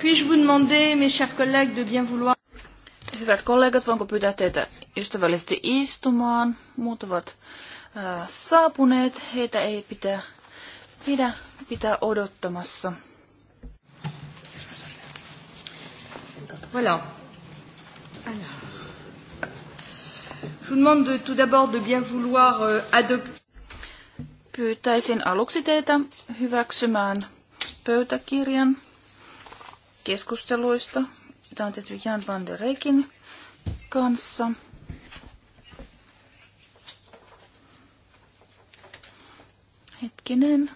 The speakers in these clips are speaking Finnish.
Puis-je vous demander, mes chers collègues, de bien vouloir... Hyvät kollegat, voinko pyytää teitä ystävällisesti istumaan? Muut ovat äh, saapuneet. Heitä ei pitää, pidä pitää odottamassa. Voilà. Alors. Je vous demande de, tout d'abord de bien vouloir euh, adopter. Pyytäisin aluksi teitä hyväksymään pöytäkirjan keskusteluista, tämä on tehty Jan van der Reikin kanssa. Hetkinen.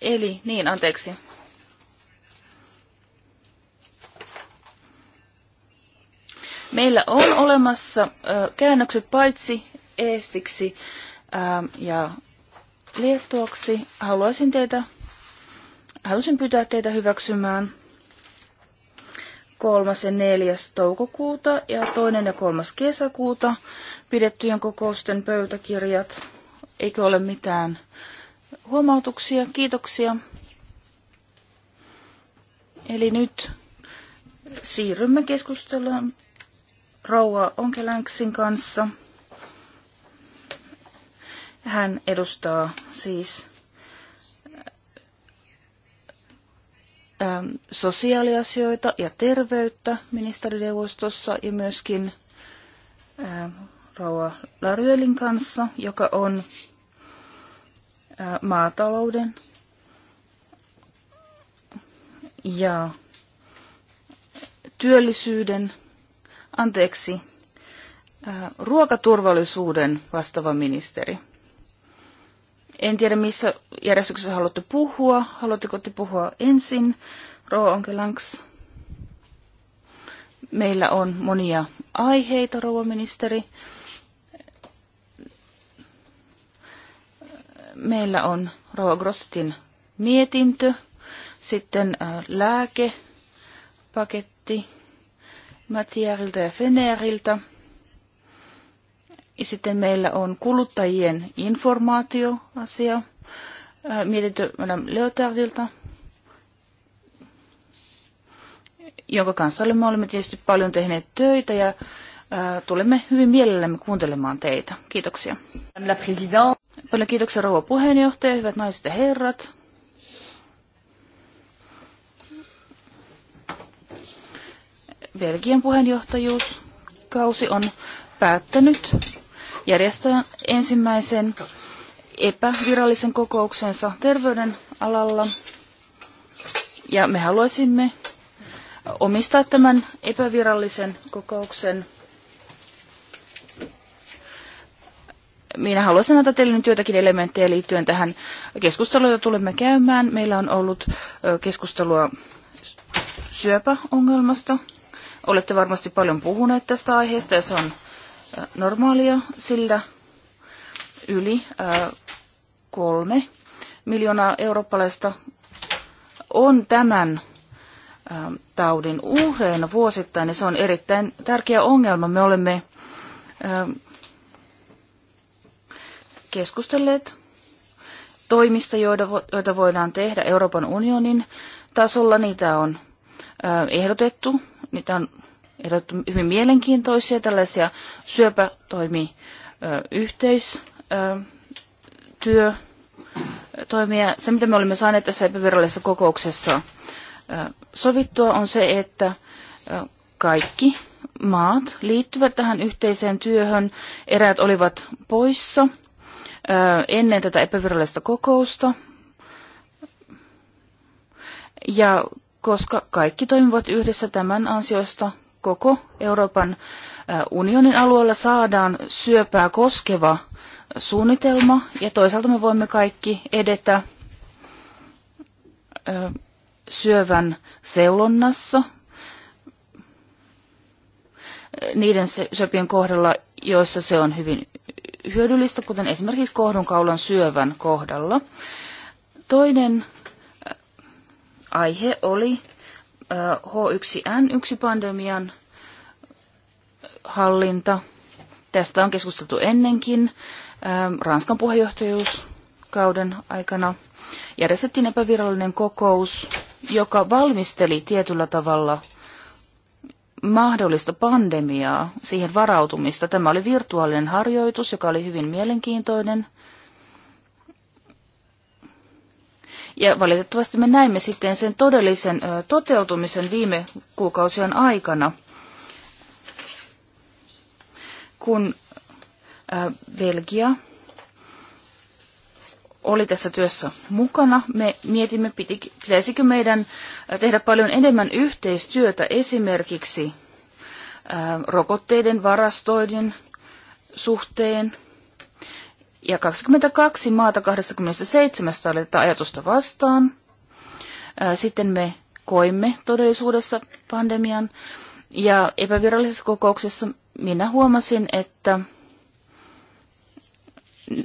Eli, niin, anteeksi. Meillä on olemassa ö, käännökset paitsi eestiksi ö, ja liettuaksi. Haluaisin teitä, halusin pyytää teitä hyväksymään kolmas ja neljäs toukokuuta ja toinen ja kolmas kesäkuuta pidettyjen kokousten pöytäkirjat. Eikö ole mitään huomautuksia? Kiitoksia. Eli nyt siirrymme keskustelemaan Rouva Onkelänksin kanssa. Hän edustaa siis ähm, sosiaaliasioita ja terveyttä ministerineuvostossa ja myöskin ähm, Rauha Laryelin kanssa, joka on äh, maatalouden ja työllisyyden, anteeksi, äh, ruokaturvallisuuden vastaava ministeri. En tiedä, missä järjestyksessä haluatte puhua. Haluatteko te puhua ensin? Roo Onkelanks. Meillä on monia aiheita, rouva ministeri. Meillä on Roo Grostin mietintö, sitten äh, lääkepaketti Matiäriltä ja Feneeriltä. Ja sitten meillä on kuluttajien informaatioasia. Äh, mietintö Madame Leotardilta, jonka kanssa olemme olemme tietysti paljon tehneet töitä ja äh, tulemme hyvin mielellämme kuuntelemaan teitä. Kiitoksia. Paljon kiitoksia rouva puheenjohtaja, hyvät naiset ja herrat. Belgian puheenjohtajuuskausi on päättänyt järjestää ensimmäisen epävirallisen kokouksensa terveyden alalla. Ja me haluaisimme omistaa tämän epävirallisen kokouksen. Minä haluaisin antaa teille nyt joitakin elementtejä liittyen tähän keskusteluun, jota tulemme käymään. Meillä on ollut keskustelua syöpäongelmasta. Olette varmasti paljon puhuneet tästä aiheesta ja se on Äh, normaalia, sillä yli äh, kolme miljoonaa eurooppalaista on tämän ähm, taudin uhreina vuosittain, ja se on erittäin tärkeä ongelma. Me olemme ähm, keskustelleet toimista, joita voidaan tehdä Euroopan unionin tasolla. Niitä on äh, ehdotettu, niitä on ehdotettu hyvin mielenkiintoisia tällaisia syöpätoimiyhteis työ toimia. Se, mitä me olimme saaneet tässä epävirallisessa kokouksessa sovittua, on se, että kaikki maat liittyvät tähän yhteiseen työhön. Eräät olivat poissa ennen tätä epävirallista kokousta. Ja koska kaikki toimivat yhdessä tämän ansiosta, koko Euroopan unionin alueella saadaan syöpää koskeva suunnitelma ja toisaalta me voimme kaikki edetä syövän seulonnassa niiden syöpien kohdalla, joissa se on hyvin hyödyllistä, kuten esimerkiksi kohdunkaulan syövän kohdalla. Toinen aihe oli H1N1-pandemian hallinta. Tästä on keskusteltu ennenkin. Ranskan puheenjohtajuuskauden aikana järjestettiin epävirallinen kokous, joka valmisteli tietyllä tavalla mahdollista pandemiaa, siihen varautumista. Tämä oli virtuaalinen harjoitus, joka oli hyvin mielenkiintoinen – Ja valitettavasti me näimme sitten sen todellisen toteutumisen viime kuukausien aikana, kun Belgia oli tässä työssä mukana. Me mietimme, pitäisikö meidän tehdä paljon enemmän yhteistyötä esimerkiksi rokotteiden varastoiden suhteen – ja 22 maata 27 oli tätä ajatusta vastaan. Sitten me koimme todellisuudessa pandemian ja epävirallisessa kokouksessa minä huomasin, että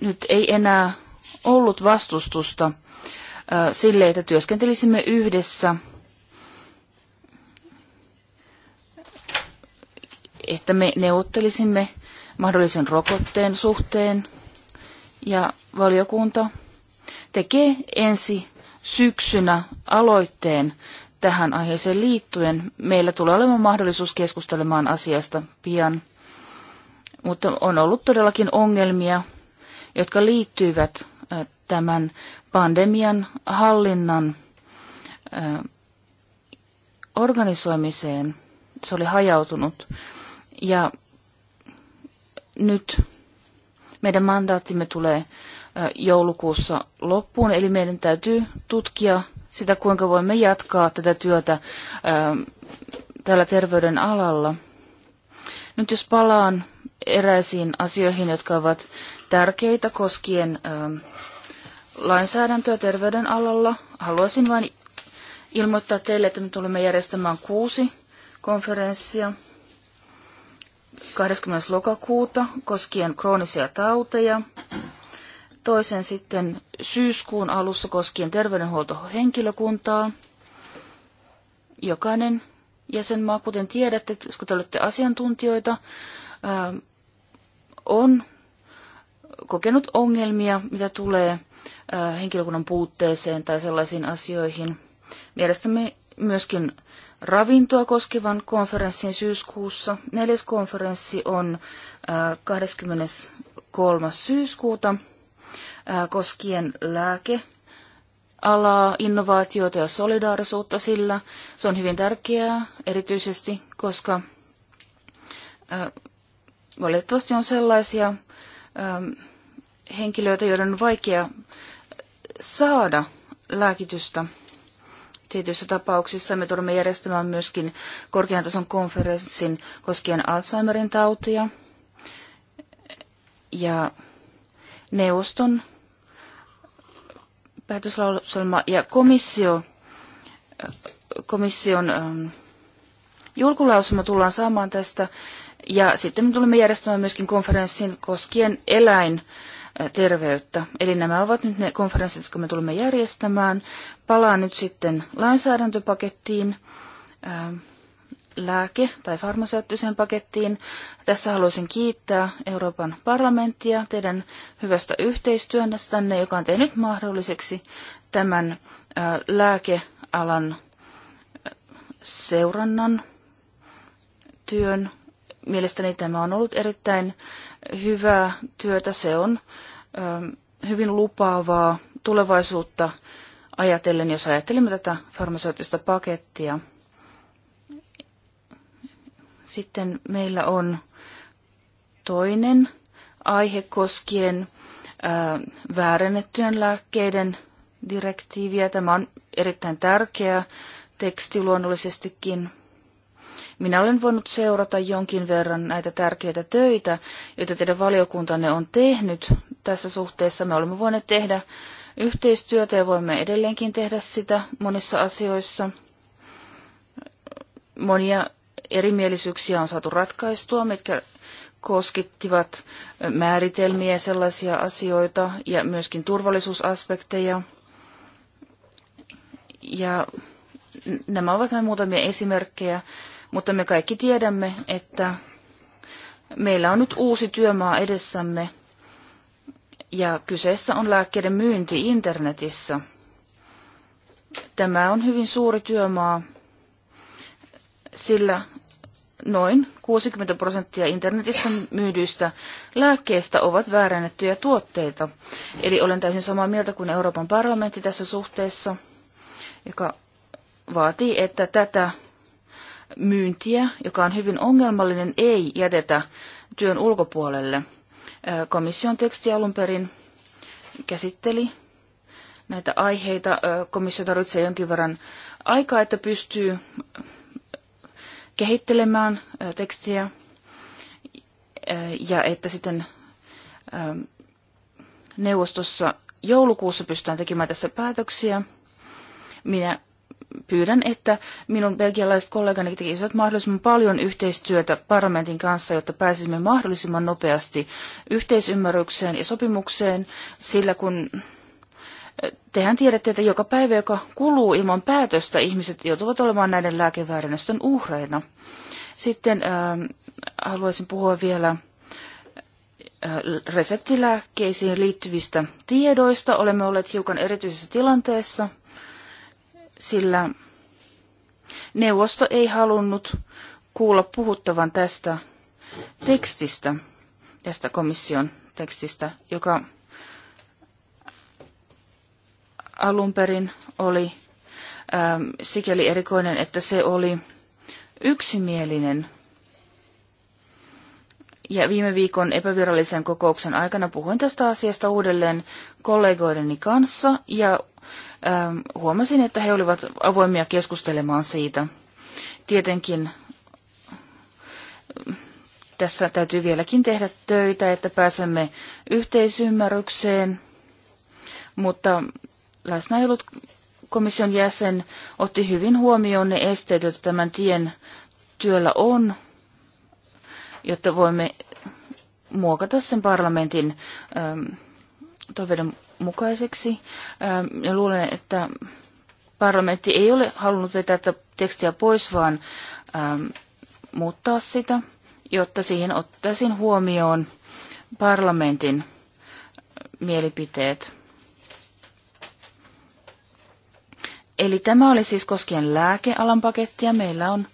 nyt ei enää ollut vastustusta sille, että työskentelisimme yhdessä, että me neuvottelisimme mahdollisen rokotteen suhteen, ja valiokunta tekee ensi syksynä aloitteen tähän aiheeseen liittyen. Meillä tulee olemaan mahdollisuus keskustelemaan asiasta pian, mutta on ollut todellakin ongelmia, jotka liittyvät tämän pandemian hallinnan organisoimiseen. Se oli hajautunut. Ja nyt meidän mandaattimme tulee joulukuussa loppuun, eli meidän täytyy tutkia sitä, kuinka voimme jatkaa tätä työtä tällä terveyden alalla. Nyt jos palaan eräisiin asioihin, jotka ovat tärkeitä koskien lainsäädäntöä terveyden alalla, haluaisin vain ilmoittaa teille, että me tulemme järjestämään kuusi konferenssia 20. lokakuuta koskien kroonisia tauteja, toisen sitten syyskuun alussa koskien terveydenhuoltohenkilökuntaa. Jokainen jäsenmaa, kuten tiedätte, koska te olette asiantuntijoita, on kokenut ongelmia, mitä tulee henkilökunnan puutteeseen tai sellaisiin asioihin. Mielestämme myöskin ravintoa koskevan konferenssin syyskuussa. Neljäs konferenssi on 23. syyskuuta koskien lääke alaa, innovaatioita ja solidaarisuutta sillä. Se on hyvin tärkeää erityisesti, koska valitettavasti on sellaisia henkilöitä, joiden on vaikea saada lääkitystä Tietyissä tapauksissa me tulemme järjestämään myöskin korkean tason konferenssin koskien Alzheimerin tautia ja neuvoston päätöslauselma ja komissio, komission ähm, julkulausuma tullaan saamaan tästä. Ja sitten me tulemme järjestämään myöskin konferenssin koskien eläin terveyttä. Eli nämä ovat nyt ne konferenssit, jotka me tulemme järjestämään. Palaan nyt sitten lainsäädäntöpakettiin, lääke- tai farmaseuttiseen pakettiin. Tässä haluaisin kiittää Euroopan parlamenttia teidän hyvästä yhteistyönnästänne, joka on tehnyt mahdolliseksi tämän lääkealan seurannan työn. Mielestäni tämä on ollut erittäin äh, hyvää työtä. Se on ähm, hyvin lupaavaa tulevaisuutta ajatellen, jos ajattelemme tätä farmaseuttista pakettia. Sitten meillä on toinen aihe koskien äh, väärennettyjen lääkkeiden direktiiviä. Tämä on erittäin tärkeä teksti luonnollisestikin. Minä olen voinut seurata jonkin verran näitä tärkeitä töitä, joita teidän valiokuntanne on tehnyt tässä suhteessa. Me olemme voineet tehdä yhteistyötä ja voimme edelleenkin tehdä sitä monissa asioissa. Monia erimielisyyksiä on saatu ratkaistua, mitkä koskettivat määritelmiä ja sellaisia asioita ja myöskin turvallisuusaspekteja. Ja nämä ovat vain muutamia esimerkkejä mutta me kaikki tiedämme, että meillä on nyt uusi työmaa edessämme ja kyseessä on lääkkeiden myynti internetissä. Tämä on hyvin suuri työmaa, sillä noin 60 prosenttia internetissä myydyistä lääkkeistä ovat väärännettyjä tuotteita. Eli olen täysin samaa mieltä kuin Euroopan parlamentti tässä suhteessa, joka vaatii, että tätä myyntiä, joka on hyvin ongelmallinen, ei jätetä työn ulkopuolelle. Komission teksti alun perin käsitteli näitä aiheita. Komissio tarvitsee jonkin verran aikaa, että pystyy kehittelemään tekstiä ja että sitten neuvostossa joulukuussa pystytään tekemään tässä päätöksiä. Minä pyydän, että minun belgialaiset kollegani tekisivät mahdollisimman paljon yhteistyötä parlamentin kanssa, jotta pääsisimme mahdollisimman nopeasti yhteisymmärrykseen ja sopimukseen, sillä kun Tehän tiedätte, että joka päivä, joka kuluu ilman päätöstä, ihmiset joutuvat olemaan näiden lääkeväärännösten uhreina. Sitten äh, haluaisin puhua vielä reseptilääkkeisiin liittyvistä tiedoista. Olemme olleet hiukan erityisessä tilanteessa – sillä neuvosto ei halunnut kuulla puhuttavan tästä tekstistä, tästä komission tekstistä, joka alun perin oli ähm, sikäli erikoinen, että se oli yksimielinen ja viime viikon epävirallisen kokouksen aikana puhuin tästä asiasta uudelleen kollegoideni kanssa ja ähm, huomasin, että he olivat avoimia keskustelemaan siitä. Tietenkin äh, tässä täytyy vieläkin tehdä töitä, että pääsemme yhteisymmärrykseen, mutta läsnä ollut komission jäsen otti hyvin huomioon ne esteet, joita tämän tien työllä on, jotta voimme muokata sen parlamentin ähm, toiveiden mukaiseksi. Ähm, ja luulen, että parlamentti ei ole halunnut vetää tekstiä pois, vaan ähm, muuttaa sitä, jotta siihen ottaisin huomioon parlamentin äh, mielipiteet. Eli tämä oli siis koskien lääkealan pakettia. Meillä on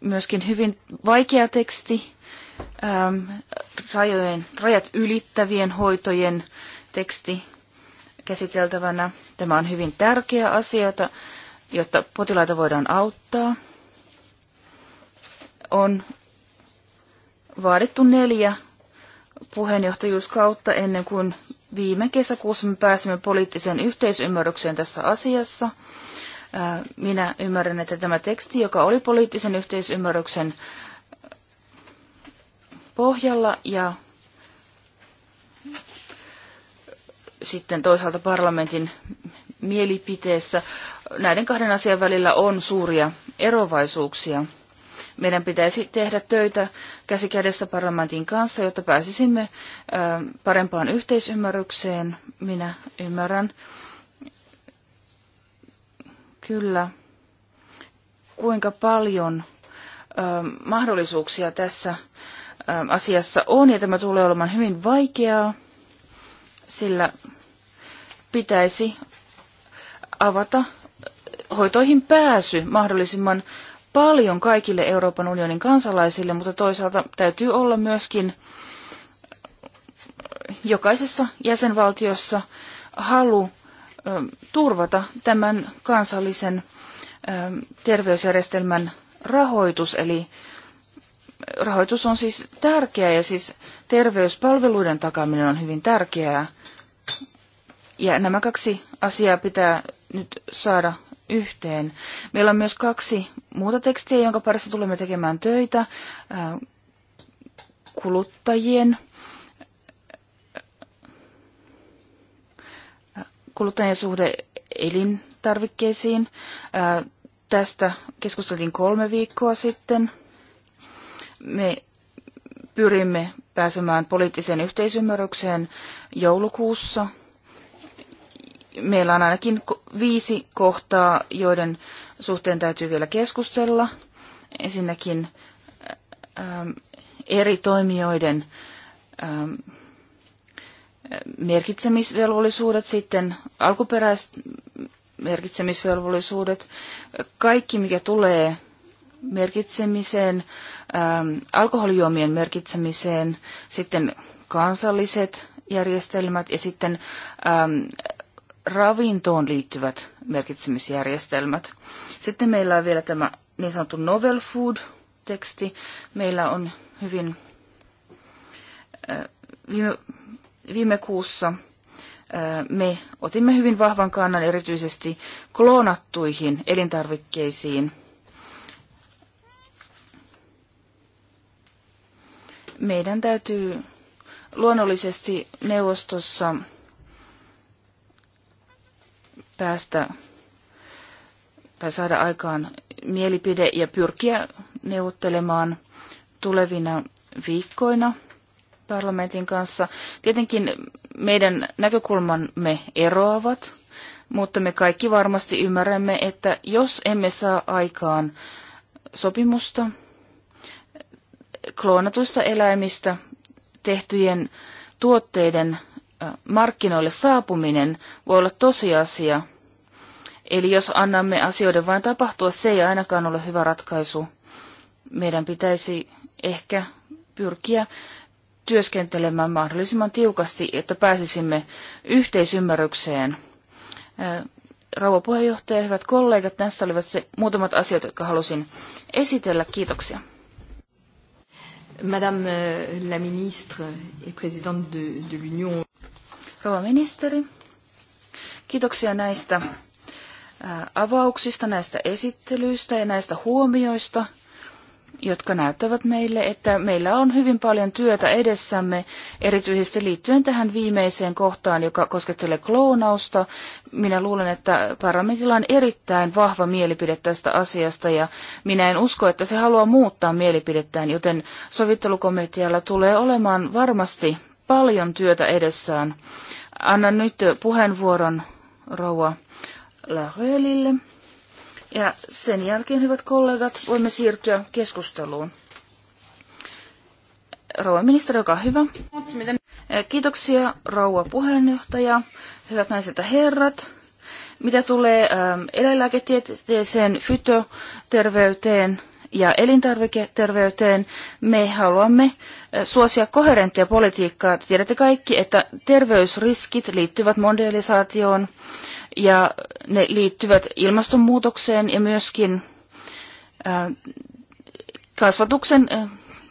myöskin hyvin vaikea teksti ähm, rajojen, rajat ylittävien hoitojen teksti käsiteltävänä. Tämä on hyvin tärkeä asia, jota, jotta potilaita voidaan auttaa. On vaadittu neljä puheenjohtajuuskautta ennen kuin viime kesäkuussa me pääsimme poliittiseen yhteisymmärrykseen tässä asiassa – Äh, minä ymmärrän, että tämä teksti, joka oli poliittisen yhteisymmärryksen pohjalla ja sitten toisaalta parlamentin mielipiteessä. Näiden kahden asian välillä on suuria erovaisuuksia. Meidän pitäisi tehdä töitä käsi kädessä parlamentin kanssa, jotta pääsisimme äh, parempaan yhteisymmärrykseen. Minä ymmärrän kyllä, kuinka paljon ö, mahdollisuuksia tässä ö, asiassa on, ja tämä tulee olemaan hyvin vaikeaa, sillä pitäisi avata hoitoihin pääsy mahdollisimman paljon kaikille Euroopan unionin kansalaisille, mutta toisaalta täytyy olla myöskin jokaisessa jäsenvaltiossa halu turvata tämän kansallisen terveysjärjestelmän rahoitus, eli rahoitus on siis tärkeää ja siis terveyspalveluiden takaminen on hyvin tärkeää. Ja nämä kaksi asiaa pitää nyt saada yhteen. Meillä on myös kaksi muuta tekstiä, jonka parissa tulemme tekemään töitä kuluttajien kuluttajien suhde elintarvikkeisiin. Tästä keskusteltiin kolme viikkoa sitten. Me pyrimme pääsemään poliittiseen yhteisymmärrykseen joulukuussa. Meillä on ainakin viisi kohtaa, joiden suhteen täytyy vielä keskustella. Ensinnäkin eri toimijoiden ää, merkitsemisvelvollisuudet, sitten alkuperäiset merkitsemisvelvollisuudet, kaikki mikä tulee merkitsemiseen, ähm, alkoholijuomien merkitsemiseen, sitten kansalliset järjestelmät ja sitten ähm, ravintoon liittyvät merkitsemisjärjestelmät. Sitten meillä on vielä tämä niin sanottu novel food-teksti. Meillä on hyvin äh, viime viime kuussa me otimme hyvin vahvan kannan erityisesti kloonattuihin elintarvikkeisiin. Meidän täytyy luonnollisesti neuvostossa päästä tai saada aikaan mielipide ja pyrkiä neuvottelemaan tulevina viikkoina – parlamentin kanssa. Tietenkin meidän näkökulmamme eroavat, mutta me kaikki varmasti ymmärrämme, että jos emme saa aikaan sopimusta kloonatuista eläimistä tehtyjen tuotteiden markkinoille saapuminen voi olla tosiasia. Eli jos annamme asioiden vain tapahtua, se ei ainakaan ole hyvä ratkaisu. Meidän pitäisi ehkä pyrkiä työskentelemään mahdollisimman tiukasti, jotta pääsisimme yhteisymmärrykseen. Rouva puheenjohtaja, hyvät kollegat, tässä olivat se muutamat asiat, jotka halusin esitellä. Kiitoksia. Madame euh, la ministre et présidente de, de l'Union. Rouva ministeri, kiitoksia näistä avauksista, näistä esittelyistä ja näistä huomioista – jotka näyttävät meille, että meillä on hyvin paljon työtä edessämme, erityisesti liittyen tähän viimeiseen kohtaan, joka koskettelee kloonausta. Minä luulen, että parlamentilla on erittäin vahva mielipide tästä asiasta, ja minä en usko, että se haluaa muuttaa mielipidettään, joten sovittelukomitealla tulee olemaan varmasti paljon työtä edessään. Annan nyt puheenvuoron rouva Laröölille. Ja sen jälkeen, hyvät kollegat, voimme siirtyä keskusteluun. Rouva ministeri, olkaa hyvä. Kiitoksia, rouva puheenjohtaja, hyvät naiset ja herrat. Mitä tulee ähm, eläinlääketieteeseen, fytoterveyteen ja elintarviketerveyteen, me haluamme äh, suosia koherenttia politiikkaa. Tiedätte kaikki, että terveysriskit liittyvät mondialisaatioon, ja ne liittyvät ilmastonmuutokseen ja myöskin kasvatuksen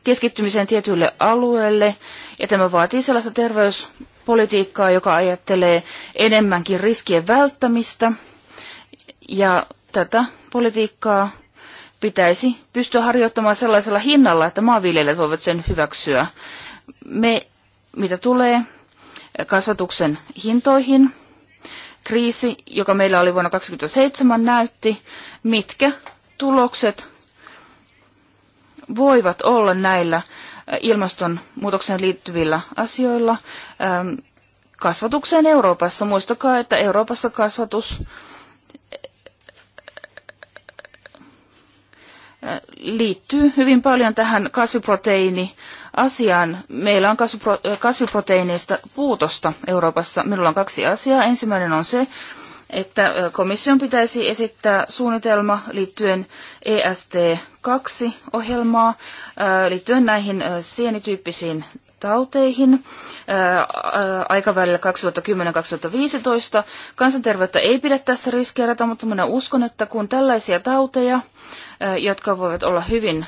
keskittymiseen tietyille alueille, ja tämä vaatii sellaista terveyspolitiikkaa, joka ajattelee enemmänkin riskien välttämistä, ja tätä politiikkaa pitäisi pystyä harjoittamaan sellaisella hinnalla, että maanviljelijät voivat sen hyväksyä. Me, mitä tulee kasvatuksen hintoihin, kriisi, joka meillä oli vuonna 2027, näytti, mitkä tulokset voivat olla näillä äh, ilmastonmuutokseen liittyvillä asioilla ähm, kasvatukseen Euroopassa. Muistakaa, että Euroopassa kasvatus äh, liittyy hyvin paljon tähän kasviproteiini asiaan. Meillä on kasvipro- kasviproteiineista puutosta Euroopassa. Minulla on kaksi asiaa. Ensimmäinen on se, että komission pitäisi esittää suunnitelma liittyen EST2-ohjelmaa, liittyen näihin sienityyppisiin tauteihin aikavälillä 2010-2015. Kansanterveyttä ei pidä tässä riskeerata, mutta minä uskon, että kun tällaisia tauteja, jotka voivat olla hyvin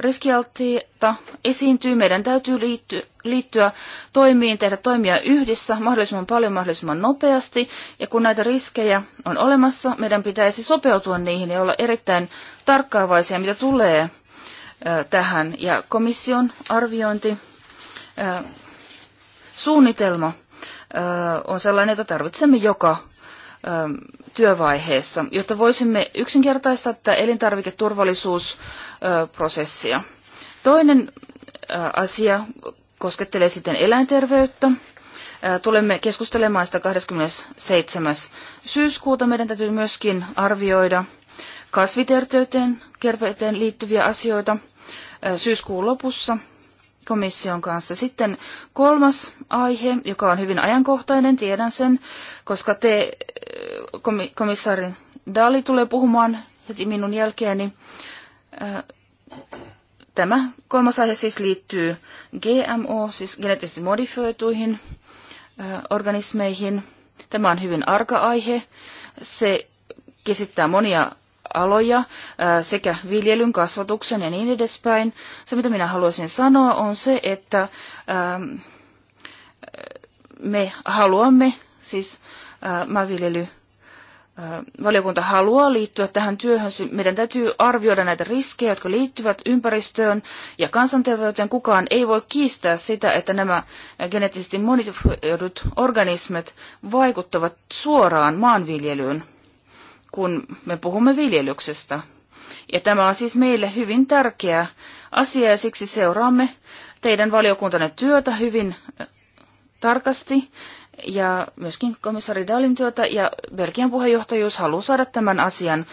riskialttiita esiintyy, meidän täytyy liittyä, liittyä toimiin, tehdä toimia yhdessä mahdollisimman paljon, mahdollisimman nopeasti. Ja kun näitä riskejä on olemassa, meidän pitäisi sopeutua niihin ja olla erittäin tarkkaavaisia, mitä tulee tähän. Ja komission arviointi, suunnitelma on sellainen, jota tarvitsemme joka Ähm, työvaiheessa, jotta voisimme yksinkertaistaa tätä elintarviketurvallisuusprosessia. Toinen äh, asia koskettelee sitten eläinterveyttä. Äh, tulemme keskustelemaan sitä 27. syyskuuta. Meidän täytyy myöskin arvioida kasviterveyteen liittyviä asioita äh, syyskuun lopussa komission kanssa. Sitten kolmas aihe, joka on hyvin ajankohtainen, tiedän sen, koska te, eh, komissaari Dali, tulee puhumaan heti minun jälkeeni. Eh, tämä kolmas aihe siis liittyy GMO, siis geneettisesti modifioituihin eh, organismeihin. Tämä on hyvin arka aihe. Se käsittää monia aloja äh, sekä viljelyn, kasvatuksen ja niin edespäin. Se, mitä minä haluaisin sanoa, on se, että ähm, me haluamme, siis äh, maanviljely, äh, valiokunta haluaa liittyä tähän työhön. Meidän täytyy arvioida näitä riskejä, jotka liittyvät ympäristöön ja kansanterveyteen. Kukaan ei voi kiistää sitä, että nämä geneettisesti modifioidut organismit vaikuttavat suoraan maanviljelyyn kun me puhumme viljelyksestä. Ja tämä on siis meille hyvin tärkeä asia ja siksi seuraamme teidän valiokuntanne työtä hyvin tarkasti ja myöskin komissari Dalin työtä ja Belgian puheenjohtajuus haluaa saada tämän asian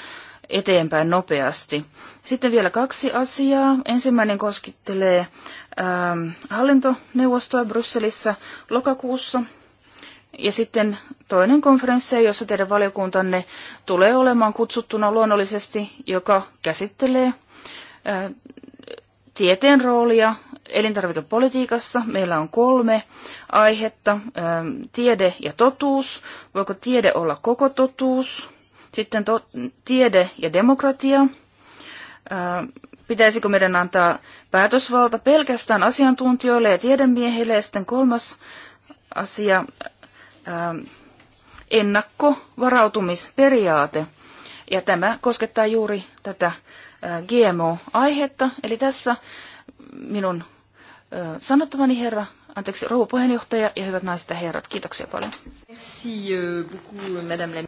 eteenpäin nopeasti. Sitten vielä kaksi asiaa. Ensimmäinen koskettelee ähm, hallintoneuvostoa Brysselissä lokakuussa. Ja sitten toinen konferenssi, jossa teidän valiokuntanne tulee olemaan kutsuttuna luonnollisesti, joka käsittelee tieteen roolia elintarvikepolitiikassa. Meillä on kolme aihetta. Tiede ja totuus. Voiko tiede olla koko totuus? Sitten to- tiede ja demokratia. Pitäisikö meidän antaa päätösvalta pelkästään asiantuntijoille ja tiedemiehille? Ja sitten kolmas asia, Ähm, ennakkovarautumisperiaate. Ja tämä koskettaa juuri tätä äh, GMO-aihetta. Eli tässä minun äh, sanottavani herra, anteeksi, rouva puheenjohtaja ja hyvät naiset ja herrat, kiitoksia paljon. Merci euh, beaucoup, madame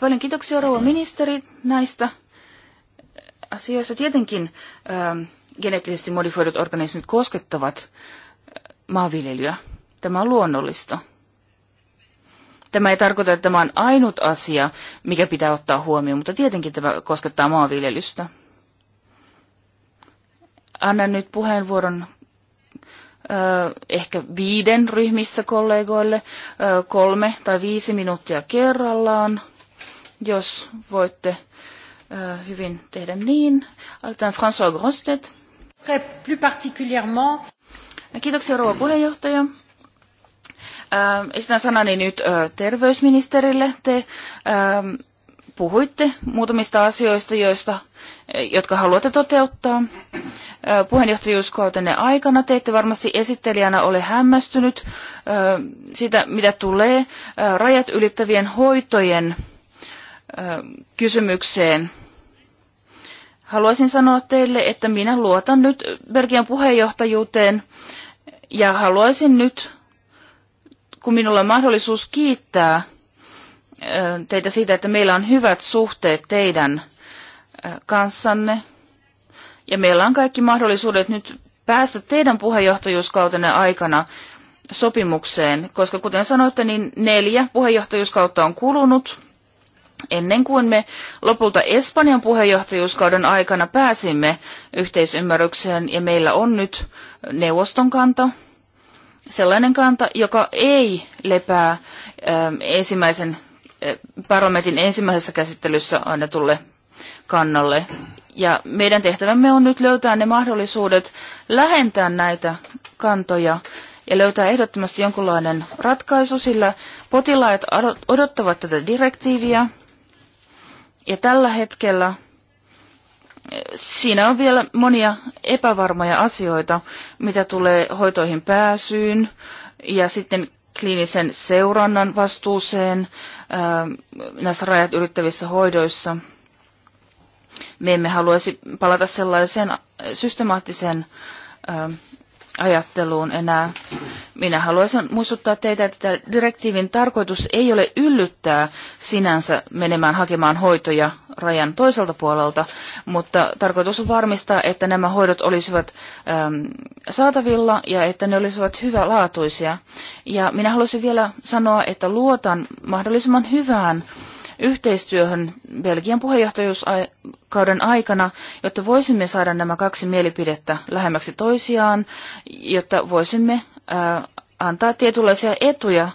Paljon kiitoksia rouva ministeri näistä äh, asioista. Tietenkin ähm, geneettisesti modifioidut organismit koskettavat maanviljelyä. Tämä on luonnollista. Tämä ei tarkoita, että tämä on ainut asia, mikä pitää ottaa huomioon, mutta tietenkin tämä koskettaa maanviljelystä. Annan nyt puheenvuoron ehkä viiden ryhmissä kollegoille, kolme tai viisi minuuttia kerrallaan, jos voitte hyvin tehdä niin. Aloitetaan François Grostet. Plus particulièrement. Kiitoksia rouva puheenjohtaja. Ähm, esitän sanani nyt äh, terveysministerille. Te ähm, puhuitte muutamista asioista, joista, e, jotka haluatte toteuttaa. Puheenjohtajuuskautenne aikana te ette varmasti esittelijänä ole hämmästynyt sitä, mitä tulee rajat ylittävien hoitojen kysymykseen. Haluaisin sanoa teille, että minä luotan nyt Belgian puheenjohtajuuteen ja haluaisin nyt kun minulla on mahdollisuus kiittää teitä siitä, että meillä on hyvät suhteet teidän kanssanne. Ja meillä on kaikki mahdollisuudet nyt päästä teidän puheenjohtajuuskautenne aikana sopimukseen, koska kuten sanoitte, niin neljä puheenjohtajuuskautta on kulunut ennen kuin me lopulta Espanjan puheenjohtajuuskauden aikana pääsimme yhteisymmärrykseen ja meillä on nyt neuvoston kanta, sellainen kanta, joka ei lepää ensimmäisen parlamentin ensimmäisessä käsittelyssä annetulle kannalle. Ja meidän tehtävämme on nyt löytää ne mahdollisuudet lähentää näitä kantoja ja löytää ehdottomasti jonkunlainen ratkaisu, sillä potilaat odottavat tätä direktiiviä. Ja tällä hetkellä siinä on vielä monia epävarmoja asioita, mitä tulee hoitoihin pääsyyn ja sitten kliinisen seurannan vastuuseen äh, näissä rajat ylittävissä hoidoissa. Me emme haluaisi palata sellaiseen systemaattiseen äh, ajatteluun enää. Minä haluaisin muistuttaa teitä, että direktiivin tarkoitus ei ole yllyttää sinänsä menemään hakemaan hoitoja rajan toiselta puolelta, mutta tarkoitus on varmistaa, että nämä hoidot olisivat ähm, saatavilla ja että ne olisivat hyvälaatuisia. Ja minä haluaisin vielä sanoa, että luotan mahdollisimman hyvään äh, yhteistyöhön Belgian puheenjohtajuuskauden aikana, jotta voisimme saada nämä kaksi mielipidettä lähemmäksi toisiaan, jotta voisimme antaa tietynlaisia etuja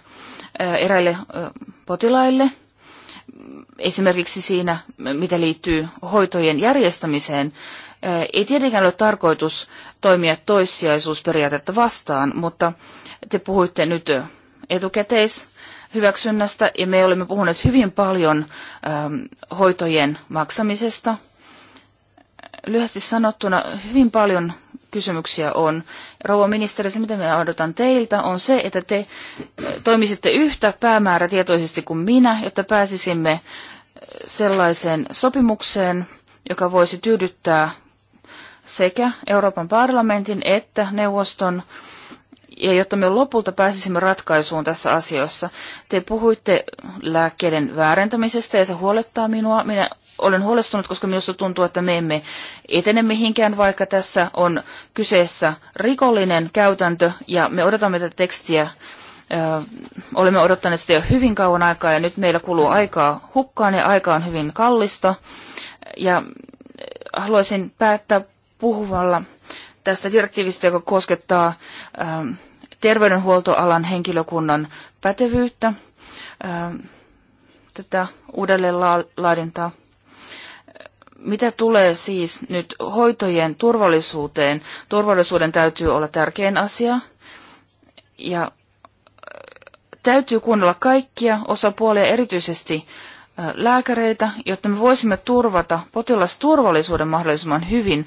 eräille potilaille, esimerkiksi siinä, mitä liittyy hoitojen järjestämiseen. Ei tietenkään ole tarkoitus toimia toissijaisuusperiaatetta vastaan, mutta te puhuitte nyt etukäteis hyväksynnästä ja me olemme puhuneet hyvin paljon ähm, hoitojen maksamisesta. Lyhyesti sanottuna hyvin paljon kysymyksiä on. Rouva ministeri, se mitä me odotan teiltä on se, että te äh, toimisitte yhtä päämäärätietoisesti kuin minä, jotta pääsisimme äh, sellaiseen sopimukseen, joka voisi tyydyttää sekä Euroopan parlamentin että neuvoston äh, ja jotta me lopulta pääsisimme ratkaisuun tässä asiassa. Te puhuitte lääkkeiden väärentämisestä ja se huolettaa minua. Minä olen huolestunut, koska minusta tuntuu, että me emme etene mihinkään, vaikka tässä on kyseessä rikollinen käytäntö ja me odotamme tätä tekstiä. Ö, olemme odottaneet sitä jo hyvin kauan aikaa ja nyt meillä kuluu aikaa hukkaan ja aika on hyvin kallista. Ja haluaisin päättää puhuvalla tästä direktiivistä, joka koskettaa ähm, terveydenhuoltoalan henkilökunnan pätevyyttä, tätä uudelleenlaadintaa. Mitä tulee siis nyt hoitojen turvallisuuteen? Turvallisuuden täytyy olla tärkein asia. Ja täytyy kuunnella kaikkia osapuolia, erityisesti lääkäreitä, jotta me voisimme turvata potilasturvallisuuden mahdollisimman hyvin.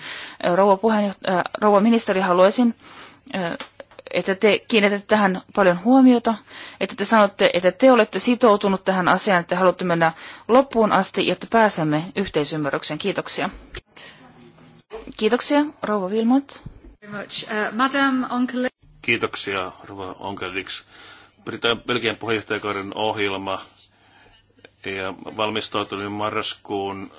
Rouva, puheenjohtaja, rouva ministeri, haluaisin että te kiinnitätte tähän paljon huomiota, että te sanotte, että te olette sitoutunut tähän asiaan, että haluatte mennä loppuun asti, jotta pääsemme yhteisymmärrykseen. Kiitoksia. Kiitoksia, rouva Vilmot. Uh, Kiitoksia, rouva Onkelix. Britannian Belgian puheenjohtajakauden ohjelma ja valmistautuminen marraskuun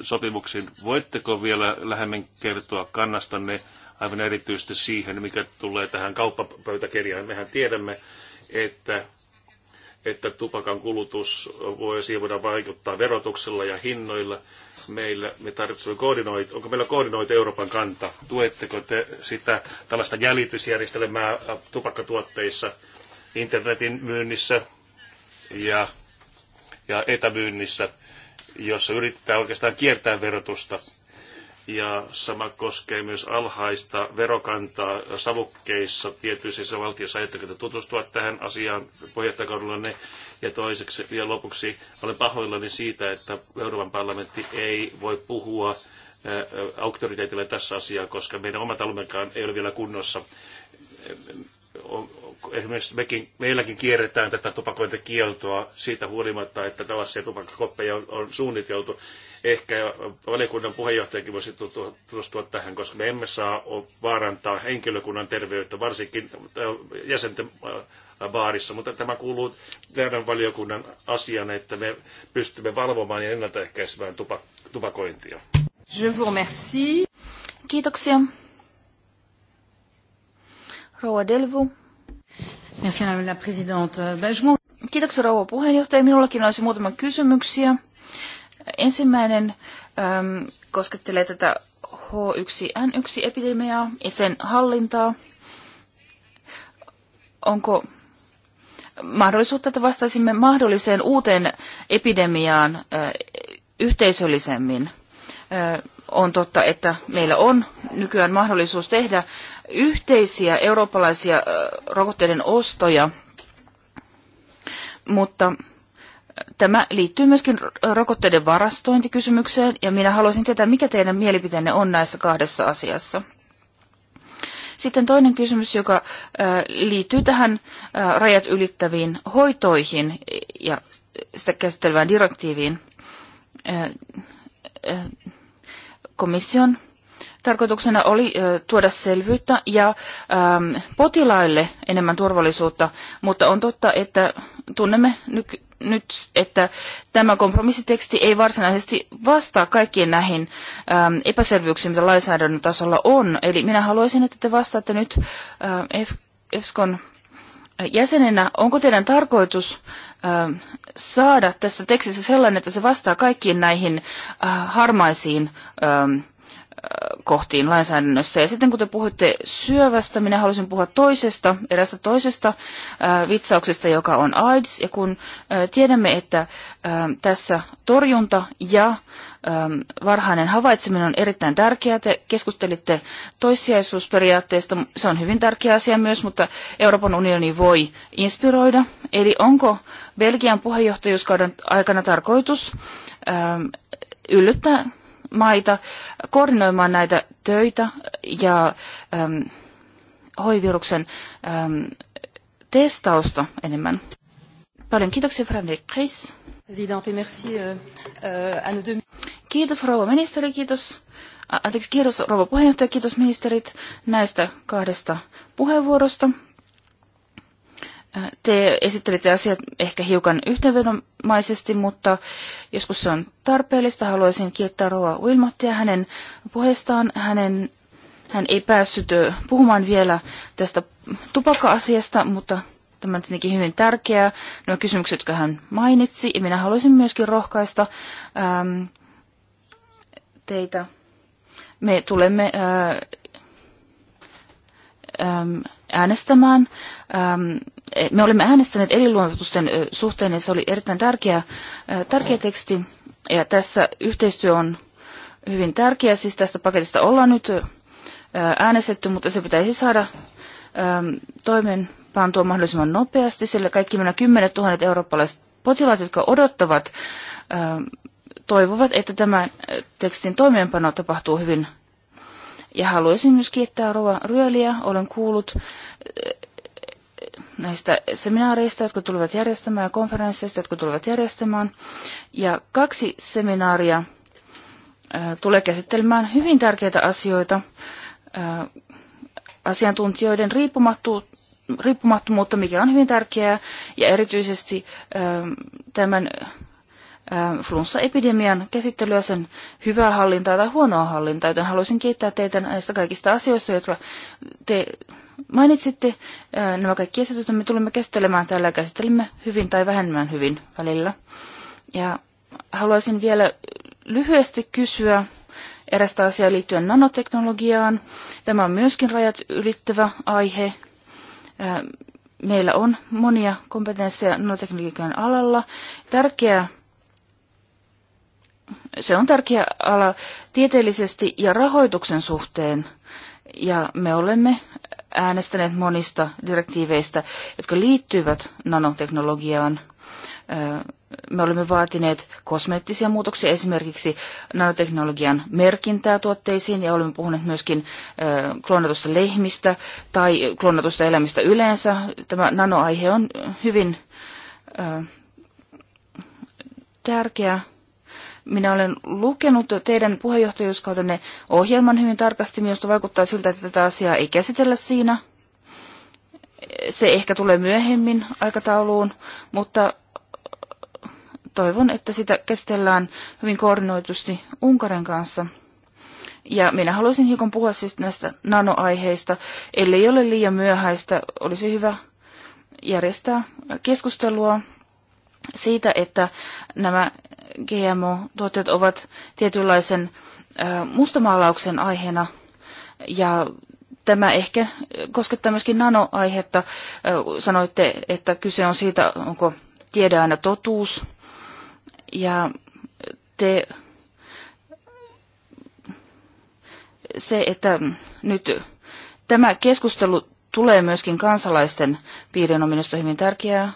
sopimuksiin. Voitteko vielä lähemmin kertoa kannastanne aivan erityisesti siihen, mikä tulee tähän kauppapöytäkirjaan. Mehän tiedämme, että että tupakan kulutus voi, siihen vaikuttaa verotuksella ja hinnoilla. Meillä, me tarvitsemme koordinoit, onko meillä koordinoitu Euroopan kanta? Tuetteko te sitä tällaista jäljitysjärjestelmää tupakkatuotteissa, internetin myynnissä ja, ja etämyynnissä, jossa yritetään oikeastaan kiertää verotusta? ja sama koskee myös alhaista verokantaa savukkeissa tietyissä valtioissa. Ajatteko tutustua tähän asiaan puheenjohtajakaudellanne? Ja toiseksi ja lopuksi olen pahoillani siitä, että Euroopan parlamentti ei voi puhua auktoriteetille tässä asiaa, koska meidän omat alumekaan ei ole vielä kunnossa esimerkiksi mekin, meilläkin kierretään tätä tupakointikieltoa siitä huolimatta, että tällaisia tupakkakoppeja on, on suunniteltu. Ehkä valiokunnan puheenjohtajakin voisi tutustua tähän, koska me emme saa vaarantaa henkilökunnan terveyttä, varsinkin äh, jäsenten äh, baarissa, mutta tämä kuuluu tämän valiokunnan asian, että me pystymme valvomaan ja ennaltaehkäisemään tupakointia. Je vous remercie. Kiitoksia. Rouva Delvaux. Euh, Kiitoksia rouva puheenjohtaja. Minullakin olisi muutama kysymyksiä. Ensimmäinen äm, koskettelee tätä H1N1-epidemiaa ja sen hallintaa. Onko mahdollisuutta, että vastaisimme mahdolliseen uuteen epidemiaan ä, äh, yhteisöllisemmin? Ä, äh, on totta, että meillä on nykyään mahdollisuus tehdä yhteisiä eurooppalaisia rokotteiden ostoja, mutta tämä liittyy myöskin rokotteiden varastointikysymykseen, ja minä haluaisin tietää, mikä teidän mielipiteenne on näissä kahdessa asiassa. Sitten toinen kysymys, joka liittyy tähän rajat ylittäviin hoitoihin ja sitä käsittelevään direktiiviin. Komission Tarkoituksena oli tuoda selvyyttä ja potilaille enemmän turvallisuutta, mutta on totta, että tunnemme nyt, että tämä kompromissiteksti ei varsinaisesti vastaa kaikkiin näihin epäselvyyksiin, mitä lainsäädännön tasolla on. Eli minä haluaisin, että te vastaatte nyt EFSCON jäsenenä. Onko teidän tarkoitus saada tästä tekstistä sellainen, että se vastaa kaikkiin näihin äh, harmaisiin kohtiin lainsäädännössä. Ja sitten kun te puhutte syövästä, minä halusin puhua toisesta, erästä toisesta äh, vitsauksesta, joka on AIDS. Ja kun äh, tiedämme, että äh, tässä torjunta ja äh, varhainen havaitseminen on erittäin tärkeää, te keskustelitte toissijaisuusperiaatteesta, se on hyvin tärkeä asia myös, mutta Euroopan unioni voi inspiroida. Eli onko Belgian puheenjohtajuuskauden aikana tarkoitus äh, yllyttää maita koordinoimaan näitä töitä ja äm, hoiviruksen äm, testausta enemmän. Paljon kiitoksia, Frederik Chris. Äh, äh, kiitos rouva ministeri, kiitos. Anteeksi, kiitos rouva puheenjohtaja, kiitos ministerit näistä kahdesta puheenvuorosta. Te esittelitte asiat ehkä hiukan yhteenvedomaisesti, mutta joskus se on tarpeellista. Haluaisin kiittää Roa Wilmottia hänen puheestaan. Hänen, hän ei päässyt puhumaan vielä tästä tupakka-asiasta, mutta tämä on tietenkin hyvin tärkeää. Nämä kysymykset, jotka hän mainitsi, ja minä haluaisin myöskin rohkaista äm, teitä. Me tulemme ää, äh, ähm, äänestämään ähm, me olemme äänestäneet eliluovutusten suhteen ja se oli erittäin tärkeä, tärkeä teksti. Ja tässä yhteistyö on hyvin tärkeä, siis tästä paketista ollaan nyt äänestetty, mutta se pitäisi saada toimeenpantua mahdollisimman nopeasti, sillä kaikki nämä kymmenet tuhannet eurooppalaiset potilaat, jotka odottavat, toivovat, että tämän tekstin toimeenpano tapahtuu hyvin ja haluaisin myös kiittää Rova Ryöliä. Olen kuullut näistä seminaareista, jotka tulivat järjestämään, ja konferensseista, jotka tulivat järjestämään. Ja kaksi seminaaria äh, tulee käsittelemään hyvin tärkeitä asioita äh, asiantuntijoiden riippumattomuutta, mikä on hyvin tärkeää, ja erityisesti äh, tämän epidemian käsittelyä, sen hyvää hallintaa tai huonoa hallintaa, joten haluaisin kiittää teitä näistä kaikista asioista, jotka te mainitsitte nämä kaikki asiat, joita me tulemme käsittelemään täällä. Käsittelemme hyvin tai vähemmän hyvin välillä. Ja haluaisin vielä lyhyesti kysyä erästä asiaa liittyen nanoteknologiaan. Tämä on myöskin rajat ylittävä aihe. Meillä on monia kompetensseja nanoteknologian alalla. Tärkeää se on tärkeä ala tieteellisesti ja rahoituksen suhteen. Ja me olemme äänestäneet monista direktiiveistä, jotka liittyvät nanoteknologiaan. Me olemme vaatineet kosmeettisia muutoksia, esimerkiksi nanoteknologian merkintää tuotteisiin, ja olemme puhuneet myöskin kloonatusta lehmistä tai kloonatusta elämistä yleensä. Tämä nanoaihe on hyvin tärkeä minä olen lukenut teidän puheenjohtajuuskautenne ohjelman hyvin tarkasti. Minusta vaikuttaa siltä, että tätä asiaa ei käsitellä siinä. Se ehkä tulee myöhemmin aikatauluun, mutta toivon, että sitä käsitellään hyvin koordinoitusti Unkarin kanssa. Ja minä haluaisin hiukan puhua siis näistä nanoaiheista. Ellei ole liian myöhäistä, olisi hyvä järjestää keskustelua siitä, että nämä GMO-tuotteet ovat tietynlaisen mustamaalauksen aiheena ja tämä ehkä koskettaa myöskin nanoaihetta. Sanoitte, että kyse on siitä, onko tiede aina totuus. Ja te, se, että nyt tämä keskustelu tulee myöskin kansalaisten piirin on minusta hyvin tärkeää.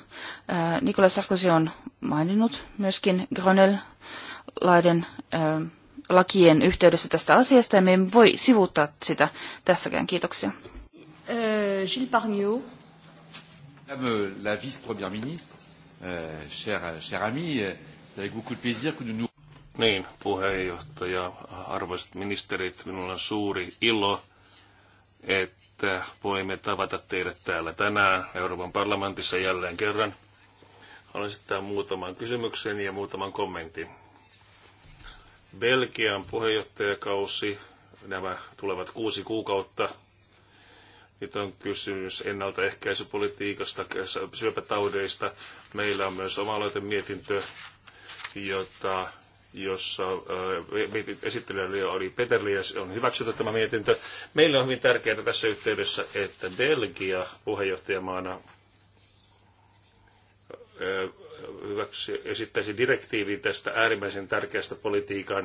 Nicolas Sarkozy on maininnut myöskin grönel laiden lakien yhteydessä tästä asiasta, ja me emme voi sivuuttaa sitä tässäkään. Kiitoksia. Uh, Gilles Parniot. Madame la vice-première ministre, euh, cher, cher ami, c'est avec beaucoup de plaisir que nous... Niin, puheenjohtaja, arvoisat ministerit, minulla on suuri ilo, että että voimme tavata teidät täällä tänään Euroopan parlamentissa jälleen kerran. Haluan esittää muutaman kysymyksen ja muutaman kommentin. Belgian puheenjohtajakausi, nämä tulevat kuusi kuukautta. Nyt on kysymys ennaltaehkäisypolitiikasta, syöpätaudeista. Meillä on myös oma mietintö, jota jossa äh, esittelijä oli Peter Lies, on hyväksytty tämä mietintö. Meille on hyvin tärkeää tässä yhteydessä, että Belgia puheenjohtajamaana äh, hyväksy, esittäisi direktiivin tästä äärimmäisen tärkeästä politiikan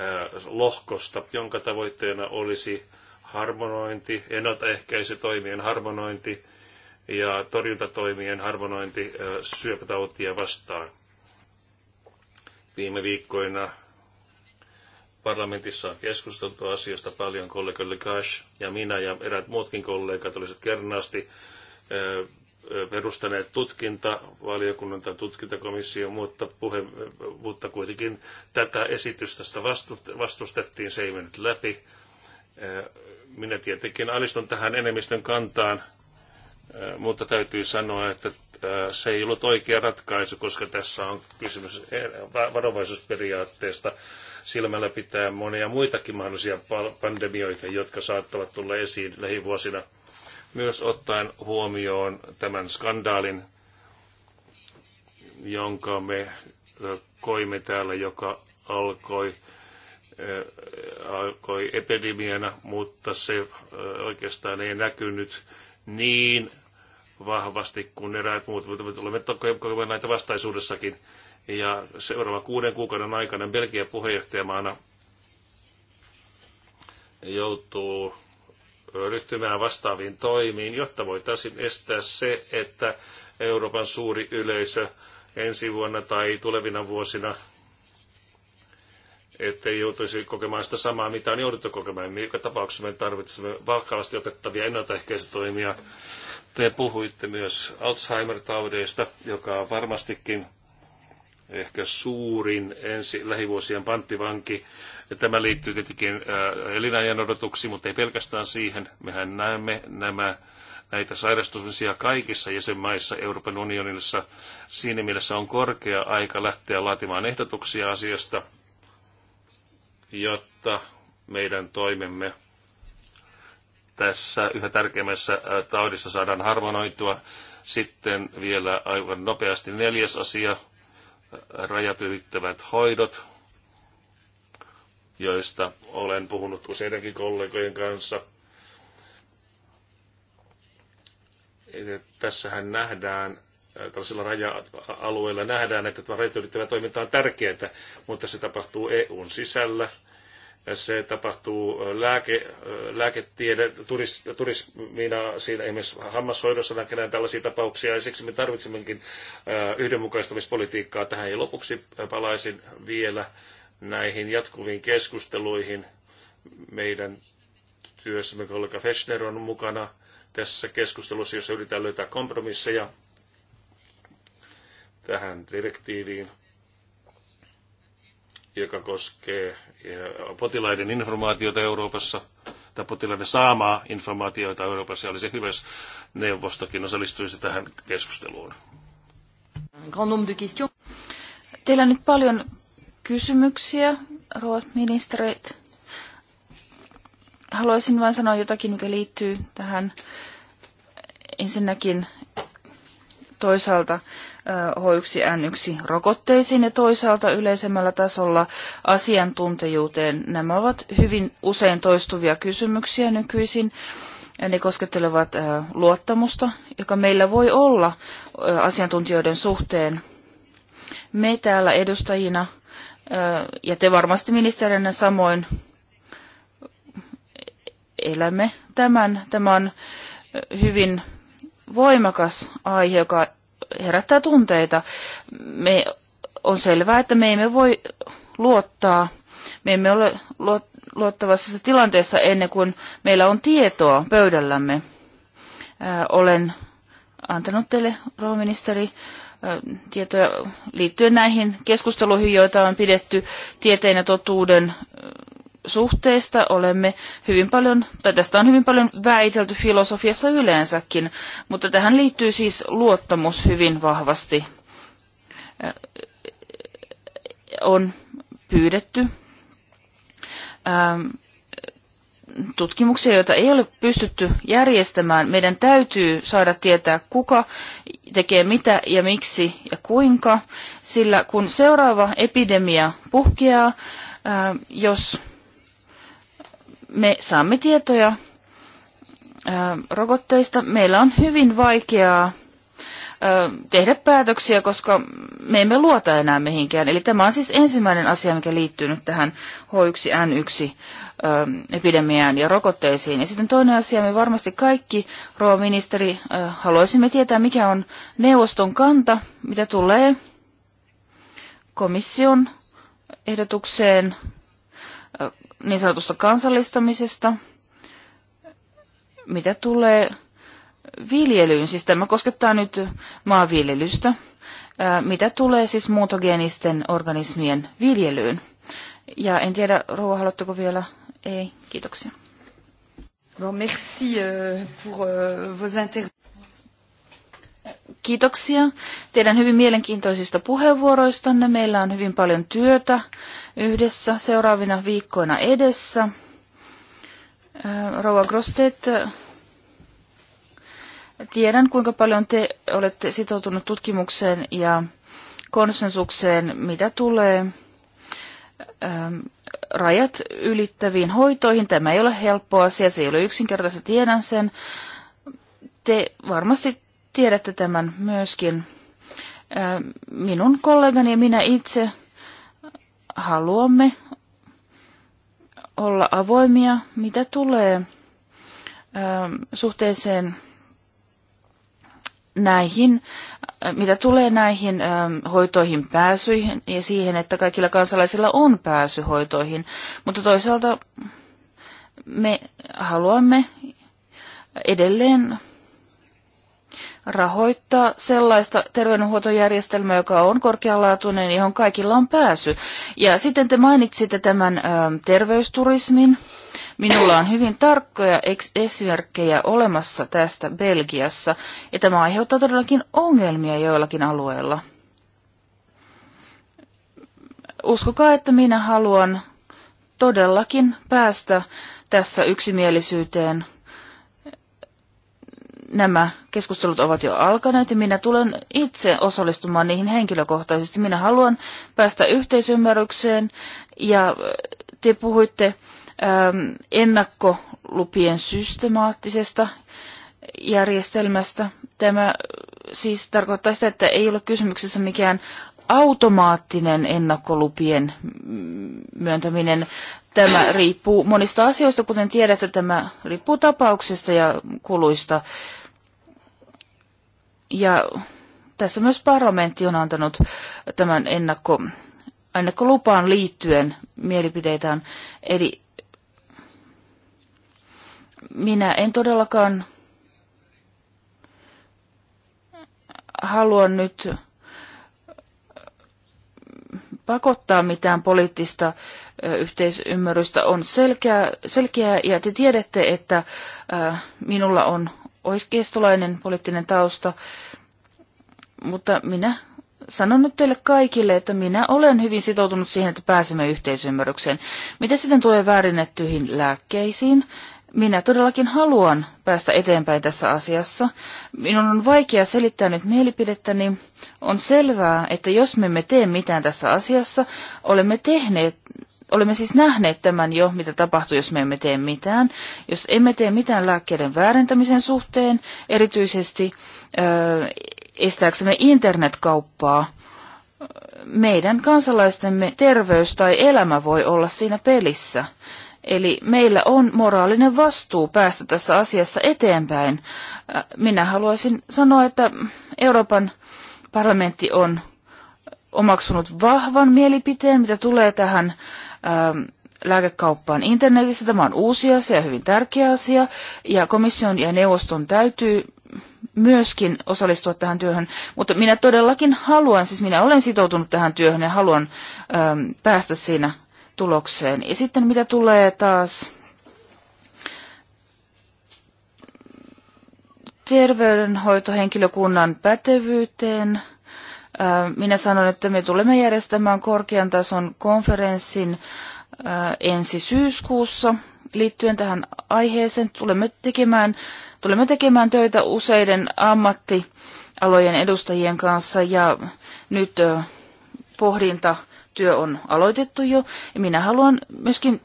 äh, lohkosta, jonka tavoitteena olisi harmonointi, ennaltaehkäisytoimien harmonointi ja torjuntatoimien harmonointi syöpätautia vastaan – Viime viikkoina parlamentissa on keskusteltu asiasta paljon. Kollega Lekash ja minä ja eräät muutkin kollegat olisivat kernaasti perustaneet tutkinta valiokunnan tai tutkintakomission, mutta, puhe, mutta kuitenkin tätä esitystä sitä vastustettiin, se ei mennyt läpi. Minä tietenkin alistun tähän enemmistön kantaan, mutta täytyy sanoa, että se ei ollut oikea ratkaisu, koska tässä on kysymys e, varovaisuusperiaatteesta. Silmällä pitää monia muitakin mahdollisia pandemioita, jotka saattavat tulla esiin lähivuosina. Myös ottaen huomioon tämän skandaalin, jonka me koimme täällä, joka alkoi alkoi epidemiana, mutta se oikeastaan ei näkynyt niin vahvasti kuin eräät muut, mutta olemme kokemaan näitä vastaisuudessakin. Ja seuraava kuuden kuukauden aikana Belgia puheenjohtajamaana joutuu ryhtymään vastaaviin toimiin, jotta voitaisiin estää se, että Euroopan suuri yleisö ensi vuonna tai tulevina vuosina ettei joutuisi kokemaan sitä samaa, mitä on jouduttu kokemaan. Joka tapauksessa me tarvitsemme vakavasti otettavia ennaltaehkäisytoimia, te puhuitte myös Alzheimer-taudeista, joka on varmastikin ehkä suurin ensi lähivuosien panttivanki. Tämä liittyy tietenkin äh, elinajan odotuksiin, mutta ei pelkästään siihen. Mehän näemme nämä, näitä sairastumisia kaikissa jäsenmaissa Euroopan unionissa. Siinä mielessä on korkea aika lähteä laatimaan ehdotuksia asiasta, jotta meidän toimemme tässä yhä tärkeimmässä äh, taudissa saadaan harmonoitua. Sitten vielä aivan nopeasti neljäs asia, äh, rajat ylittävät hoidot, joista olen puhunut useidenkin kollegojen kanssa. Tässähän nähdään, äh, tällaisilla raja-alueilla nähdään, että tämä rajat ylittävä toiminta on tärkeää, mutta se tapahtuu EUn sisällä – se tapahtuu lääke, lääketiede, turis, turismina, siinä esimerkiksi hammashoidossa näkee tällaisia tapauksia, ja siksi me tarvitsemmekin yhdenmukaistamispolitiikkaa tähän. Ja lopuksi palaisin vielä näihin jatkuviin keskusteluihin. Meidän työssämme kollega Fechner on mukana tässä keskustelussa, jossa yritetään löytää kompromisseja tähän direktiiviin joka koskee potilaiden informaatiota Euroopassa tai potilaiden saamaa informaatiota Euroopassa. Ja olisi hyvä, jos neuvostokin osallistuisi tähän keskusteluun. Teillä on nyt paljon kysymyksiä, rouvat ministerit. Haluaisin vain sanoa jotakin, mikä liittyy tähän ensinnäkin toisaalta H1N1-rokotteisiin ja toisaalta yleisemmällä tasolla asiantuntijuuteen. Nämä ovat hyvin usein toistuvia kysymyksiä nykyisin. Ja ne koskettelevat luottamusta, joka meillä voi olla asiantuntijoiden suhteen. Me täällä edustajina ja te varmasti ministerinä samoin elämme tämän. Tämä on hyvin voimakas aihe, joka herättää tunteita. Me, on selvää, että me emme voi luottaa, me emme ole luottavassa tilanteessa ennen kuin meillä on tietoa pöydällämme. Äh, olen antanut teille, rouvaministeri, äh, tietoja liittyen näihin keskusteluihin, joita on pidetty tieteen ja totuuden äh, suhteesta olemme hyvin paljon, tai tästä on hyvin paljon väitelty filosofiassa yleensäkin, mutta tähän liittyy siis luottamus hyvin vahvasti. On pyydetty ähm, tutkimuksia, joita ei ole pystytty järjestämään. Meidän täytyy saada tietää, kuka tekee mitä ja miksi ja kuinka, sillä kun seuraava epidemia puhkeaa, ähm, jos me saamme tietoja rokotteista. Meillä on hyvin vaikeaa tehdä päätöksiä, koska me emme luota enää mihinkään. Eli tämä on siis ensimmäinen asia, mikä liittyy nyt tähän H1N1-epidemiaan ja rokotteisiin. Ja sitten toinen asia, me varmasti kaikki, rouva ministeri, haluaisimme tietää, mikä on neuvoston kanta, mitä tulee komission ehdotukseen niin sanotusta kansallistamisesta, mitä tulee viljelyyn, siis tämä koskettaa nyt maanviljelystä, mitä tulee siis muutogeenisten organismien viljelyyn. Ja en tiedä, Rouva, haluatteko vielä? Ei, kiitoksia. Bon, merci euh, pour euh, vos inter... Kiitoksia teidän hyvin mielenkiintoisista puheenvuoroistanne. Meillä on hyvin paljon työtä yhdessä seuraavina viikkoina edessä. Rouva Grostet, tiedän kuinka paljon te olette sitoutunut tutkimukseen ja konsensukseen, mitä tulee rajat ylittäviin hoitoihin. Tämä ei ole helppo asia, se ei ole yksinkertaista, tiedän sen. Te varmasti tiedätte tämän myöskin. Minun kollegani ja minä itse haluamme olla avoimia, mitä tulee suhteeseen näihin, mitä tulee näihin hoitoihin pääsyihin ja siihen, että kaikilla kansalaisilla on pääsy hoitoihin. Mutta toisaalta me haluamme edelleen rahoittaa sellaista terveydenhuoltojärjestelmää, joka on korkealaatuinen, johon kaikilla on pääsy. Ja sitten te mainitsitte tämän ö, ähm, terveysturismin. Minulla on hyvin tarkkoja esimerkkejä olemassa tästä Belgiassa, ja tämä aiheuttaa todellakin ongelmia joillakin alueilla. Uskokaa, että minä haluan todellakin päästä tässä yksimielisyyteen nämä keskustelut ovat jo alkaneet ja minä tulen itse osallistumaan niihin henkilökohtaisesti. Minä haluan päästä yhteisymmärrykseen ja äh, te puhuitte ähm, ennakkolupien systemaattisesta järjestelmästä. Tämä äh, siis tarkoittaa sitä, että ei ole kysymyksessä mikään automaattinen ennakkolupien myöntäminen. Tämä riippuu monista asioista, kuten tiedätte, tämä riippuu tapauksesta ja kuluista. Ja tässä myös parlamentti on antanut tämän ennakko, ennakkolupaan liittyen mielipiteitään. Eli minä en todellakaan halua nyt pakottaa mitään poliittista yhteisymmärrystä on selkeä, selkeä ja te tiedätte, että minulla on oikeistolainen poliittinen tausta, mutta minä sanon nyt teille kaikille, että minä olen hyvin sitoutunut siihen, että pääsemme yhteisymmärrykseen. Mitä sitten tulee väärinnettyihin lääkkeisiin? Minä todellakin haluan päästä eteenpäin tässä asiassa. Minun on vaikea selittää nyt mielipidettäni. Niin on selvää, että jos me emme tee mitään tässä asiassa, olemme tehneet Olemme siis nähneet tämän jo, mitä tapahtuu, jos me emme tee mitään. Jos emme tee mitään lääkkeiden väärentämisen suhteen, erityisesti ö, estääksemme internetkauppaa, meidän kansalaistemme terveys tai elämä voi olla siinä pelissä. Eli meillä on moraalinen vastuu päästä tässä asiassa eteenpäin. Minä haluaisin sanoa, että Euroopan parlamentti on omaksunut vahvan mielipiteen, mitä tulee tähän Ähm, lääkekauppaan internetissä. Tämä on uusi asia ja hyvin tärkeä asia, ja komission ja neuvoston täytyy myöskin osallistua tähän työhön, mutta minä todellakin haluan, siis minä olen sitoutunut tähän työhön ja haluan äm, päästä siinä tulokseen. Ja sitten mitä tulee taas terveydenhoitohenkilökunnan pätevyyteen, minä sanon, että me tulemme järjestämään korkean tason konferenssin ensi syyskuussa liittyen tähän aiheeseen. Tulemme tekemään, tulemme tekemään töitä useiden ammattialojen edustajien kanssa ja nyt pohdinta työ on aloitettu jo. Ja minä haluan myöskin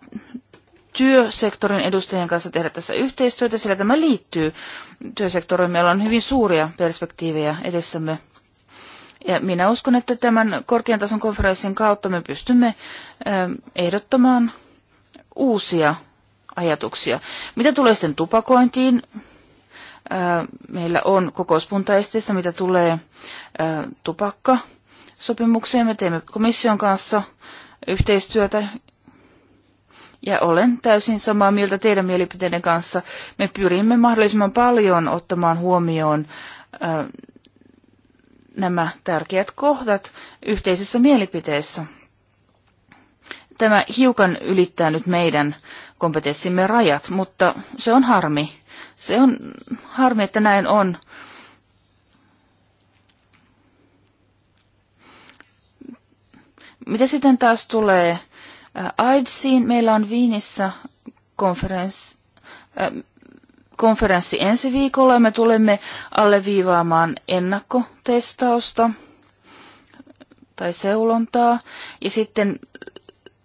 työsektorin edustajien kanssa tehdä tässä yhteistyötä, sillä tämä liittyy työsektoriin. Meillä on hyvin suuria perspektiivejä edessämme. Ja minä uskon, että tämän korkean tason konferenssin kautta me pystymme ehdottamaan uusia ajatuksia. Mitä tulee sitten tupakointiin? Meillä on kokouspuntaesteessä, mitä tulee tupakka sopimukseen. Me teemme komission kanssa yhteistyötä ja olen täysin samaa mieltä teidän mielipiteiden kanssa. Me pyrimme mahdollisimman paljon ottamaan huomioon nämä tärkeät kohdat yhteisessä mielipiteessä. Tämä hiukan ylittää nyt meidän kompetenssimme rajat, mutta se on harmi. Se on harmi, että näin on. Mitä sitten taas tulee äh, AIDSiin? Meillä on Viinissä konferenssi äh, konferenssi ensi viikolla ja me tulemme alleviivaamaan ennakkotestausta tai seulontaa ja sitten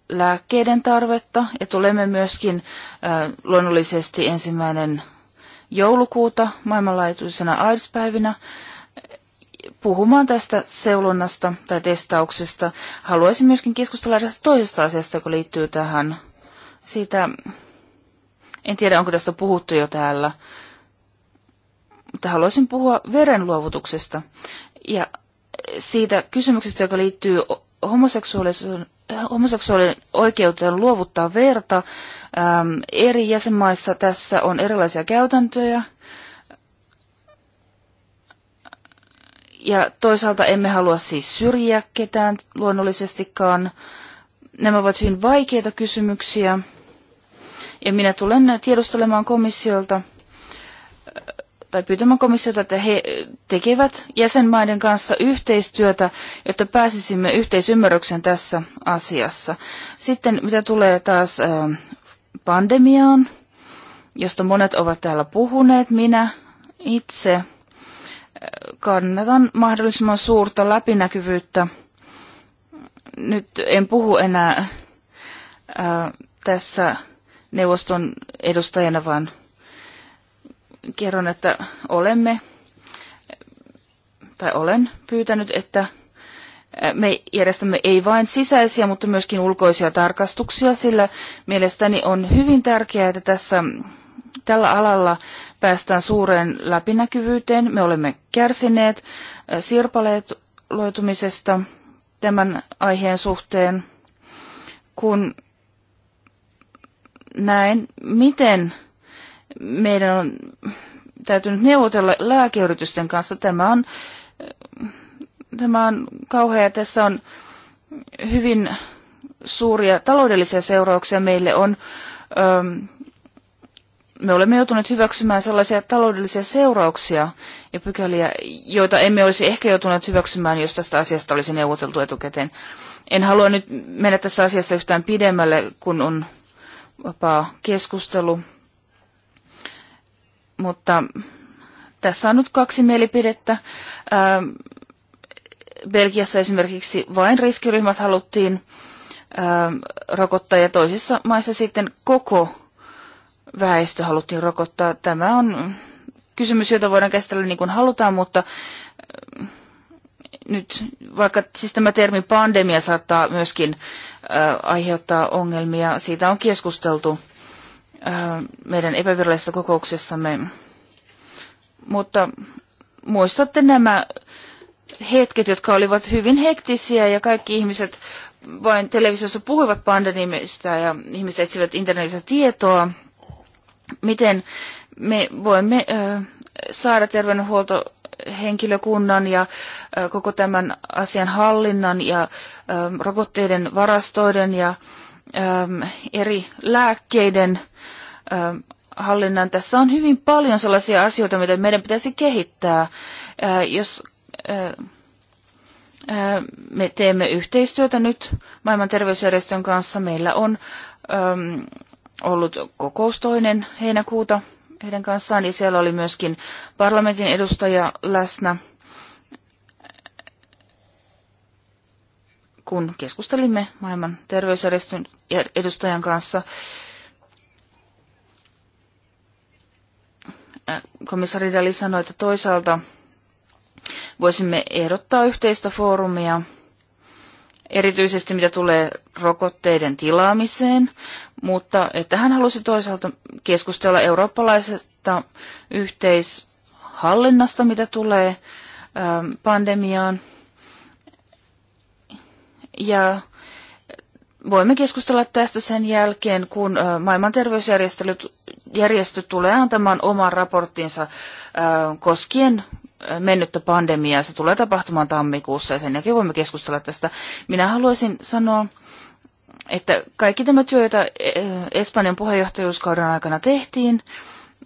lääkkeiden tarvetta ja tulemme myöskin äh, luonnollisesti ensimmäinen joulukuuta maailmanlaajuisena AIDS-päivinä puhumaan tästä seulonnasta tai testauksesta. Haluaisin myöskin keskustella tästä toisesta asiasta, joka liittyy tähän siitä en tiedä, onko tästä puhuttu jo täällä, mutta haluaisin puhua verenluovutuksesta ja siitä kysymyksestä, joka liittyy homoseksuaalisuuden äh, homoseksuaalien oikeuteen luovuttaa verta. Ähm, eri jäsenmaissa tässä on erilaisia käytäntöjä. Ja toisaalta emme halua siis syrjiä ketään luonnollisestikaan. Nämä ovat hyvin vaikeita kysymyksiä. Ja minä tulen tiedustelemaan komissiolta tai pyytämään komissiota, että he tekevät jäsenmaiden kanssa yhteistyötä, jotta pääsisimme yhteisymmärryksen tässä asiassa. Sitten mitä tulee taas pandemiaan, josta monet ovat täällä puhuneet, minä itse kannatan mahdollisimman suurta läpinäkyvyyttä. Nyt en puhu enää ää, tässä neuvoston edustajana, vaan kerron, että olemme tai olen pyytänyt, että me järjestämme ei vain sisäisiä, mutta myöskin ulkoisia tarkastuksia, sillä mielestäni on hyvin tärkeää, että tässä tällä alalla päästään suureen läpinäkyvyyteen. Me olemme kärsineet äh, sirpaleet tämän aiheen suhteen, kun näin, miten meidän on täytynyt neuvotella lääkeyritysten kanssa. Tämä on, tämä on kauhea. Tässä on hyvin suuria taloudellisia seurauksia. Meille on, öö, me olemme joutuneet hyväksymään sellaisia taloudellisia seurauksia ja pykäliä, joita emme olisi ehkä joutuneet hyväksymään, jos tästä asiasta olisi neuvoteltu etukäteen. En halua nyt mennä tässä asiassa yhtään pidemmälle, kun on vapaa keskustelu. Mutta tässä on nyt kaksi mielipidettä. Ähm, Belgiassa esimerkiksi vain riskiryhmät haluttiin ähm, rokottaa ja toisissa maissa sitten koko väestö haluttiin rokottaa. Tämä on kysymys, jota voidaan käsitellä niin kuin halutaan, mutta nyt, vaikka siis tämä termi pandemia saattaa myöskin äh, aiheuttaa ongelmia, siitä on keskusteltu äh, meidän epävirallisessa kokouksessamme. Mutta muistatte nämä hetket, jotka olivat hyvin hektisiä ja kaikki ihmiset vain televisiossa puhuivat pandemista ja ihmiset etsivät internetissä tietoa, miten me voimme äh, saada terveydenhuolto henkilökunnan ja koko tämän asian hallinnan ja rokotteiden varastoiden ja eri lääkkeiden hallinnan. Tässä on hyvin paljon sellaisia asioita, mitä meidän pitäisi kehittää, jos me teemme yhteistyötä nyt maailman terveysjärjestön kanssa. Meillä on ollut kokous toinen heinäkuuta heidän kanssaan, niin siellä oli myöskin parlamentin edustaja läsnä, kun keskustelimme maailman terveysjärjestön edustajan kanssa. Komissari Dali sanoi, että toisaalta voisimme ehdottaa yhteistä foorumia – erityisesti mitä tulee rokotteiden tilaamiseen, mutta että hän halusi toisaalta keskustella eurooppalaisesta yhteishallinnasta, mitä tulee ähm, pandemiaan. Ja voimme keskustella tästä sen jälkeen, kun äh, maailman terveysjärjestö tulee antamaan oman raporttinsa äh, koskien mennyttä pandemiaa. Se tulee tapahtumaan tammikuussa ja sen jälkeen voimme keskustella tästä. Minä haluaisin sanoa, että kaikki tämä työ, jota eh, Espanjan puheenjohtajuuskauden aikana tehtiin,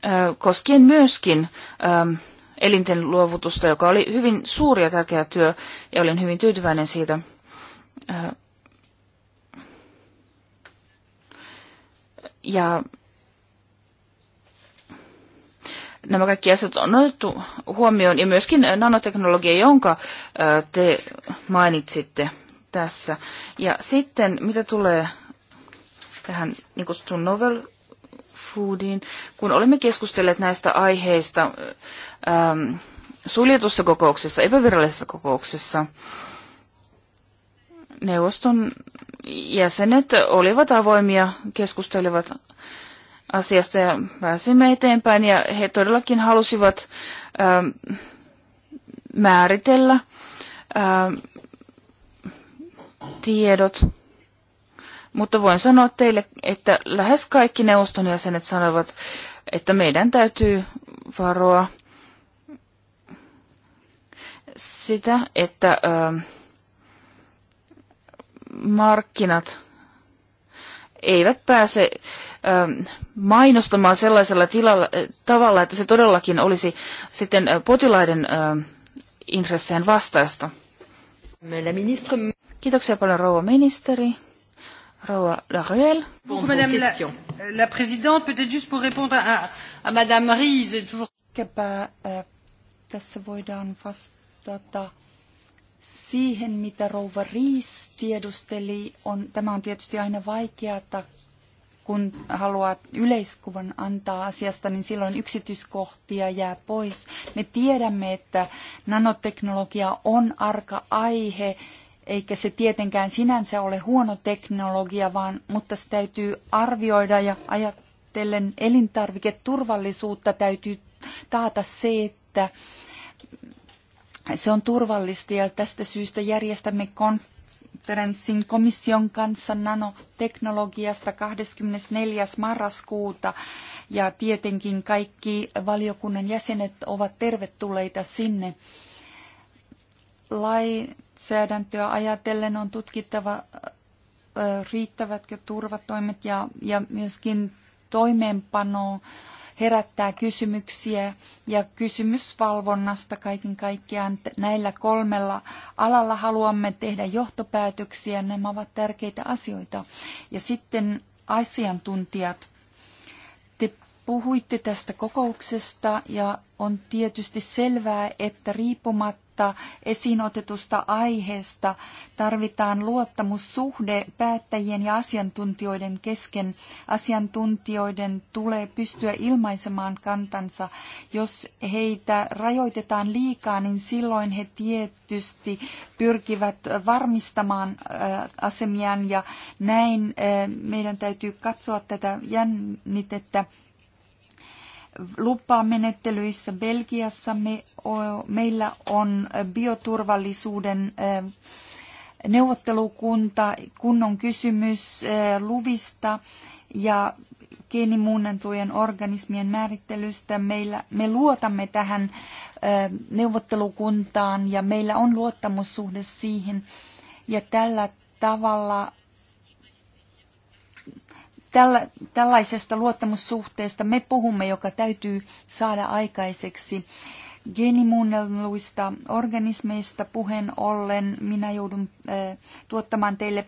eh, koskien myöskin eh, elinten luovutusta, joka oli hyvin suuri ja tärkeä työ, ja olin hyvin tyytyväinen siitä. Ja nämä kaikki asiat on otettu huomioon ja myöskin nanoteknologia, jonka te mainitsitte tässä. Ja sitten mitä tulee tähän niin kutsuttuun novel foodiin, kun olemme keskustelleet näistä aiheista ähm, suljetussa kokouksessa, epävirallisessa kokouksessa, neuvoston jäsenet olivat avoimia, keskustelivat asiasta ja pääsimme eteenpäin. Ja he todellakin halusivat ähm, määritellä ähm, tiedot. Mutta voin sanoa teille, että lähes kaikki neuvoston jäsenet sanovat, että meidän täytyy varoa sitä, että ö, ähm, markkinat eivät pääse ö, mainostamaan sellaisella tilalla, tavalla, että se todellakin olisi sitten potilaiden intressien vastaista. Kiitoksia paljon rouva ministeri. Rouva Laruelle. Bon, Madame la, la Présidente, peut-être juste pour répondre à, à Madame Ehkäpä äh, tässä voidaan vastata siihen, mitä rouva Riis tiedusteli. On, tämä on tietysti aina vaikeaa kun haluaa yleiskuvan antaa asiasta, niin silloin yksityiskohtia jää pois. Me tiedämme, että nanoteknologia on arka aihe, eikä se tietenkään sinänsä ole huono teknologia, vaan, mutta se täytyy arvioida ja ajatellen elintarviketurvallisuutta täytyy taata se, että se on turvallista ja tästä syystä järjestämme konf- konferenssin komission kanssa nanoteknologiasta 24. marraskuuta. Ja tietenkin kaikki valiokunnan jäsenet ovat tervetulleita sinne. Lainsäädäntöä ajatellen on tutkittava, riittävätkö turvatoimet ja, ja myöskin toimeenpanoon herättää kysymyksiä ja kysymysvalvonnasta kaiken kaikkiaan. Näillä kolmella alalla haluamme tehdä johtopäätöksiä. Nämä ovat tärkeitä asioita. Ja sitten asiantuntijat. Te puhuitte tästä kokouksesta ja on tietysti selvää, että riippumatta huolimatta esiin otetusta aiheesta tarvitaan luottamussuhde päättäjien ja asiantuntijoiden kesken. Asiantuntijoiden tulee pystyä ilmaisemaan kantansa. Jos heitä rajoitetaan liikaa, niin silloin he tietysti pyrkivät varmistamaan äh, asemiaan ja näin äh, meidän täytyy katsoa tätä jännitettä lupamenettelyissä Belgiassa me, meillä on bioturvallisuuden neuvottelukunta, kunnon kysymys ö, luvista ja geenimuunnantujen organismien määrittelystä. Meillä, me luotamme tähän neuvottelukuntaan ja meillä on luottamussuhde siihen. Ja tällä tavalla tällä, tällaisesta luottamussuhteesta me puhumme, joka täytyy saada aikaiseksi. Geenimuunnelluista organismeista puheen ollen minä joudun äh, tuottamaan teille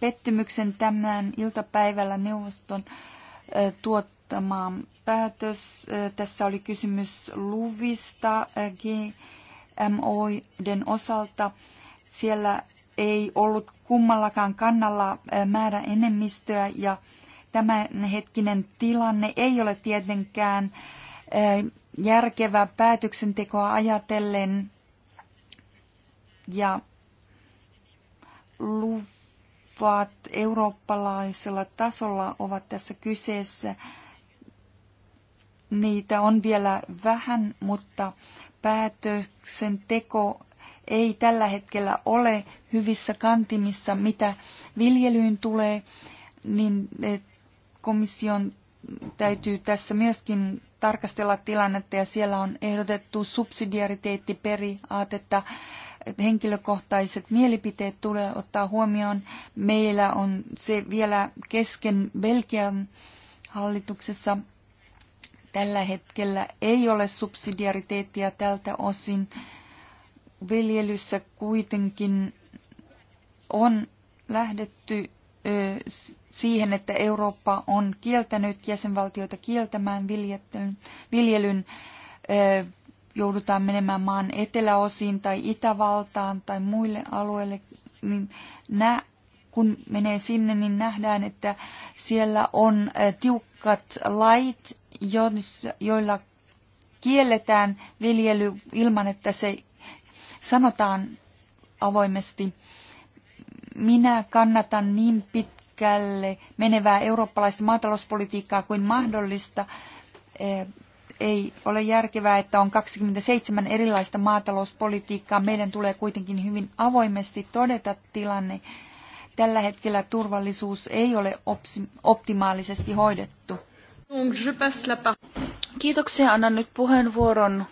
pettymyksen tämän iltapäivällä neuvoston äh, tuottama päätös. Äh, tässä oli kysymys luvista äh, GMOiden osalta. Siellä ei ollut kummallakaan kannalla äh, määrä enemmistöä ja äh, tämänhetkinen tilanne ei ole tietenkään järkevää päätöksentekoa ajatellen ja luvat eurooppalaisella tasolla ovat tässä kyseessä. Niitä on vielä vähän, mutta päätöksenteko ei tällä hetkellä ole hyvissä kantimissa, mitä viljelyyn tulee, niin komission täytyy tässä myöskin tarkastella tilannetta ja siellä on ehdotettu subsidiariteettiperiaatetta. Henkilökohtaiset mielipiteet tulee ottaa huomioon. Meillä on se vielä kesken Belgian hallituksessa. Tällä hetkellä ei ole subsidiariteettia tältä osin. Viljelyssä kuitenkin on lähdetty siihen, että Eurooppa on kieltänyt jäsenvaltioita kieltämään viljelyn, joudutaan menemään maan eteläosiin tai Itävaltaan tai muille alueille, niin nä, kun menee sinne, niin nähdään, että siellä on tiukat lait, joilla kielletään viljely ilman, että se sanotaan avoimesti. Minä kannatan niin pit- pitkälle menevää eurooppalaista maatalouspolitiikkaa kuin mahdollista. E, ei ole järkevää, että on 27 erilaista maatalouspolitiikkaa. Meidän tulee kuitenkin hyvin avoimesti todeta tilanne. Tällä hetkellä turvallisuus ei ole optimaalisesti hoidettu. Kiitoksia. Annan nyt puheenvuoron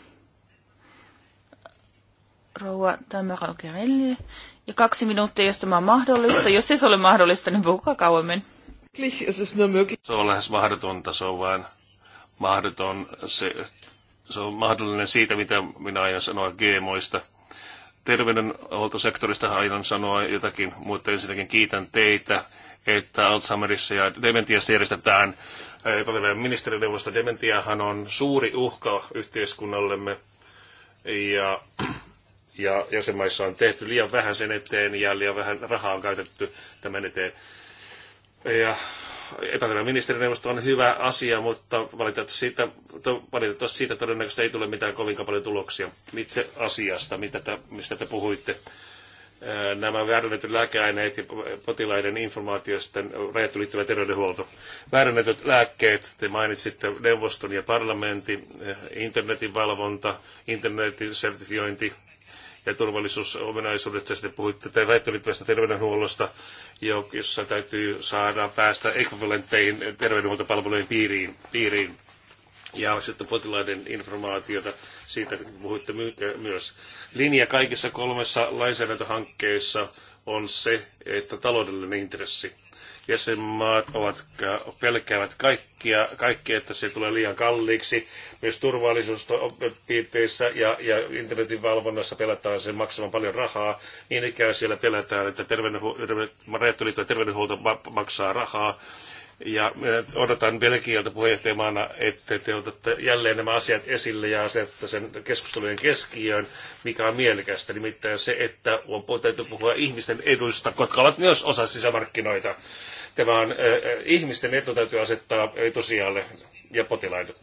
rouva Tamara Okerelle, ja kaksi minuuttia, jos tämä on mahdollista. Jos ei siis se ole mahdollista, niin puhukaa kauemmin. Se on lähes mahdotonta, se on vain mahdoton. Se, se on mahdollinen siitä, mitä minä aion sanoa GMOista. Terveydenhuoltosektorista aion sanoa jotakin, mutta ensinnäkin kiitän teitä, että Alzheimerissa ja dementiasta järjestetään eh, epävirallinen ministerineuvosto. Dementiahan on suuri uhka yhteiskunnallemme ja ja jäsenmaissa on tehty liian vähän sen eteen ja liian vähän rahaa on käytetty tämän eteen. Ja epävirallinen ministerineuvosto on hyvä asia, mutta valitettavasti siitä, valitettavasti siitä todennäköisesti ei tule mitään kovin paljon tuloksia itse asiasta, mitä te, mistä te puhuitte. Nämä väärännetyt lääkeaineet ja potilaiden informaatioista rajattu liittyvä terveydenhuolto. Väärännetyt lääkkeet, te mainitsitte neuvoston ja parlamentin, internetin valvonta, internetin sertifiointi, ja turvallisuusominaisuudet, ja sitten puhuitte te väittelytvästä terveydenhuollosta, jossa täytyy saada päästä ekvivalentteihin terveydenhuoltopalvelujen piiriin. piiriin. Ja sitten potilaiden informaatiota, siitä puhuitte myös. Linja kaikissa kolmessa lainsäädäntöhankkeessa on se, että taloudellinen intressi jäsenmaat ovat, pelkäävät kaikkia, kaikkia, että se tulee liian kalliiksi. Myös turvallisuuspiirteissä ja, ja internetin valvonnassa pelataan sen maksavan paljon rahaa. Niin ikään siellä pelätään, että terveydenhu- ja terveydenhuolto maksaa rahaa. Ja eh, odotan Belgialta puheenjohtajamaana, että te otatte jälleen nämä asiat esille ja asetatte sen keskustelujen keskiöön, mikä on mielekästä. Nimittäin se, että on täytyy puhua ihmisten eduista, jotka ovat myös osa sisämarkkinoita. Tämä on ihmisten etu täytyy asettaa etusijalle ja potilaiden.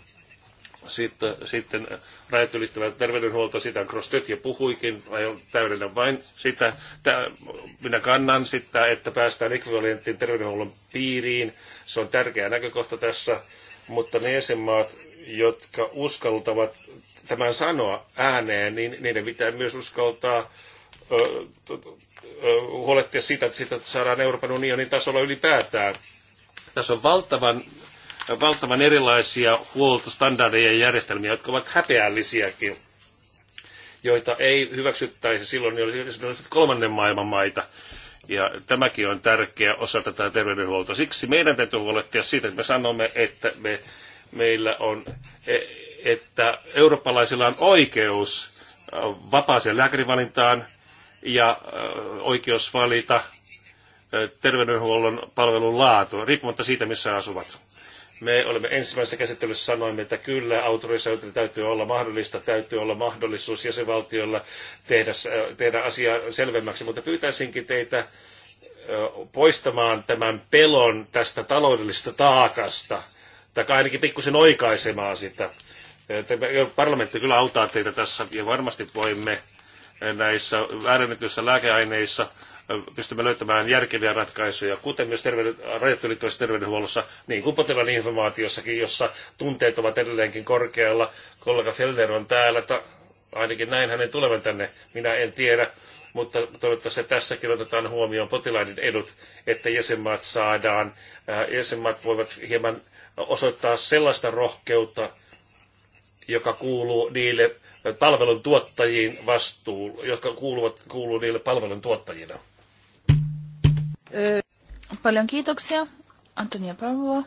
Sitten, sitten rajat ylittävä terveydenhuolto, sitä Krostet jo puhuikin, aion täydennä vain sitä. Tää, minä kannan sitä, että päästään ekvivalenttiin terveydenhuollon piiriin. Se on tärkeä näkökohta tässä, mutta ne jäsenmaat, jotka uskaltavat tämän sanoa ääneen, niin niiden pitää myös uskaltaa huolehtia siitä, että sitä saadaan Euroopan unionin tasolla ylipäätään. Tässä on valtavan, valtavan erilaisia huoltostandardeja ja järjestelmiä, jotka ovat häpeällisiäkin joita ei hyväksyttäisi silloin, niin olisi kolmannen maailman maita. Ja tämäkin on tärkeä osa tätä terveydenhuoltoa. Siksi meidän täytyy huolehtia siitä, että me sanomme, että me, meillä on, e, että eurooppalaisilla on oikeus vapaaseen lääkärivalintaan, ja oikeus valita terveydenhuollon palvelun laatu, riippumatta siitä, missä asuvat. Me olemme ensimmäisessä käsittelyssä sanoimme, että kyllä autorisaatio täytyy olla mahdollista, täytyy olla mahdollisuus jäsenvaltiolla tehdä, tehdä asia selvemmäksi, mutta pyytäisinkin teitä poistamaan tämän pelon tästä taloudellisesta taakasta, tai ainakin pikkusen oikaisemaan sitä. Parlamentti kyllä auttaa teitä tässä, ja varmasti voimme näissä väärennetyissä lääkeaineissa pystymme löytämään järkeviä ratkaisuja, kuten myös terveyden, rajat ylittävässä terveydenhuollossa, niin kuin potilaan informaatiossakin, jossa tunteet ovat edelleenkin korkealla. Kollega Felder on täällä, ta, ainakin näin hänen tulevan tänne, minä en tiedä, mutta toivottavasti tässäkin otetaan huomioon potilaiden edut, että jäsenmaat saadaan, jäsenmaat voivat hieman osoittaa sellaista rohkeutta, joka kuuluu niille palvelun tuottajiin vastuu, jotka kuuluvat, kuuluu niille palvelun tuottajina. Paljon kiitoksia. Antonia Pavlova.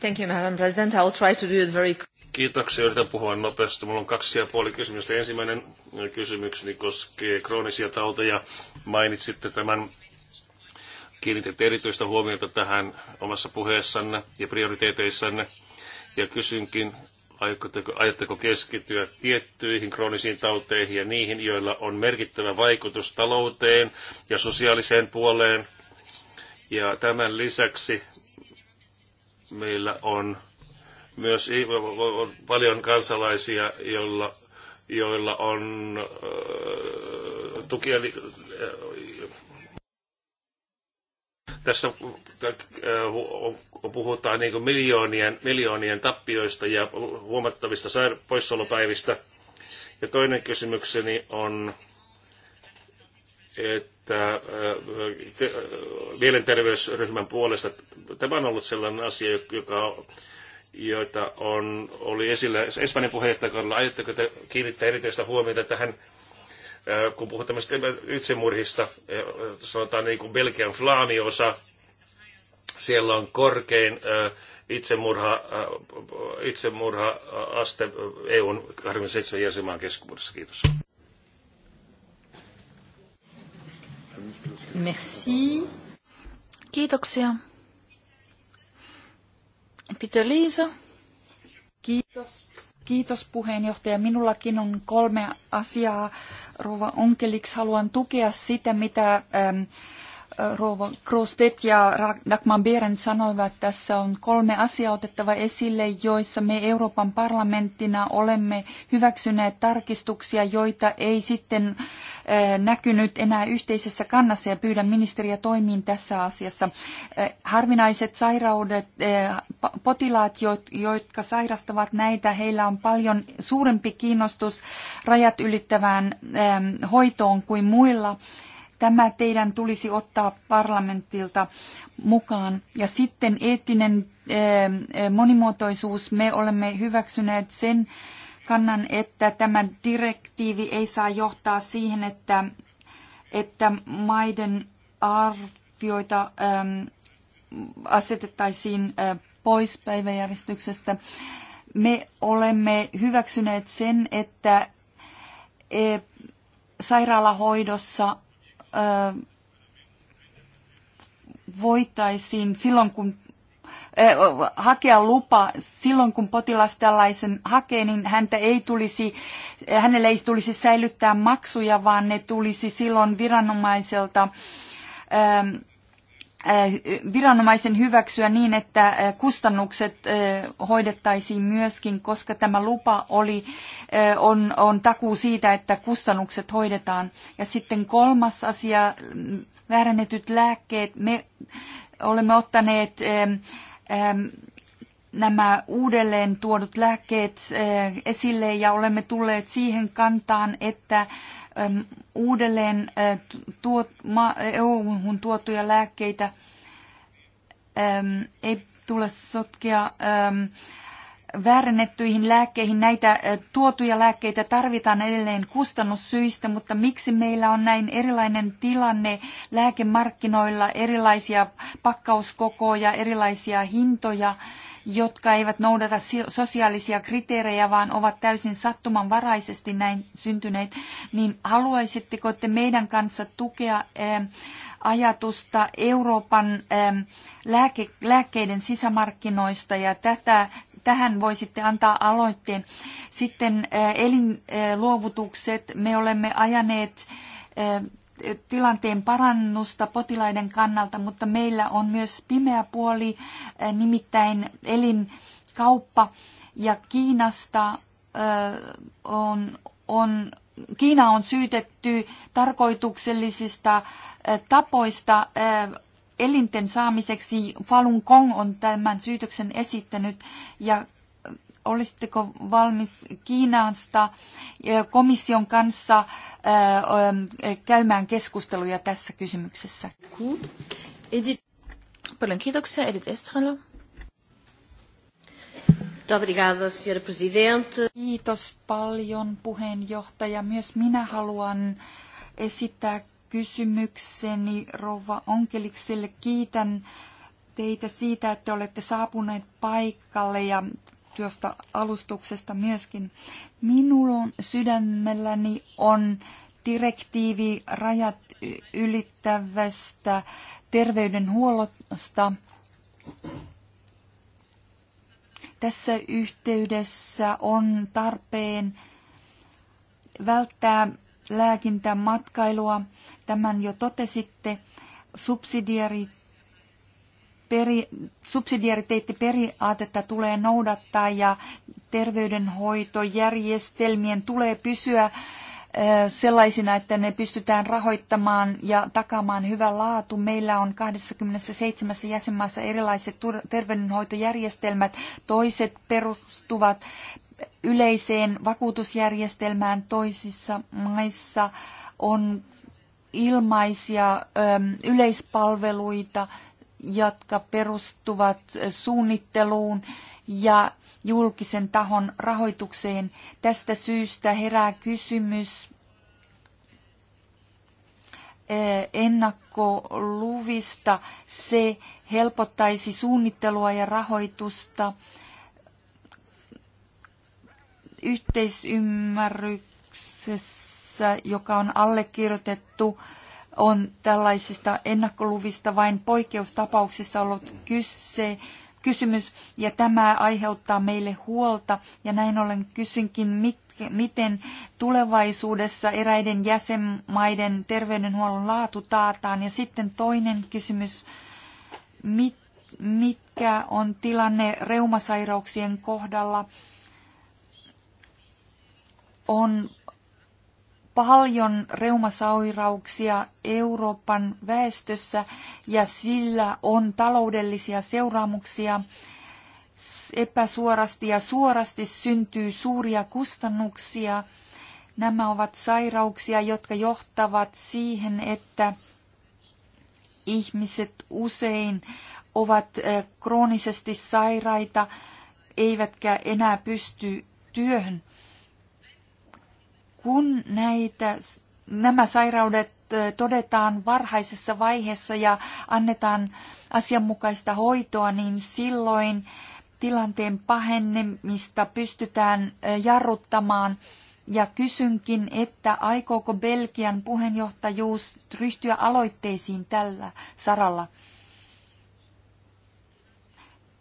Thank you, Madam President. I'll try to do it very Kiitoksia. Yritän puhua nopeasti. Minulla on kaksi ja puoli kysymystä. Ensimmäinen kysymykseni koskee kroonisia tauteja. Mainitsitte tämän kiinnitette erityistä huomiota tähän omassa puheessanne ja prioriteeteissanne. Ja kysynkin, Aiotteko, keskittyä tiettyihin kroonisiin tauteihin ja niihin, joilla on merkittävä vaikutus talouteen ja sosiaaliseen puoleen? Ja tämän lisäksi meillä on myös paljon kansalaisia, joilla, joilla on äh, tukia, äh, tässä äh, puhutaan niin kuin miljoonien, miljoonien tappioista ja huomattavista poissaolopäivistä. Ja toinen kysymykseni on, että äh, äh, mielenterveysryhmän puolesta tämä on ollut sellainen asia, joka joita on, oli esillä Espanjan puheenjohtajakaudella. Aiotteko te kiinnittää erityistä huomiota tähän kun puhutaan itsemurhista, sanotaan niin kuin Belgian Flaamiosa, siellä on korkein itsemurha, itsemurha-aste EUn 27 jäsenmaan keskuudessa. Kiitos. Merci. Kiitoksia. Peter Liisa. Kiitos. Kiitos puheenjohtaja. Minullakin on kolme asiaa. Rova Onkeliks, haluan tukea sitä, mitä ähm, Rouva Krostet ja Dagmar Beren sanoivat, että tässä on kolme asiaa otettava esille, joissa me Euroopan parlamenttina olemme hyväksyneet tarkistuksia, joita ei sitten eh, näkynyt enää yhteisessä kannassa ja pyydän ministeriä toimiin tässä asiassa. Eh, harvinaiset sairaudet, eh, potilaat, jotka sairastavat näitä, heillä on paljon suurempi kiinnostus rajat ylittävään hoitoon kuin muilla Tämä teidän tulisi ottaa parlamentilta mukaan. Ja sitten eettinen eh, eh, monimuotoisuus. Me olemme hyväksyneet sen kannan, että tämä direktiivi ei saa johtaa siihen, että, että maiden arvioita ehm, asetettaisiin eh, pois päiväjärjestyksestä. Me olemme hyväksyneet sen, että sairaalahoidossa voitaisiin silloin, kun hakea lupa silloin, kun potilas tällaisen hakee, niin häntä ei tulisi, hänelle ei tulisi säilyttää maksuja, vaan ne tulisi silloin viranomaiselta ähm, Äh, viranomaisen hyväksyä niin, että äh, kustannukset äh, hoidettaisiin myöskin, koska tämä lupa oli, on, on takuu siitä, että kustannukset hoidetaan. Ja sitten kolmas asia, väärännetyt lääkkeet. Me olemme ottaneet ähm, nämä uudelleen tuodut lääkkeet esille ja olemme tulleet siihen kantaan, että uudelleen tuot, EU-hun tuotuja lääkkeitä ei tule sotkea väärennettyihin lääkkeihin. Näitä tuotuja lääkkeitä tarvitaan edelleen kustannussyistä, mutta miksi meillä on näin erilainen tilanne lääkemarkkinoilla, erilaisia pakkauskokoja, erilaisia hintoja? jotka eivät noudata sosiaalisia kriteerejä, vaan ovat täysin sattumanvaraisesti näin syntyneet, niin haluaisitteko te meidän kanssa tukea ähm, ajatusta Euroopan ähm, lääke, lääkkeiden sisämarkkinoista ja tätä tähän voisitte antaa aloitteen. Sitten äh, elinluovutukset, me olemme ajaneet äh, tilanteen parannusta potilaiden kannalta, mutta meillä on myös pimeä puoli, eh, nimittäin elinkauppa. Ja Kiinasta eh, on, on, Kiina on syytetty tarkoituksellisista eh, tapoista elinten saamiseksi. Falun Gong on tämän syytöksen esittänyt ja olisitteko valmis Kiinasta eh, komission kanssa eh, käymään keskusteluja tässä kysymyksessä? Paljon kiitoksia, Edith Estrella. Kiitos paljon puheenjohtaja. Myös minä haluan esittää kysymykseni Rova Onkelikselle. Kiitän teitä siitä, että olette saapuneet paikalle ja tuosta alustuksesta myöskin. Minun sydämelläni on direktiivi rajat ylittävästä terveydenhuollosta. Tässä yhteydessä on tarpeen välttää lääkintämatkailua. Tämän jo totesitte. Subsidiarit peri, subsidiariteettiperiaatetta tulee noudattaa ja terveydenhoitojärjestelmien tulee pysyä sellaisina, että ne pystytään rahoittamaan ja takaamaan hyvä laatu. Meillä on 27 jäsenmaassa erilaiset terveydenhoitojärjestelmät. Toiset perustuvat yleiseen vakuutusjärjestelmään toisissa maissa on ilmaisia yleispalveluita jotka perustuvat suunnitteluun ja julkisen tahon rahoitukseen. Tästä syystä herää kysymys eh, ennakkoluvista. Se helpottaisi suunnittelua ja rahoitusta yhteisymmärryksessä, joka on allekirjoitettu on tällaisista ennakkoluvista vain poikkeustapauksissa ollut kyse, kysymys, ja tämä aiheuttaa meille huolta, ja näin ollen kysynkin, mit, miten tulevaisuudessa eräiden jäsenmaiden terveydenhuollon laatu taataan. Ja sitten toinen kysymys, mit, mitkä on tilanne reumasairauksien kohdalla? On paljon reumasairauksia Euroopan väestössä ja sillä on taloudellisia seuraamuksia. Epäsuorasti ja suorasti syntyy suuria kustannuksia. Nämä ovat sairauksia, jotka johtavat siihen, että ihmiset usein ovat eh, kroonisesti sairaita, eivätkä enää pysty työhön kun näitä, nämä sairaudet todetaan varhaisessa vaiheessa ja annetaan asianmukaista hoitoa, niin silloin tilanteen pahennemista pystytään jarruttamaan. Ja kysynkin, että aikooko Belgian puheenjohtajuus ryhtyä aloitteisiin tällä saralla?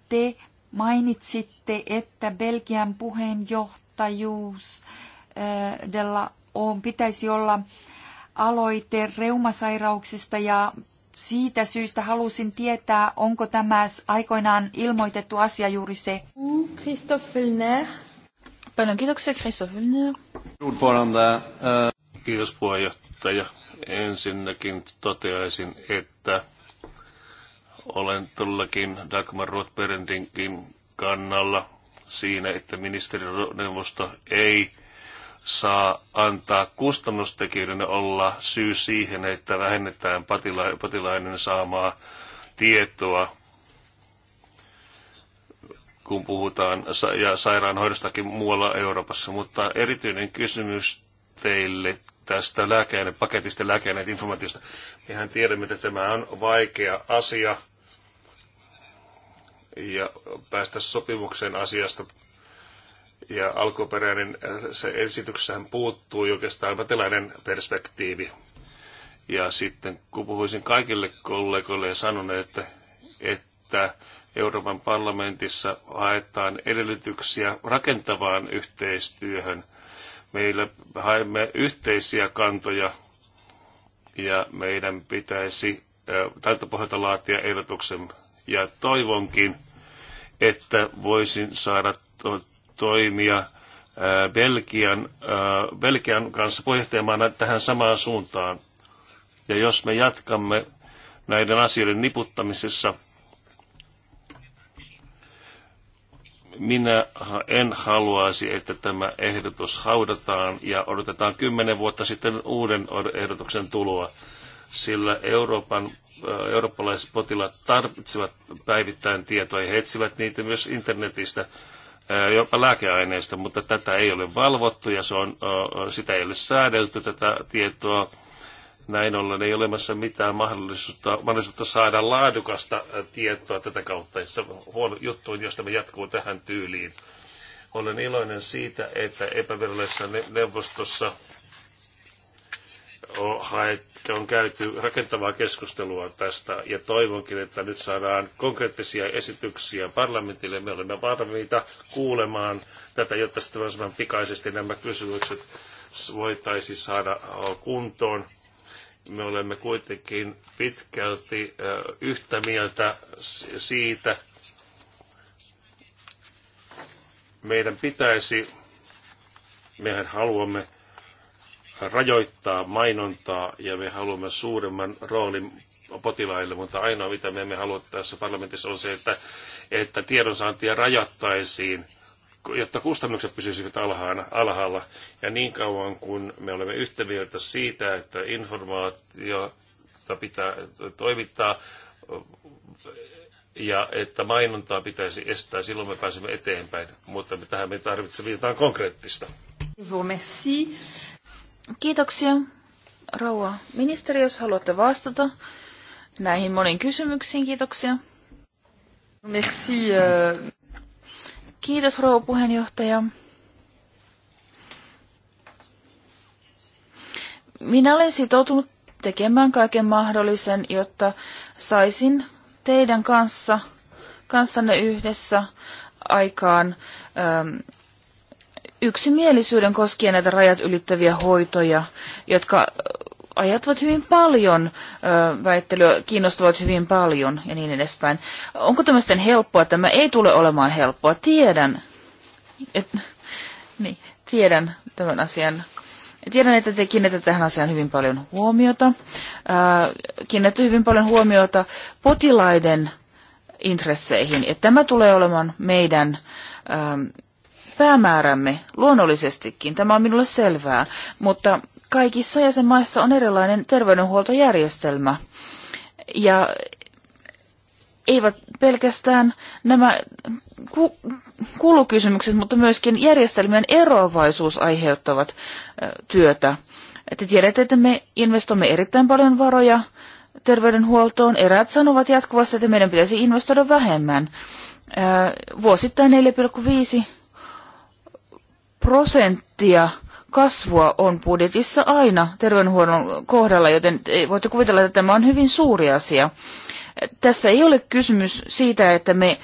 Te mainitsitte, että Belgian puheenjohtajuus äh, Eh, della on, pitäisi olla aloite reumasairauksista ja siitä syystä halusin tietää, onko tämä aikoinaan ilmoitettu asia juuri se. Paljon kiitoksia, Christoph Filner. Uh, Kiitos puheenjohtaja. Ensinnäkin toteaisin, että olen todellakin Dagmar Rothberendinkin kannalla siinä, että ministerineuvosto ei saa antaa kustannustekijöiden olla syy siihen, että vähennetään potila- potilaiden saamaa tietoa, kun puhutaan sa- ja sairaanhoidostakin muualla Euroopassa. Mutta erityinen kysymys teille tästä paketista lääkeainepaketista, informaatiosta. Mehän tiedämme, että tämä on vaikea asia ja päästä sopimukseen asiasta ja alkuperäinen äh, se esityksessähän puuttuu oikeastaan tällainen perspektiivi. Ja sitten kun puhuisin kaikille kollegoille ja sanon, että, että Euroopan parlamentissa haetaan edellytyksiä rakentavaan yhteistyöhön. Meillä haemme yhteisiä kantoja ja meidän pitäisi tältä pohjalta laatia ehdotuksen. Ja toivonkin, että voisin saada toimia äh, Belgian, äh, Belgian kanssa puheenjohtajamaana tähän samaan suuntaan. Ja jos me jatkamme näiden asioiden niputtamisessa, minä en haluaisi, että tämä ehdotus haudataan ja odotetaan kymmenen vuotta sitten uuden ehdotuksen tuloa, sillä Euroopan, äh, eurooppalaiset potilaat tarvitsevat päivittäin tietoja. He etsivät niitä myös internetistä jopa lääkeaineista, mutta tätä ei ole valvottu ja se on, sitä ei ole säädelty tätä tietoa. Näin ollen ei ole olemassa mitään mahdollisuutta, mahdollisuutta saada laadukasta tietoa tätä kautta. Se huono juttu, jos tämä jatkuu tähän tyyliin. Olen iloinen siitä, että epävirallisessa neuvostossa on, haettu, on käyty rakentavaa keskustelua tästä ja toivonkin, että nyt saadaan konkreettisia esityksiä parlamentille. Me olemme valmiita kuulemaan tätä, jotta sitten pikaisesti nämä kysymykset voitaisiin saada äh, kuntoon. Me olemme kuitenkin pitkälti äh, yhtä mieltä siitä, meidän pitäisi, mehän haluamme rajoittaa mainontaa ja me haluamme suuremman roolin potilaille, mutta ainoa mitä me emme halua tässä parlamentissa on se, että, että tiedonsaantia rajattaisiin, jotta kustannukset pysyisivät alhaana, alhaalla. Ja niin kauan kun me olemme yhtä mieltä siitä, että informaatiota pitää toimittaa ja että mainontaa pitäisi estää, silloin me pääsemme eteenpäin, mutta tähän me tarvitsemme jotain konkreettista. Merci. Kiitoksia, rouva ministeri, jos haluatte vastata näihin moniin kysymyksiin. Kiitoksia. Merci. Äh. Kiitos, rouva puheenjohtaja. Minä olen sitoutunut tekemään kaiken mahdollisen, jotta saisin teidän kanssa, kanssanne yhdessä aikaan ähm, yksimielisyyden koskien näitä rajat ylittäviä hoitoja, jotka ajattavat hyvin paljon, väittelyä kiinnostavat hyvin paljon ja niin edespäin. Onko tämä sitten helppoa? Tämä ei tule olemaan helppoa. Tiedän, et, niin, tiedän tämän asian. Tiedän, että te kiinnitätte tähän asiaan hyvin paljon huomiota. Kiinnitätte hyvin paljon huomiota potilaiden intresseihin. Ja tämä tulee olemaan meidän päämäärämme, luonnollisestikin, tämä on minulle selvää, mutta kaikissa jäsenmaissa on erilainen terveydenhuoltojärjestelmä. Ja eivät pelkästään nämä ku- kulukysymykset, mutta myöskin järjestelmien eroavaisuus aiheuttavat työtä. Te tiedätte, että me investoimme erittäin paljon varoja terveydenhuoltoon. Eräät sanovat jatkuvasti, että meidän pitäisi investoida vähemmän. Vuosittain prosenttia kasvua on budjetissa aina terveydenhuollon kohdalla, joten voitte kuvitella, että tämä on hyvin suuri asia. Tässä ei ole kysymys siitä, että me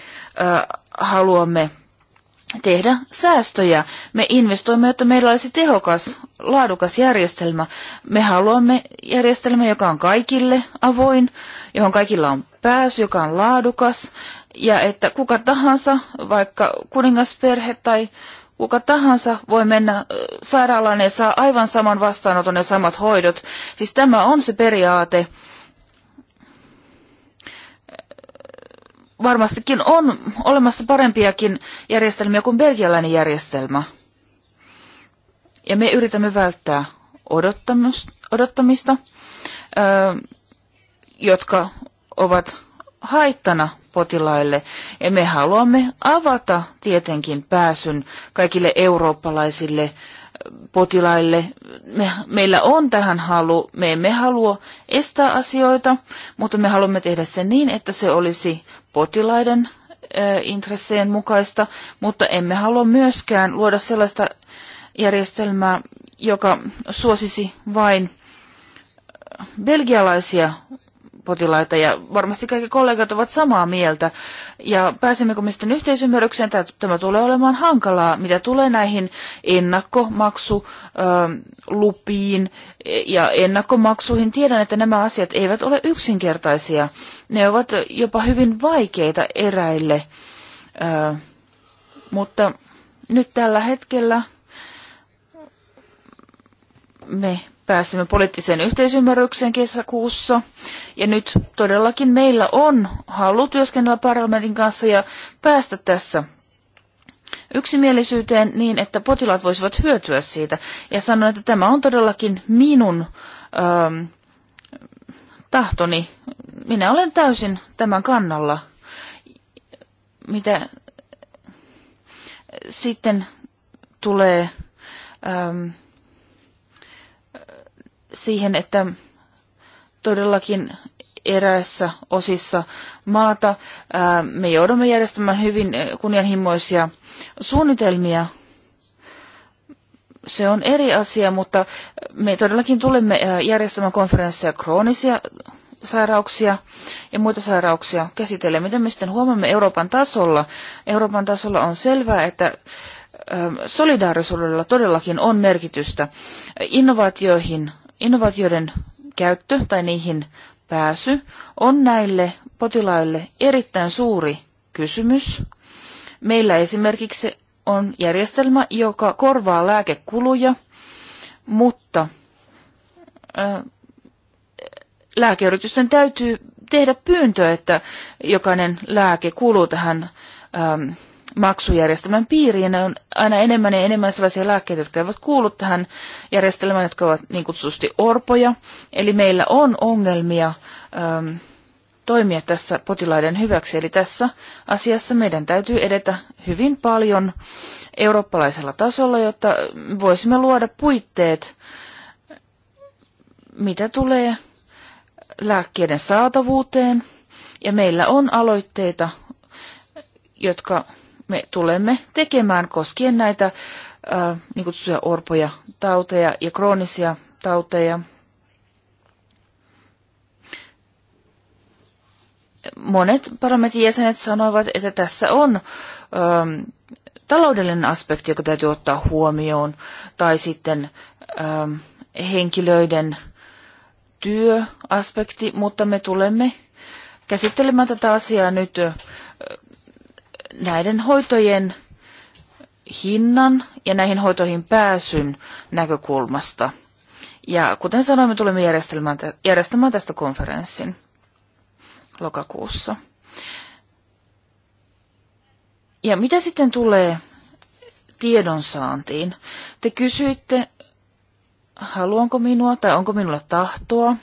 haluamme tehdä säästöjä. Me investoimme, jotta meillä olisi tehokas, laadukas järjestelmä. Me haluamme järjestelmä, joka on kaikille avoin, johon kaikilla on pääsy, joka on laadukas, ja että kuka tahansa, vaikka kuningasperhe tai kuka tahansa voi mennä sairaalaan ja saa aivan saman vastaanoton ja samat hoidot. Siis tämä on se periaate. Varmastikin on olemassa parempiakin järjestelmiä kuin belgialainen järjestelmä. Ja me yritämme välttää odottamista, jotka ovat haittana potilaille. Ja me haluamme avata tietenkin pääsyn kaikille eurooppalaisille potilaille. Me, meillä on tähän halu. Me emme halua estää asioita, mutta me haluamme tehdä sen niin, että se olisi potilaiden intressejen mukaista, mutta emme halua myöskään luoda sellaista järjestelmää, joka suosisi vain belgialaisia potilaita ja varmasti kaikki kollegat ovat samaa mieltä. Ja pääsemmekö me sitten yhteisymmärrykseen, tämä tulee olemaan hankalaa, mitä tulee näihin ennakkomaksulupiin ähm, ja ennakkomaksuihin. Tiedän, että nämä asiat eivät ole yksinkertaisia. Ne ovat jopa hyvin vaikeita eräille, äh, mutta nyt tällä hetkellä me pääsimme poliittiseen yhteisymmärrykseen kesäkuussa. Ja nyt todellakin meillä on halu työskennellä parlamentin kanssa ja päästä tässä yksimielisyyteen niin, että potilaat voisivat hyötyä siitä. Ja sanon, että tämä on todellakin minun ähm, tahtoni. Minä olen täysin tämän kannalla. Mitä sitten tulee ähm, siihen, että todellakin eräissä osissa maata me joudumme järjestämään hyvin kunnianhimoisia suunnitelmia. Se on eri asia, mutta me todellakin tulemme järjestämään konferensseja kroonisia sairauksia ja muita sairauksia käsitellä. Miten me sitten huomaamme Euroopan tasolla? Euroopan tasolla on selvää, että solidaarisuudella todellakin on merkitystä. Innovaatioihin innovaatioiden käyttö tai niihin pääsy on näille potilaille erittäin suuri kysymys. Meillä esimerkiksi on järjestelmä, joka korvaa lääkekuluja, mutta lääkeyritysten täytyy tehdä pyyntö, että jokainen lääke kuuluu tähän maksujärjestelmän piiriin. Ne on aina enemmän ja enemmän sellaisia lääkkeitä, jotka eivät kuulu tähän järjestelmään, jotka ovat niin kutsutusti orpoja. Eli meillä on ongelmia äm, toimia tässä potilaiden hyväksi. Eli tässä asiassa meidän täytyy edetä hyvin paljon eurooppalaisella tasolla, jotta voisimme luoda puitteet, mitä tulee lääkkeiden saatavuuteen. Ja meillä on aloitteita, jotka me tulemme tekemään koskien näitä äh, niin kutsuja orpoja tauteja ja kroonisia tauteja. Monet parlamentin jäsenet sanoivat, että tässä on ähm, taloudellinen aspekti, joka täytyy ottaa huomioon, tai sitten ähm, henkilöiden työaspekti, mutta me tulemme käsittelemään tätä asiaa nyt äh, näiden hoitojen hinnan ja näihin hoitoihin pääsyn näkökulmasta. Ja kuten sanoin, me tulemme järjestelmään, järjestämään tästä konferenssin lokakuussa. Ja mitä sitten tulee tiedonsaantiin? Te kysyitte, haluanko minua tai onko minulla tahtoa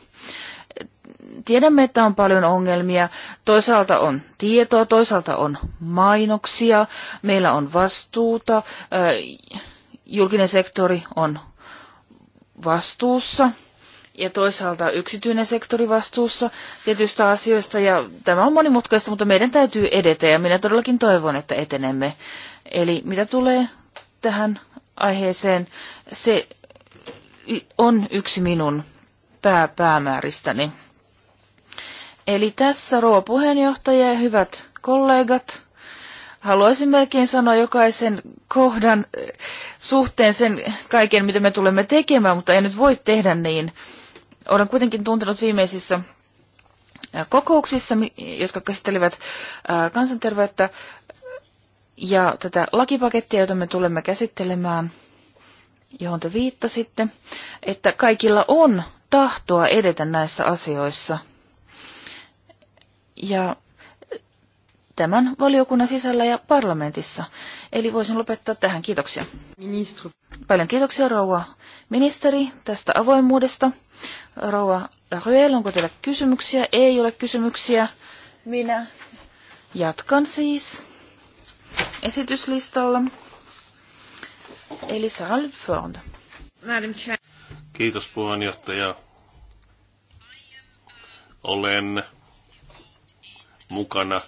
tiedämme, että on paljon ongelmia. Toisaalta on tietoa, toisaalta on mainoksia, meillä on vastuuta, julkinen sektori on vastuussa ja toisaalta yksityinen sektori vastuussa tietyistä asioista. Ja tämä on monimutkaista, mutta meidän täytyy edetä ja minä todellakin toivon, että etenemme. Eli mitä tulee tähän aiheeseen, se on yksi minun pääpäämääristäni. Eli tässä rouva puheenjohtaja ja hyvät kollegat, haluaisin melkein sanoa jokaisen kohdan eh, suhteen sen kaiken, mitä me tulemme tekemään, mutta en nyt voi tehdä niin. Olen kuitenkin tuntenut viimeisissä eh, kokouksissa, jotka käsittelivät eh, kansanterveyttä ja tätä lakipakettia, jota me tulemme käsittelemään, johon te viittasitte, että kaikilla on tahtoa edetä näissä asioissa – ja tämän valiokunnan sisällä ja parlamentissa. Eli voisin lopettaa tähän. Kiitoksia. Ministru. Paljon kiitoksia rouva ministeri tästä avoimuudesta. Rouva Röel, onko teillä kysymyksiä? Ei ole kysymyksiä. Minä jatkan siis esityslistalla. Elisa Alford. Kiitos puheenjohtaja. Olen mukana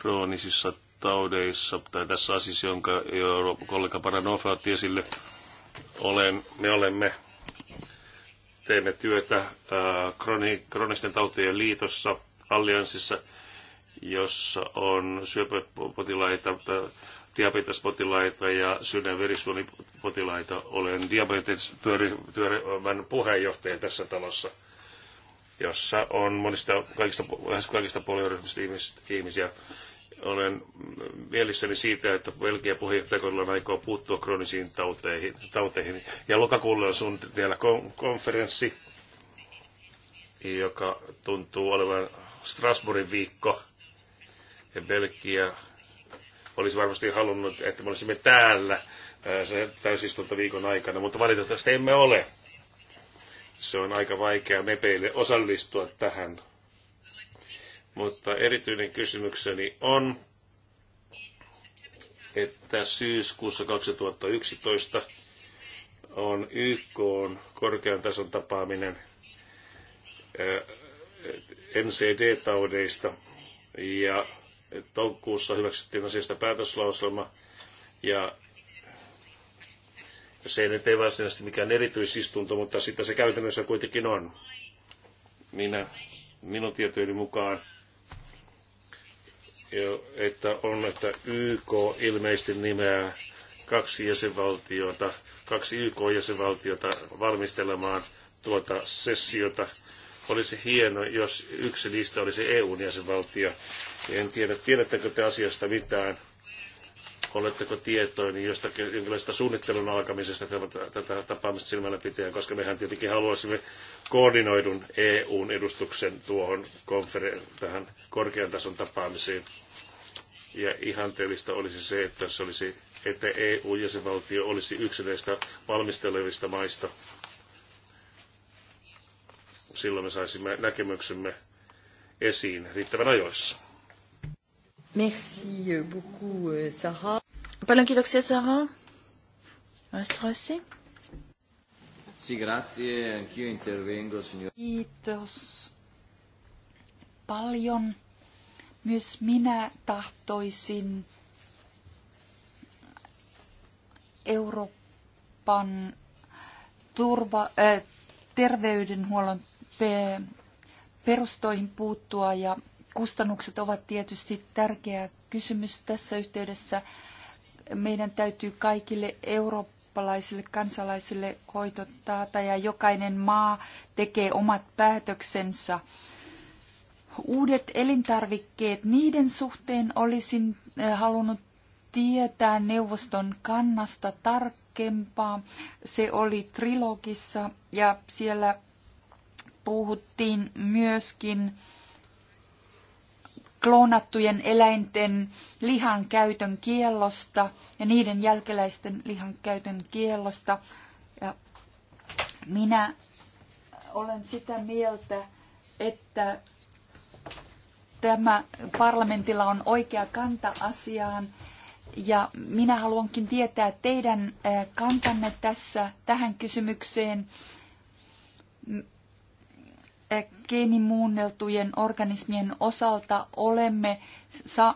kroonisissa taudeissa, tai tässä asiassa, jonka jo kollega Paranova otti esille, olen, me olemme, teemme työtä ää, kroni, kronisten tautien liitossa, allianssissa, jossa on syöpäpotilaita, diabetespotilaita ja verisuonipotilaita. Olen diabetes-työryhmän puheenjohtaja tässä talossa – jossa on monista kaikista, lähes kaikista puolueryhmistä ihmisiä. Olen mielissäni siitä, että Belgia puheenjohtajakaudella aikoo puuttua kroonisiin tauteihin, tauteihin. Ja lokakuulle on vielä konferenssi, joka tuntuu olevan Strasbourgin viikko. Ja Belgia olisi varmasti halunnut, että me olisimme täällä se täysistuntoviikon aikana, mutta valitettavasti emme ole se on aika vaikea mepeille osallistua tähän. Mutta erityinen kysymykseni on, että syyskuussa 2011 on YK on korkean tason tapaaminen NCD-taudeista ja toukokuussa hyväksyttiin asiasta päätöslauselma ja se ei nyt ei varsinaisesti mikään erityisistunto, mutta sitä se käytännössä kuitenkin on. Minä, minun tietojeni mukaan, että on, että YK ilmeisesti nimeää kaksi jäsenvaltiota, kaksi YK-jäsenvaltiota valmistelemaan tuota sessiota. Olisi hieno, jos yksi niistä olisi EU jäsenvaltio. En tiedä, tiedättekö te asiasta mitään Oletteko tietoinen jostakin jonkinlaista suunnittelun alkamisesta tätä tapaamista silmällä pitää, koska mehän tietenkin haluaisimme koordinoidun EUn edustuksen tuohon konferen- tähän korkean tason tapaamiseen. Ja ihanteellista olisi se, että se olisi että EU-jäsenvaltio olisi yksi näistä valmistelevista maista. Silloin me saisimme näkemyksemme esiin riittävän ajoissa. Merci beaucoup, euh, Sarah. Paljon kiitoksia Sava. Oistrossi. Sì, grazie. Anch'io intervengo, signor. Kiitos paljon. Myös minä tahtoisin Euroopan turva, äh, terveydenhuollon perustoihin puuttua ja kustannukset ovat tietysti tärkeä kysymys tässä yhteydessä meidän täytyy kaikille eurooppalaisille kansalaisille hoitottaa ja jokainen maa tekee omat päätöksensä. Uudet elintarvikkeet, niiden suhteen olisin eh, halunnut tietää neuvoston kannasta tarkempaa. Se oli trilogissa ja siellä puhuttiin myöskin kloonattujen eläinten lihan käytön kiellosta ja niiden jälkeläisten lihan käytön kiellosta. Ja minä olen sitä mieltä, että tämä parlamentilla on oikea kanta asiaan. Ja minä haluankin tietää teidän kantanne tässä tähän kysymykseen geenimuunneltujen organismien osalta olemme, sa,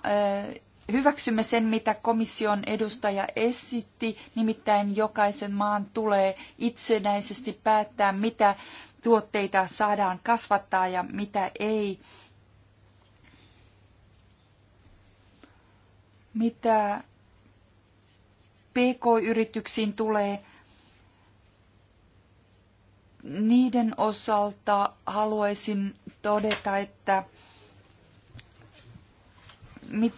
hyväksymme sen, mitä komission edustaja esitti, nimittäin jokaisen maan tulee itsenäisesti päättää, mitä tuotteita saadaan kasvattaa ja mitä ei. Mitä PK-yrityksiin tulee, niiden osalta haluaisin todeta, että mit,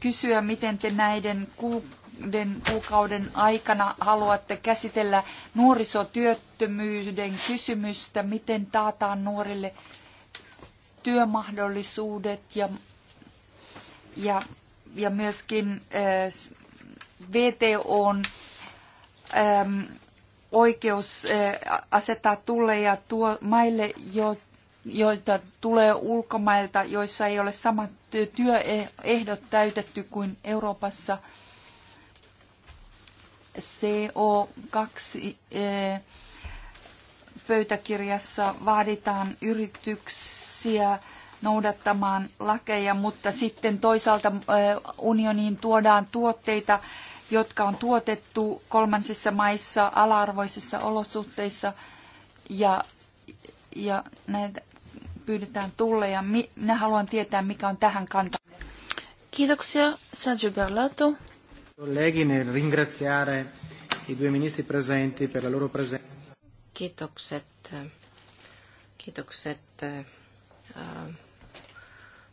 kysyä, miten te näiden kuuden kuukauden aikana haluatte käsitellä nuorisotyöttömyyden kysymystä, miten taataan nuorille työmahdollisuudet ja, ja, ja myöskin äh, VTOn ähm, oikeus eh, asettaa tulleja tuo maille, jo, joita tulee ulkomailta, joissa ei ole samat työehdot täytetty kuin Euroopassa. CO2 eh, pöytäkirjassa vaaditaan yrityksiä noudattamaan lakeja, mutta sitten toisaalta eh, unioniin tuodaan tuotteita, jotka on tuotettu kolmansissa maissa ala-arvoisissa olosuhteissa ja, ja näitä pyydetään tulleja. Minä haluan tietää, mikä on tähän kanta. Kiitoksia, Sergio Berlato. Colleghi, nel ringraziare i due ministri presenti per la loro presenza. Kiitokset, kiitokset äh,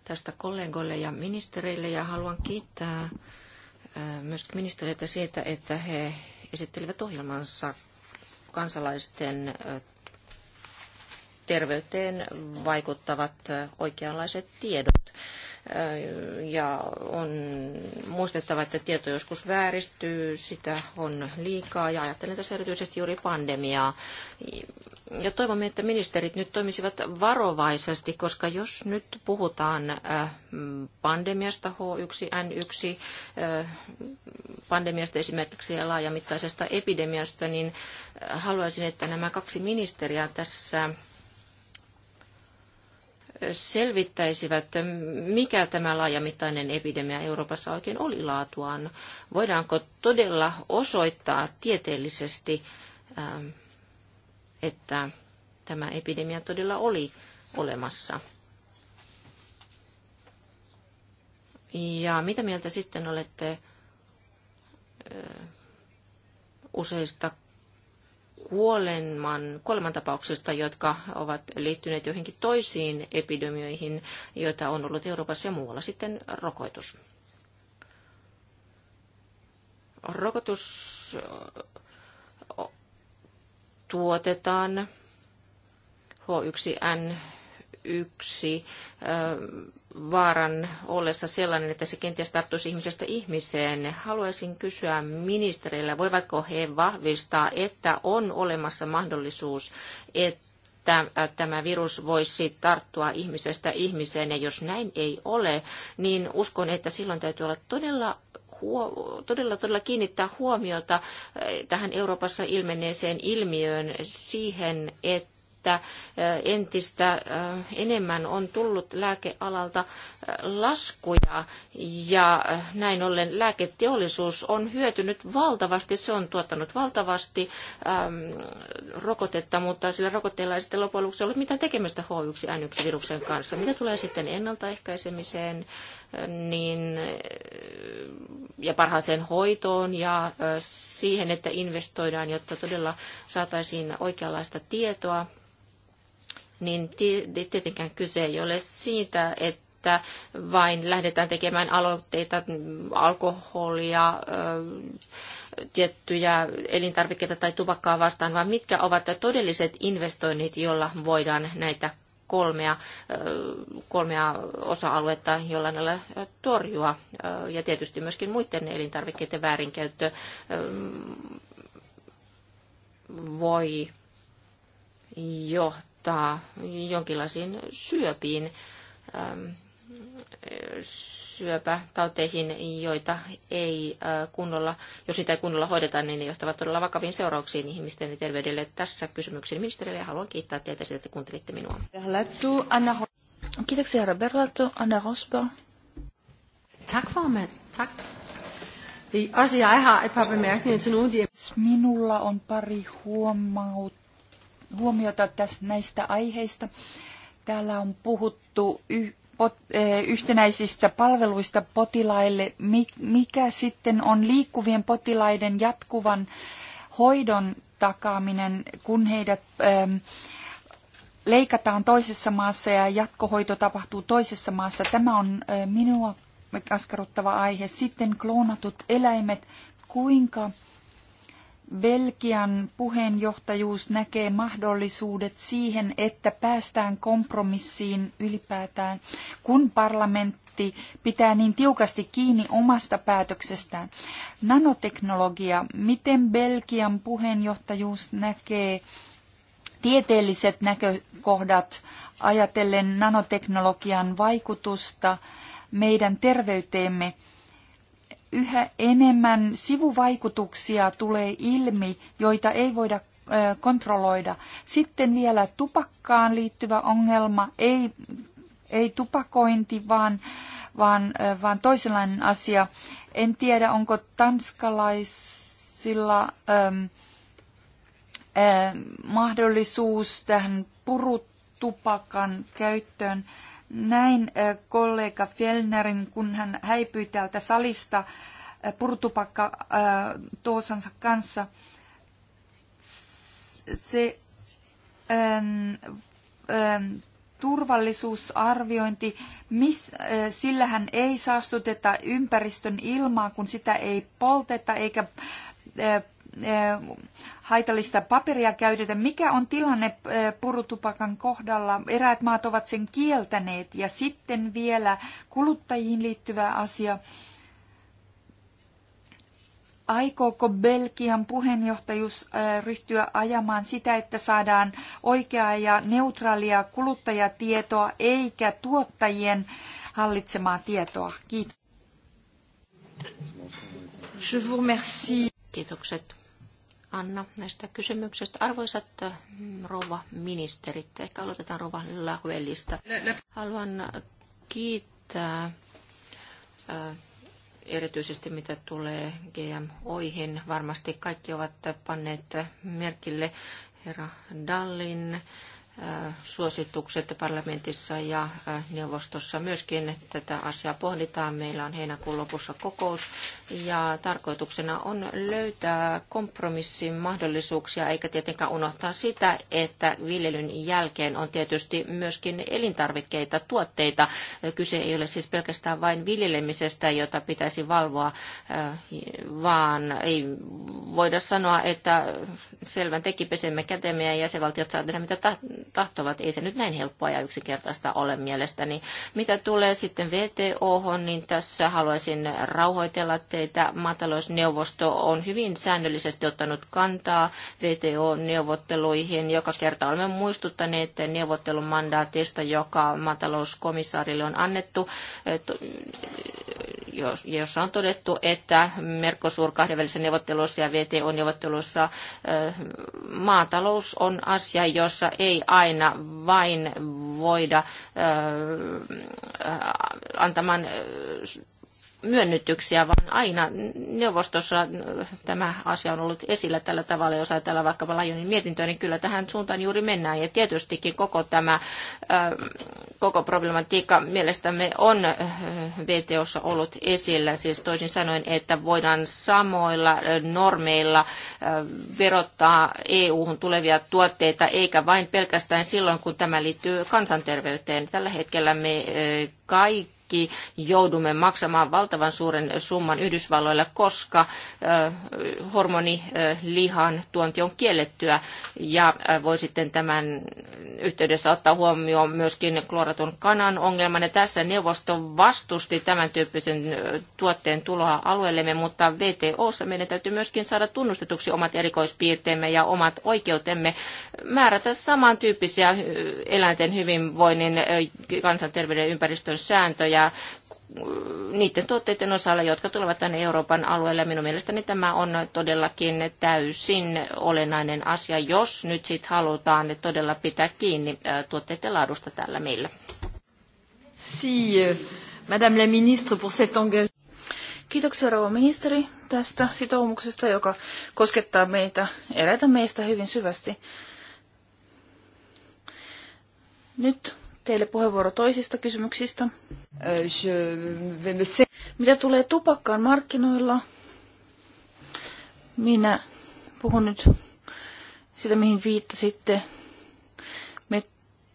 tästä kollegoille ja ministereille ja haluan kiittää Äh, myös ministeriötä siitä, että he esittelivät ohjelmansa kansalaisten äh, terveyteen vaikuttavat äh, oikeanlaiset tiedot ja on muistettava, että tieto joskus vääristyy, sitä on liikaa ja ajattelen tässä erityisesti juuri pandemiaa. Ja toivomme, että ministerit nyt toimisivat varovaisesti, koska jos nyt puhutaan pandemiasta H1N1, pandemiasta esimerkiksi ja laajamittaisesta epidemiasta, niin haluaisin, että nämä kaksi ministeriä tässä selvittäisivät, mikä tämä laajamittainen epidemia Euroopassa oikein oli laatuaan. Voidaanko todella osoittaa tieteellisesti, ähm, että tämä epidemia todella oli olemassa? Ja mitä mieltä sitten olette äh, useista kuoleman, kuolemantapauksista, jotka ovat liittyneet joihinkin toisiin epidemioihin, joita on ollut Euroopassa ja muualla sitten rokotus. Rokotus tuotetaan H1N yksi vaaran ollessa sellainen, että se kenties tarttuisi ihmisestä ihmiseen. Haluaisin kysyä ministereille, voivatko he vahvistaa, että on olemassa mahdollisuus, että että tämä virus voisi tarttua ihmisestä ihmiseen, ja jos näin ei ole, niin uskon, että silloin täytyy olla todella todella, todella kiinnittää huomiota tähän Euroopassa ilmenneeseen ilmiöön siihen, että että entistä enemmän on tullut lääkealalta laskuja ja näin ollen lääketeollisuus on hyötynyt valtavasti, se on tuottanut valtavasti äm, rokotetta, mutta sillä rokotteella ei sitten loppujen lopuksi ollut mitään tekemistä h 1 n viruksen kanssa. Mitä tulee sitten ennaltaehkäisemiseen, niin, ja parhaaseen hoitoon ja siihen, että investoidaan, jotta todella saataisiin oikeanlaista tietoa niin tietenkään kyse ei ole siitä, että että vain lähdetään tekemään aloitteita, alkoholia, tiettyjä elintarvikkeita tai tupakkaa vastaan, vaan mitkä ovat todelliset investoinnit, joilla voidaan näitä kolmea, kolmea osa-aluetta jollain lailla torjua. Ja tietysti myöskin muiden elintarvikkeiden väärinkäyttö voi johtaa johtaa jonkinlaisiin syöpiin, ähm, syöpätauteihin, joita ei äh, kunnolla, jos sitä ei kunnolla hoideta, niin ne johtavat todella vakaviin seurauksiin ihmisten terveydelle. Tässä kysymyksen ministerille haluan kiittää teitä siitä, että kuuntelitte minua. Kiitoksia, herra Berlattu. Anna Rosberg. Tack, formand. Tack. Asia ihan har et par Minulla on pari huomautusta huomiota tästä, näistä aiheista. Täällä on puhuttu yh, pot, eh, yhtenäisistä palveluista potilaille. Mikä sitten on liikkuvien potilaiden jatkuvan hoidon takaaminen, kun heidät leikataan toisessa maassa ja jatkohoito tapahtuu toisessa maassa. Tämä on eh, minua askarruttava aihe. Sitten kloonatut eläimet. Kuinka Belgian puheenjohtajuus näkee mahdollisuudet siihen, että päästään kompromissiin ylipäätään, kun parlamentti pitää niin tiukasti kiinni omasta päätöksestään. Nanoteknologia, miten Belgian puheenjohtajuus näkee tieteelliset näkökohdat ajatellen nanoteknologian vaikutusta meidän terveyteemme? yhä enemmän sivuvaikutuksia tulee ilmi, joita ei voida kontrolloida. Sitten vielä tupakkaan liittyvä ongelma, ei, ei tupakointi, vaan, vaan, vaan toisenlainen asia. En tiedä, onko tanskalaisilla ähm, ä, mahdollisuus tähän purutupakan käyttöön. Näin kollega Fjellnerin, kun hän häipyi täältä salista purtupakka toosansa kanssa. Se turvallisuusarviointi, miss, äh, hän ei saastuteta ympäristön ilmaa, kun sitä ei polteta eikä äh, Eh, haitallista paperia käytetä. Mikä on tilanne eh, purutupakan kohdalla? Eräät maat ovat sen kieltäneet. Ja sitten vielä kuluttajiin liittyvä asia. Aikooko Belgian puheenjohtajuus eh, ryhtyä ajamaan sitä, että saadaan oikeaa ja neutraalia kuluttajatietoa eikä tuottajien hallitsemaa tietoa? Kiitos. Je vous remercie. Kiitokset. Anna näistä kysymyksistä. Arvoisat mm, rova ministerit, ehkä aloitetaan rova Lahuelista. Haluan kiittää erityisesti mitä tulee GMOihin. Varmasti kaikki ovat panneet merkille herra Dallin suositukset parlamentissa ja neuvostossa myöskin tätä asiaa pohditaan. Meillä on heinäkuun lopussa kokous ja tarkoituksena on löytää kompromissin mahdollisuuksia eikä tietenkään unohtaa sitä, että viljelyn jälkeen on tietysti myöskin elintarvikkeita, tuotteita. Kyse ei ole siis pelkästään vain viljelemisestä, jota pitäisi valvoa, vaan ei voida sanoa, että selvän teki pesemme kätemme ja jäsenvaltiot saa tehdä mitä tahansa tahtovat. Ei se nyt näin helppoa ja yksinkertaista ole mielestäni. Mitä tulee sitten VTO, niin tässä haluaisin rauhoitella teitä. Maatalousneuvosto on hyvin säännöllisesti ottanut kantaa VTO-neuvotteluihin. Joka kerta olemme muistuttaneet neuvottelumandaatista, joka maatalouskomissaarille on annettu, eh, jossa on todettu, että Merkosuur kahdenvälisessä neuvottelussa ja vto neuvottelussa eh, maatalous on asia, jossa ei aina vain voida antamaan myönnytyksiä, vaan aina neuvostossa tämä asia on ollut esillä tällä tavalla, jos ajatellaan vaikkapa Lajonin mietintöä, niin kyllä tähän suuntaan juuri mennään. Ja tietystikin koko tämä koko problematiikka mielestämme on VTOssa ollut esillä, siis toisin sanoen, että voidaan samoilla normeilla verottaa EU-hun tulevia tuotteita, eikä vain pelkästään silloin, kun tämä liittyy kansanterveyteen. Tällä hetkellä me kaikki kaikki joudumme maksamaan valtavan suuren summan Yhdysvalloille, koska hormonilihan tuonti on kiellettyä ja voi sitten tämän yhteydessä ottaa huomioon myöskin kloratun kanan ongelman. Ja tässä neuvosto vastusti tämän tyyppisen tuotteen tuloa alueellemme, mutta VTOssa meidän täytyy myöskin saada tunnustetuksi omat erikoispiirteemme ja omat oikeutemme määrätä samantyyppisiä eläinten hyvinvoinnin kansanterveyden ympäristön sääntöjä ja äh, niiden tuotteiden osalla, jotka tulevat tänne Euroopan alueelle. Minun mielestäni tämä on todellakin täysin olennainen asia, jos nyt sit halutaan todella pitää kiinni äh, tuotteiden laadusta täällä meillä. Si, euh, Madame la Ministre, pour cet Kiitoksia rouva ministeri tästä sitoumuksesta, joka koskettaa meitä, eräitä meistä hyvin syvästi. Nyt teille puheenvuoro toisista kysymyksistä. Euh, mitä tulee tupakkaan markkinoilla? Minä puhun nyt sitä, mihin viittasitte. Me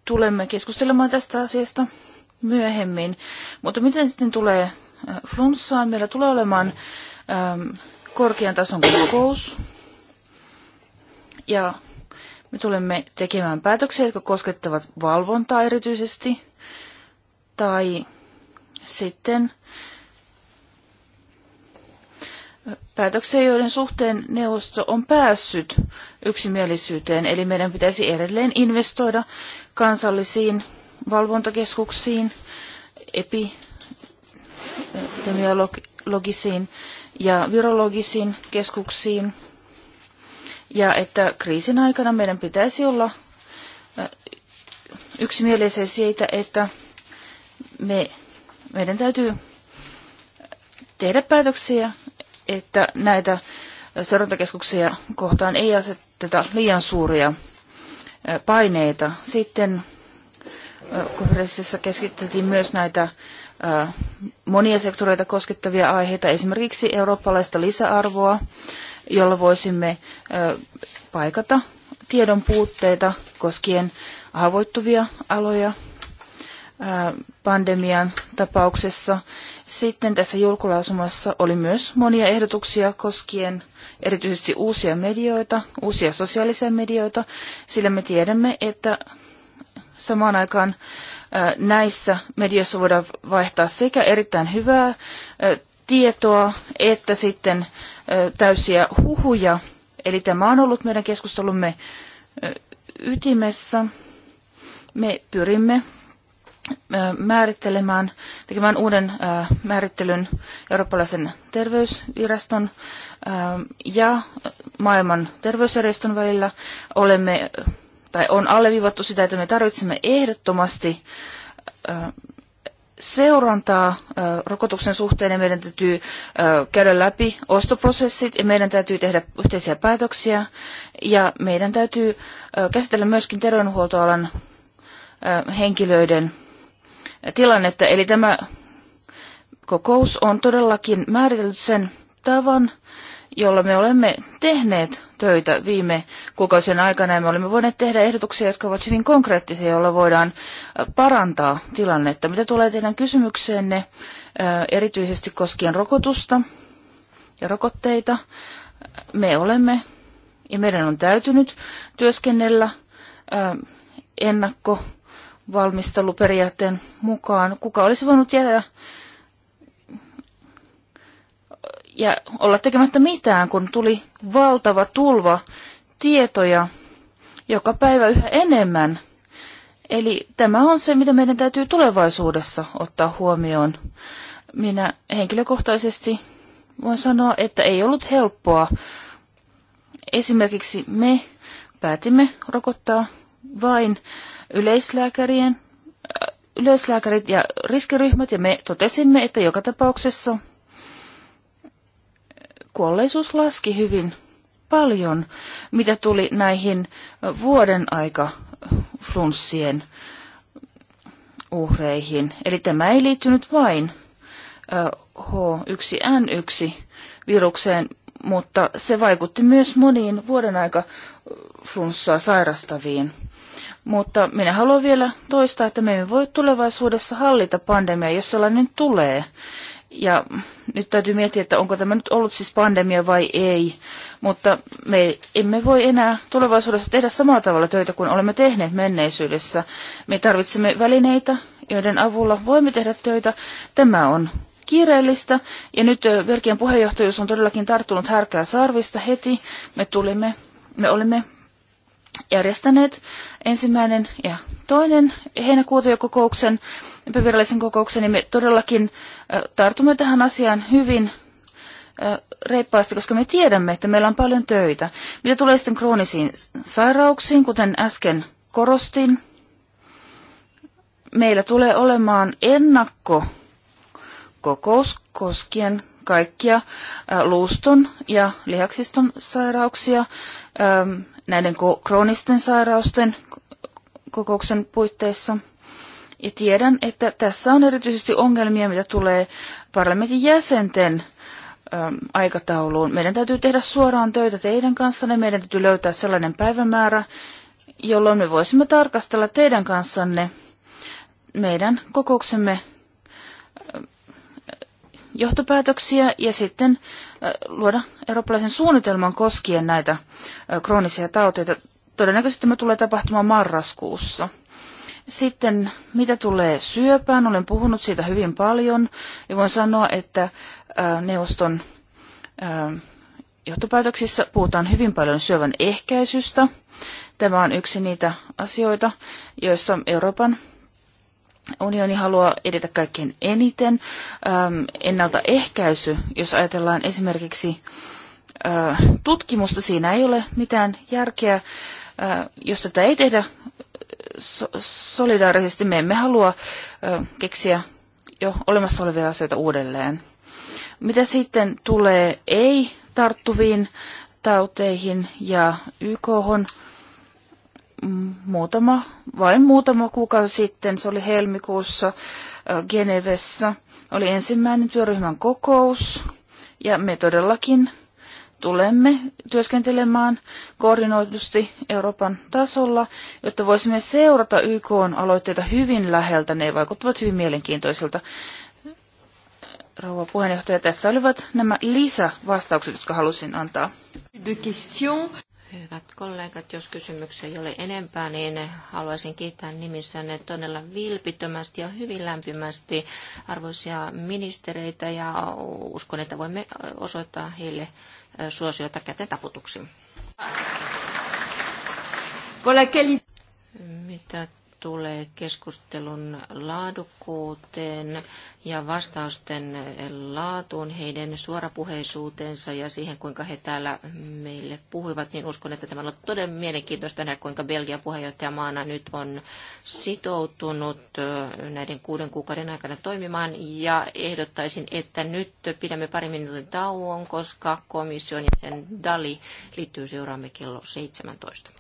tulemme keskustelemaan tästä asiasta myöhemmin. Mutta miten sitten tulee äh, flunssaan? Meillä tulee olemaan ähm, korkean tason kokous. Ja me tulemme tekemään päätöksiä, jotka koskettavat valvontaa erityisesti, tai sitten päätöksiä, joiden suhteen neuvosto on päässyt yksimielisyyteen, eli meidän pitäisi edelleen investoida kansallisiin valvontakeskuksiin, epidemiologisiin ja virologisiin keskuksiin, ja että kriisin aikana meidän pitäisi olla äh, yksimielisiä siitä, että me, meidän täytyy tehdä päätöksiä, että näitä seurantakeskuksia kohtaan ei aseteta liian suuria äh, paineita. Sitten äh, konferenssissa keskittätiin myös näitä monia sektoreita koskettavia aiheita, esimerkiksi eurooppalaista lisäarvoa, jolla voisimme paikata tiedon puutteita koskien haavoittuvia aloja pandemian tapauksessa. Sitten tässä julkulausumassa oli myös monia ehdotuksia koskien erityisesti uusia medioita, uusia sosiaalisia medioita, sillä me tiedämme, että samaan aikaan näissä medioissa voidaan vaihtaa sekä erittäin hyvää tietoa että sitten täysiä huhuja. Eli tämä on ollut meidän keskustelumme ytimessä. Me pyrimme määrittelemään, tekemään uuden määrittelyn eurooppalaisen terveysviraston ja maailman terveysjärjestön välillä. Olemme, tai on alleviivattu sitä, että me tarvitsemme ehdottomasti seurantaa rokotuksen suhteen ja meidän täytyy käydä läpi ostoprosessit ja meidän täytyy tehdä yhteisiä päätöksiä ja meidän täytyy käsitellä myöskin terveydenhuoltoalan henkilöiden tilannetta. Eli tämä kokous on todellakin määritellyt sen tavan, jolla me olemme tehneet töitä viime kuukausien aikana. Ja me olemme voineet tehdä ehdotuksia, jotka ovat hyvin konkreettisia, joilla voidaan parantaa tilannetta. Mitä tulee teidän kysymykseenne, erityisesti koskien rokotusta ja rokotteita, me olemme ja meidän on täytynyt työskennellä ennakkovalmisteluperiaatteen mukaan. Kuka olisi voinut jäädä ja olla tekemättä mitään, kun tuli valtava tulva tietoja joka päivä yhä enemmän. Eli tämä on se, mitä meidän täytyy tulevaisuudessa ottaa huomioon. Minä henkilökohtaisesti voin sanoa, että ei ollut helppoa. Esimerkiksi me päätimme rokottaa vain yleislääkärien, äh, yleislääkärit ja riskiryhmät, ja me totesimme, että joka tapauksessa kuolleisuus laski hyvin paljon, mitä tuli näihin vuoden aika flunssien uhreihin. Eli tämä ei liittynyt vain H1N1-virukseen, mutta se vaikutti myös moniin vuoden aika flunssaa sairastaviin. Mutta minä haluan vielä toistaa, että me emme voi tulevaisuudessa hallita pandemiaa, jos sellainen tulee. Ja nyt täytyy miettiä, että onko tämä nyt ollut siis pandemia vai ei. Mutta me emme voi enää tulevaisuudessa tehdä samalla tavalla töitä kuin olemme tehneet menneisyydessä. Me tarvitsemme välineitä, joiden avulla voimme tehdä töitä. Tämä on kiireellistä. Ja nyt Belgian puheenjohtajuus on todellakin tarttunut härkää sarvista heti. Me tulimme, me olimme järjestäneet ensimmäinen ja toinen heinäkuuta jo kokouksen, epävirallisen kokouksen, niin me todellakin tartumme tähän asiaan hyvin reippaasti, koska me tiedämme, että meillä on paljon töitä. Mitä tulee sitten kroonisiin sairauksiin, kuten äsken korostin, meillä tulee olemaan ennakkokokous koskien kaikkia luuston ja lihaksiston sairauksia, näiden kroonisten sairausten kokouksen puitteissa. Ja tiedän, että tässä on erityisesti ongelmia, mitä tulee parlamentin jäsenten aikatauluun. Meidän täytyy tehdä suoraan töitä teidän kanssanne. Meidän täytyy löytää sellainen päivämäärä, jolloin me voisimme tarkastella teidän kanssanne meidän kokouksemme johtopäätöksiä ja sitten luoda eurooppalaisen suunnitelman koskien näitä kroonisia tauteita, todennäköisesti tämä tulee tapahtumaan marraskuussa. Sitten mitä tulee syöpään, olen puhunut siitä hyvin paljon ja voin sanoa, että neuvoston johtopäätöksissä puhutaan hyvin paljon syövän ehkäisystä. Tämä on yksi niitä asioita, joissa Euroopan unioni haluaa edetä kaikkein eniten. Ennaltaehkäisy, jos ajatellaan esimerkiksi tutkimusta, siinä ei ole mitään järkeä jos tätä ei tehdä so- solidaarisesti, me emme halua keksiä jo olemassa olevia asioita uudelleen. Mitä sitten tulee ei-tarttuviin tauteihin ja YK on muutama, vain muutama kuukausi sitten, se oli helmikuussa Genevessä, oli ensimmäinen työryhmän kokous ja me todellakin tulemme työskentelemään koordinoidusti Euroopan tasolla, jotta voisimme seurata YK aloitteita hyvin läheltä. Ne vaikuttavat hyvin mielenkiintoisilta. Rouva puheenjohtaja, tässä olivat nämä lisävastaukset, jotka halusin antaa. Hyvät kollegat, jos kysymyksiä ei ole enempää, niin haluaisin kiittää nimissänne todella vilpittömästi ja hyvin lämpimästi arvoisia ministereitä ja uskon, että voimme osoittaa heille suosiota käteen taputuksiin. Mitä tulee keskustelun laadukkuuteen ja vastausten laatuun, heidän suorapuheisuuteensa ja siihen, kuinka he täällä meille puhuivat, niin uskon, että tämä on ollut todella mielenkiintoista nähdä, kuinka Belgia puheenjohtajamaana nyt on sitoutunut näiden kuuden kuukauden aikana toimimaan. Ja ehdottaisin, että nyt pidämme pari minuutin tauon, koska komission ja sen DALI liittyy seuraamme kello 17.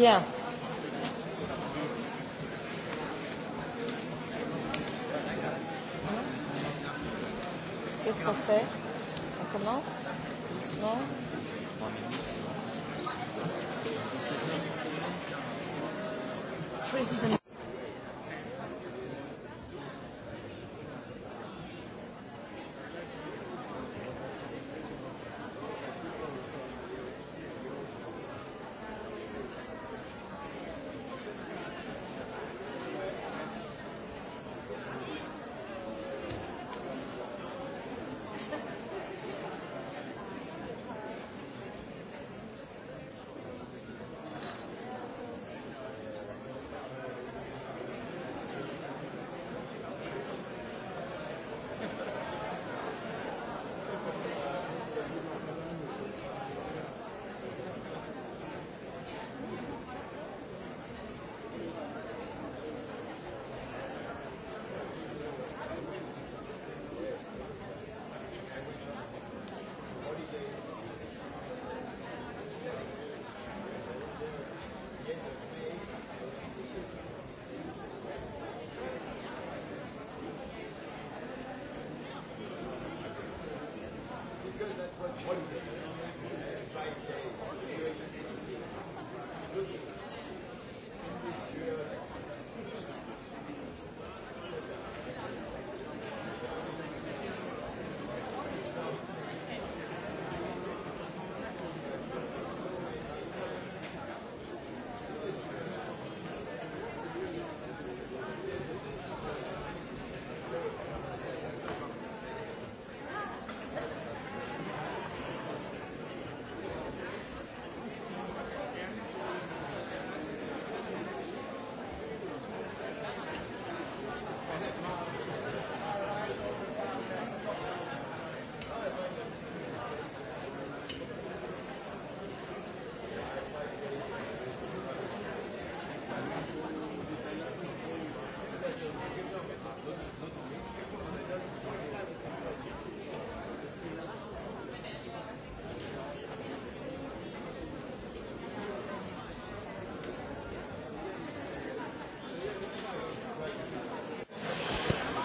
Bien.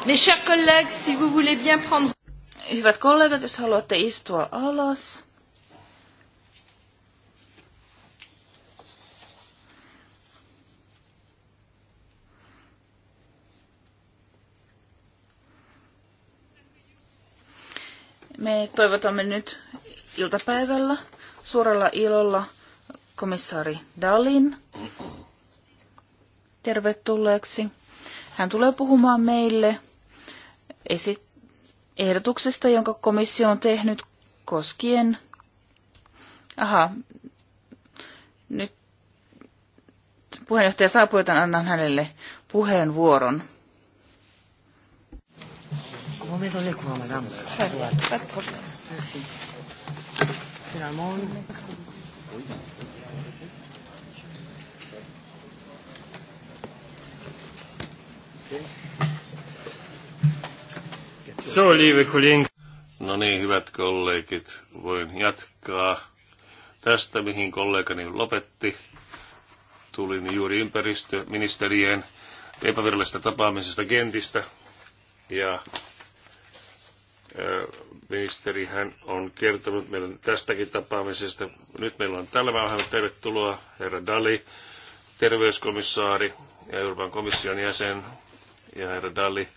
Mes chers collègues, si vous voulez bien prendre... Hyvät kollegat, jos haluatte istua alas. Me toivotamme nyt iltapäivällä suurella ilolla komissaari Dalin tervetulleeksi. Hän tulee puhumaan meille esi- ehdotuksesta, jonka komissio on tehnyt koskien. Aha, nyt puheenjohtaja saapuu, joten annan hänelle puheenvuoron. Vous Okay. So, liebe Kollegen. No niin, hyvät kollegit, voin jatkaa tästä, mihin kollegani lopetti. Tulin juuri ympäristöministerien epävirallisesta tapaamisesta Kentistä. Ja ministeri hän on kertonut meille tästäkin tapaamisesta. Nyt meillä on tällä vähän tervetuloa herra Dali, terveyskomissaari ja Euroopan komission jäsen ja herra Dali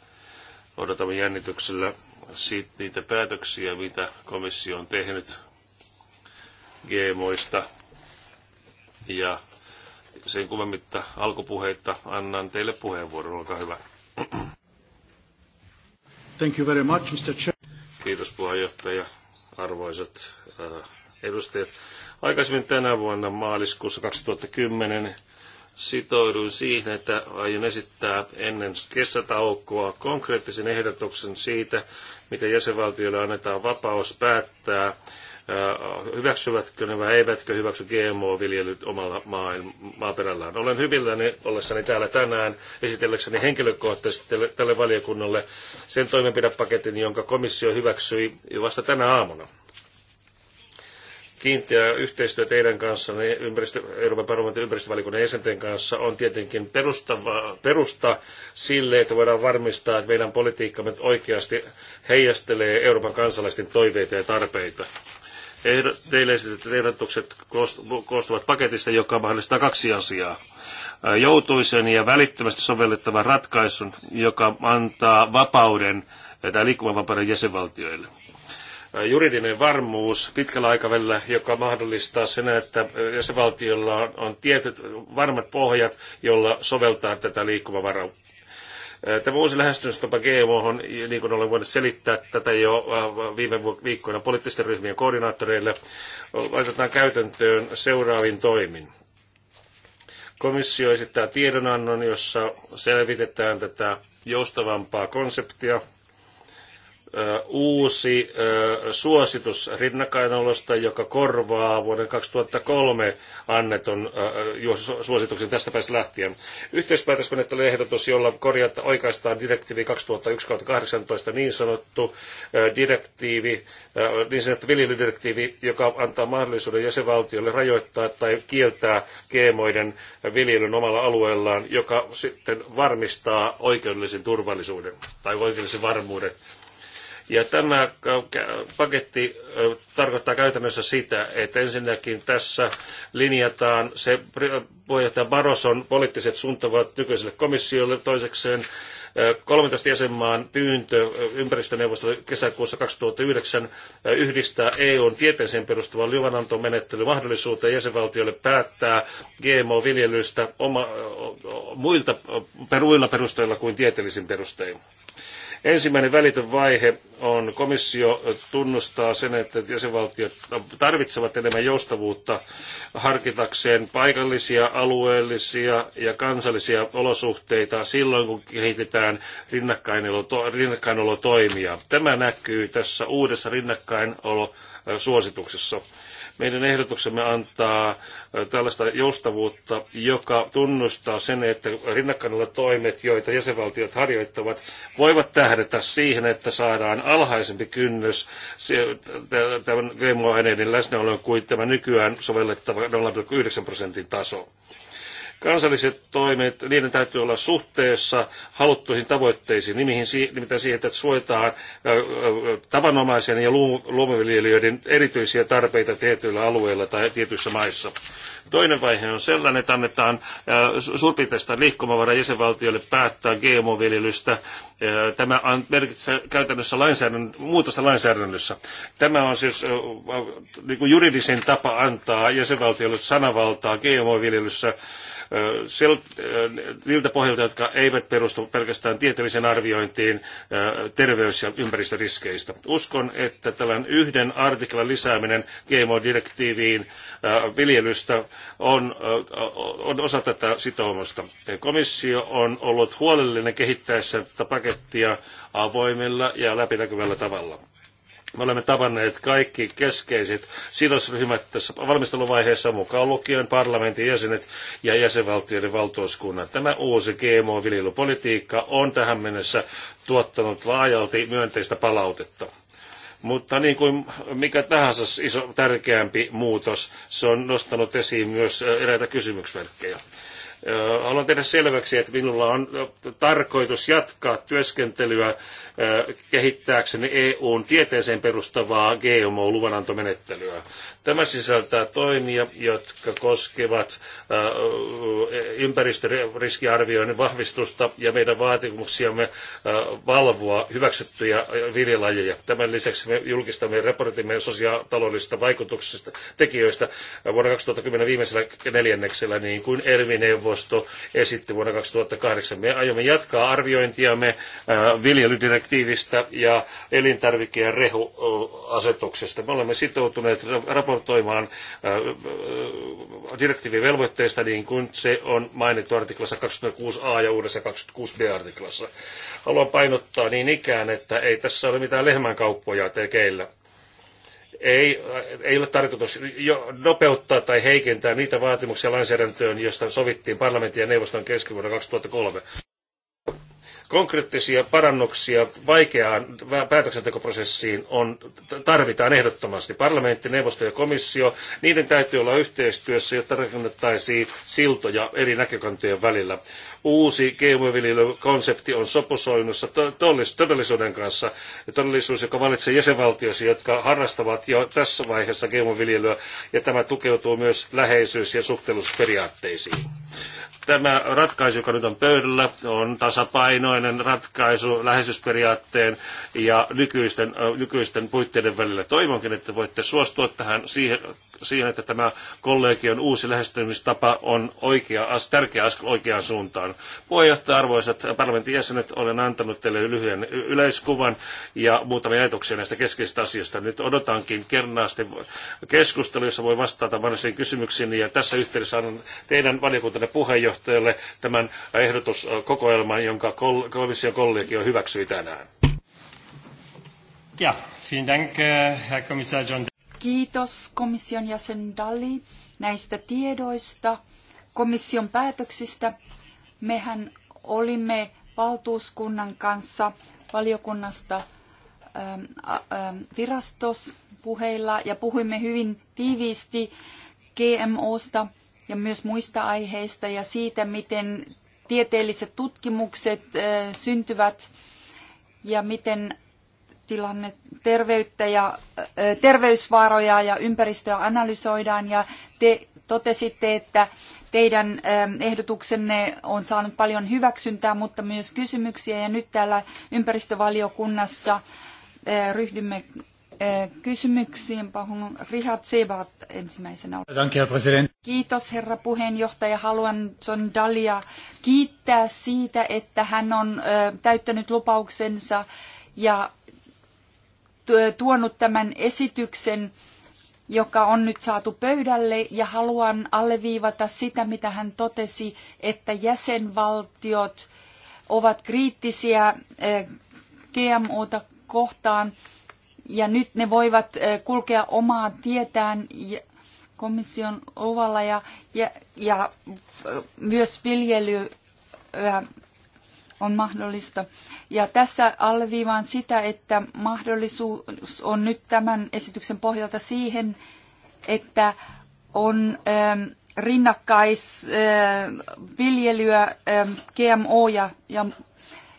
Odotamme jännityksellä siitä niitä päätöksiä, mitä komissio on tehnyt GMOista. Ja sen kummemmitta alkupuheita annan teille puheenvuoron. Olkaa hyvä. Thank you very much, Mr. Chair. Kiitos puheenjohtaja, arvoisat äh, edustajat. Aikaisemmin tänä vuonna maaliskuussa 2010 sitouduin siihen, että aion esittää ennen kesätaukoa konkreettisen ehdotuksen siitä, mitä jäsenvaltioille annetaan vapaus päättää, äh, hyväksyvätkö ne vai eivätkö hyväksy GMO-viljelyt omalla maaperällään. Olen hyvilläni ollessani täällä tänään esitelläkseni henkilökohtaisesti tälle valiokunnalle sen toimenpidepaketin, jonka komissio hyväksyi vasta tänä aamuna kiinteä yhteistyö teidän kanssa, niin ympäristö, Euroopan parlamentin ympäristövaliokunnan jäsenten kanssa on tietenkin perustava perusta sille, että voidaan varmistaa, että meidän politiikkamme oikeasti heijastelee Euroopan kansalaisten toiveita ja tarpeita. Teille esitetyt ehdotukset koostuvat paketista, joka mahdollistaa kaksi asiaa. Joutuisen ja välittömästi sovellettavan ratkaisun, joka antaa vapauden tai liikkumavapauden jäsenvaltioille Äh, juridinen varmuus pitkällä aikavälillä, joka mahdollistaa sen, että äh, jäsenvaltiolla on, tietyt varmat pohjat, jolla soveltaa tätä liikkumavaraa. Äh, tämä uusi lähestymistapa GMO, niin kuin olen voinut selittää tätä jo viime viikkoina poliittisten ryhmien koordinaattoreille, laitetaan käytäntöön seuraavin toimin. Komissio esittää tiedonannon, jossa selvitetään tätä joustavampaa konseptia, uusi suositus rinnakkainolosta, joka korvaa vuoden 2003 annetun suosituksen tästä päästä lähtien. Yhteispäätösmenettelyn ehdotus, jolla korjata oikaistaan direktiivi 2001-18 niin sanottu direktiivi, niin sanottu viljelydirektiivi, joka antaa mahdollisuuden jäsenvaltiolle rajoittaa tai kieltää geemoiden viljelyn omalla alueellaan, joka sitten varmistaa oikeudellisen turvallisuuden tai oikeudellisen varmuuden ja tämä paketti tarkoittaa käytännössä sitä, että ensinnäkin tässä linjataan se puheenjohtaja Baroson poliittiset suuntavat nykyiselle komissiolle toisekseen 13 jäsenmaan pyyntö ympäristöneuvostolle kesäkuussa 2009 yhdistää EUn tieteeseen perustuvan luvanantomenettelyn mahdollisuuteen jäsenvaltioille päättää GMO-viljelystä oma, muilta muilla perusteilla kuin tieteellisin perustein. Ensimmäinen välitön vaihe on komissio tunnustaa sen, että jäsenvaltiot tarvitsevat enemmän joustavuutta harkitakseen paikallisia, alueellisia ja kansallisia olosuhteita silloin, kun kehitetään rinnakkainolotoimia. Tämä näkyy tässä uudessa rinnakkainolo suosituksessa. Meidän ehdotuksemme antaa tällaista joustavuutta, joka tunnustaa sen, että rinnakkainilla toimet, joita jäsenvaltiot harjoittavat, voivat tähdätä siihen, että saadaan alhaisempi kynnys tämän GMO-aineiden läsnäoloon kuin tämä nykyään sovellettava 0,9 prosentin taso. Kansalliset toimet, niiden täytyy olla suhteessa haluttuihin tavoitteisiin, nimittäin siihen, että suojataan tavanomaisen ja luomuviljelijöiden erityisiä tarpeita tietyillä alueilla tai tietyissä maissa. Toinen vaihe on sellainen, että annetaan suurpiirteistä liikkumavara jäsenvaltioille päättää GMO-viljelystä. Tämä merkitsee käytännössä lainsäädännön, muutosta lainsäädännössä. Tämä on siis niin kuin juridisin tapa antaa jäsenvaltioille sanavaltaa GMO-viljelyssä sel, niiltä pohjalta, jotka eivät perustu pelkästään tieteelliseen arviointiin terveys- ja ympäristöriskeistä. Uskon, että tällainen yhden artiklan lisääminen GMO-direktiiviin viljelystä on, on osa tätä sitoumusta. Komissio on ollut huolellinen kehittäessä tätä pakettia avoimella ja läpinäkyvällä tavalla. Me olemme tavanneet kaikki keskeiset sidosryhmät tässä valmisteluvaiheessa mukaan lukien parlamentin jäsenet ja jäsenvaltioiden valtuuskunnan. Tämä uusi GMO-viljelypolitiikka on tähän mennessä tuottanut laajalti myönteistä palautetta. Mutta niin kuin mikä tahansa iso, tärkeämpi muutos, se on nostanut esiin myös eräitä kysymyksmerkkejä haluan tehdä selväksi, että minulla on tarkoitus jatkaa työskentelyä kehittääkseni EUn tieteeseen perustavaa GMO-luvanantomenettelyä. Tämä sisältää toimia, jotka koskevat äh, ympäristöriskiarvioinnin vahvistusta ja meidän vaatimuksiamme äh, valvoa hyväksyttyjä viljelajeja. Tämän lisäksi me julkistamme raportimme sosiaalitaloudellisista vaikutuksista tekijöistä vuonna 2010 viimeisellä neljänneksellä, niin kuin Elvi-neuvosto esitti vuonna 2008. Me aiomme jatkaa arviointiamme äh, viljelydirektiivistä ja elintarvike- ja rehuasetuksesta. Me olemme sitoutuneet raportoimaan raportoimaan äh, äh, direktiivin velvoitteista niin kuin se on mainittu artiklassa 26a ja uudessa 26b-artiklassa. Haluan painottaa niin ikään, että ei tässä ole mitään lehmänkauppoja tekeillä ei, äh, ei ole tarkoitus nopeuttaa tai heikentää niitä vaatimuksia lainsäädäntöön, josta sovittiin parlamentin ja neuvoston kesken vuonna 2003. Konkreettisia parannuksia vaikeaan päätöksentekoprosessiin on, tarvitaan ehdottomasti. Parlamentti, neuvosto ja komissio, niiden täytyy olla yhteistyössä, jotta rakennettaisiin siltoja eri näkökantojen välillä. Uusi GMO-viljelykonsepti on sopusoinnussa todellisuuden kanssa. todellisuus, joka valitsee jäsenvaltioissa, jotka harrastavat jo tässä vaiheessa GMO-viljelyä, ja tämä tukeutuu myös läheisyys- ja suhteellisuusperiaatteisiin. Tämä ratkaisu, joka nyt on pöydällä, on tasapainoinen ratkaisu läheisyysperiaatteen ja nykyisten, nykyisten puitteiden välillä. Toivonkin, että voitte suostua tähän siihen siihen, että tämä kollegion uusi lähestymistapa on oikea, tärkeä askel oikeaan suuntaan. Puheenjohtaja, arvoisat parlamentin jäsenet, olen antanut teille lyhyen yleiskuvan ja muutamia ajatuksia näistä keskeisistä asioista. Nyt odotankin kernaasti keskustelu, jossa voi vastata vanhoisiin kysymyksiin ja tässä yhteydessä annan teidän valiokuntanne puheenjohtajalle tämän ehdotuskokoelman, jonka komission kollegio hyväksyi tänään. Ja, vielen Dank, äh, Herr Kommissar John Kiitos komission jäsen Dalli näistä tiedoista, komission päätöksistä. Mehän olimme valtuuskunnan kanssa valiokunnasta ähm, ähm, virastospuheilla ja puhuimme hyvin tiiviisti GMOsta ja myös muista aiheista ja siitä, miten tieteelliset tutkimukset äh, syntyvät ja miten tilanne, terveyttä ja terveysvaaroja ja ympäristöä analysoidaan ja te totesitte, että teidän ehdotuksenne on saanut paljon hyväksyntää, mutta myös kysymyksiä ja nyt täällä ympäristövaliokunnassa ryhdymme kysymyksiin. Pahun Richard Sebat ensimmäisenä. Kiitos herra puheenjohtaja. Haluan John Dalia kiittää siitä, että hän on täyttänyt lupauksensa ja tuonut tämän esityksen, joka on nyt saatu pöydälle, ja haluan alleviivata sitä, mitä hän totesi, että jäsenvaltiot ovat kriittisiä eh, GMOta kohtaan, ja nyt ne voivat eh, kulkea omaa tietään komission luvalla ja, ja, ja eh, myös viljelyä on mahdollista. Ja tässä alviivaan sitä, että mahdollisuus on nyt tämän esityksen pohjalta siihen, että on ähm, rinnakkaisviljelyä, äh, ähm, GMO ja, ja,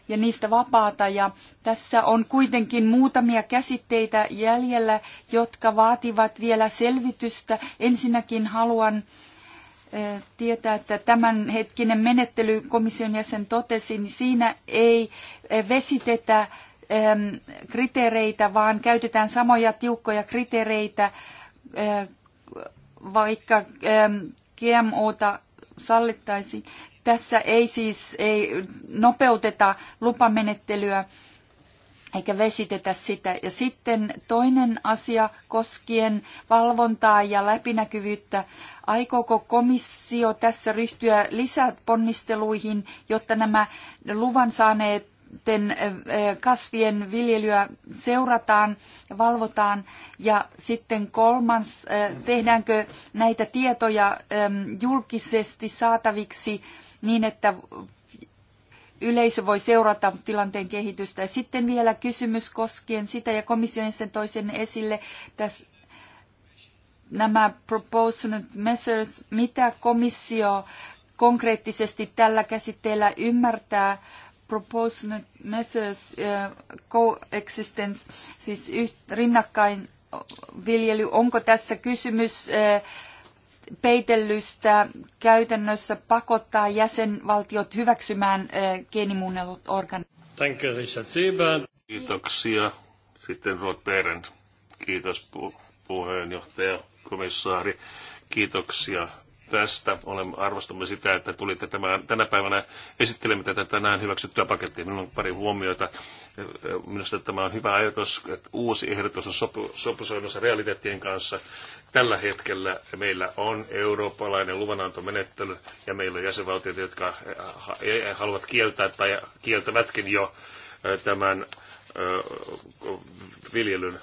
ja niistä vapaata. Ja tässä on kuitenkin muutamia käsitteitä jäljellä, jotka vaativat vielä selvitystä. Ensinnäkin haluan äh, tietää, että tämänhetkinen menettely, komission jäsen totesi, niin siinä ei vesitetä kriteereitä, vaan käytetään samoja tiukkoja kriteereitä, vaikka GMOta sallittaisiin. Tässä ei siis ei nopeuteta lupamenettelyä eikä vesitetä sitä. Ja sitten toinen asia koskien valvontaa ja läpinäkyvyyttä. Aikooko komissio tässä ryhtyä lisäponnisteluihin, jotta nämä luvan saaneet kasvien viljelyä seurataan valvotaan. Ja sitten kolmas, tehdäänkö näitä tietoja julkisesti saataviksi niin, että yleisö voi seurata tilanteen kehitystä. Ja sitten vielä kysymys koskien sitä, ja komission sen toisen esille, tässä nämä proposed measures, mitä komissio konkreettisesti tällä käsitteellä ymmärtää, proposed measures, eh, coexistence, siis yht, rinnakkain viljely, onko tässä kysymys eh, peitellystä käytännössä pakottaa jäsenvaltiot hyväksymään geenimuunnellut organismit. Danke, Richard Kiitoksia. Sitten Rod Berend. Kiitos pu- puheenjohtaja, komissaari. Kiitoksia tästä. Olemme arvostamme sitä, että tulitte tämän, tänä päivänä esittelemme tätä tänään hyväksyttyä pakettia. Minulla on pari huomioita. Minusta tämä on hyvä ajatus, että uusi ehdotus on sopu, sopusoinnussa realiteettien kanssa. Tällä hetkellä meillä on eurooppalainen luvanantomenettely ja meillä on jäsenvaltioita, jotka haluavat kieltää tai kieltävätkin jo tämän viljelyn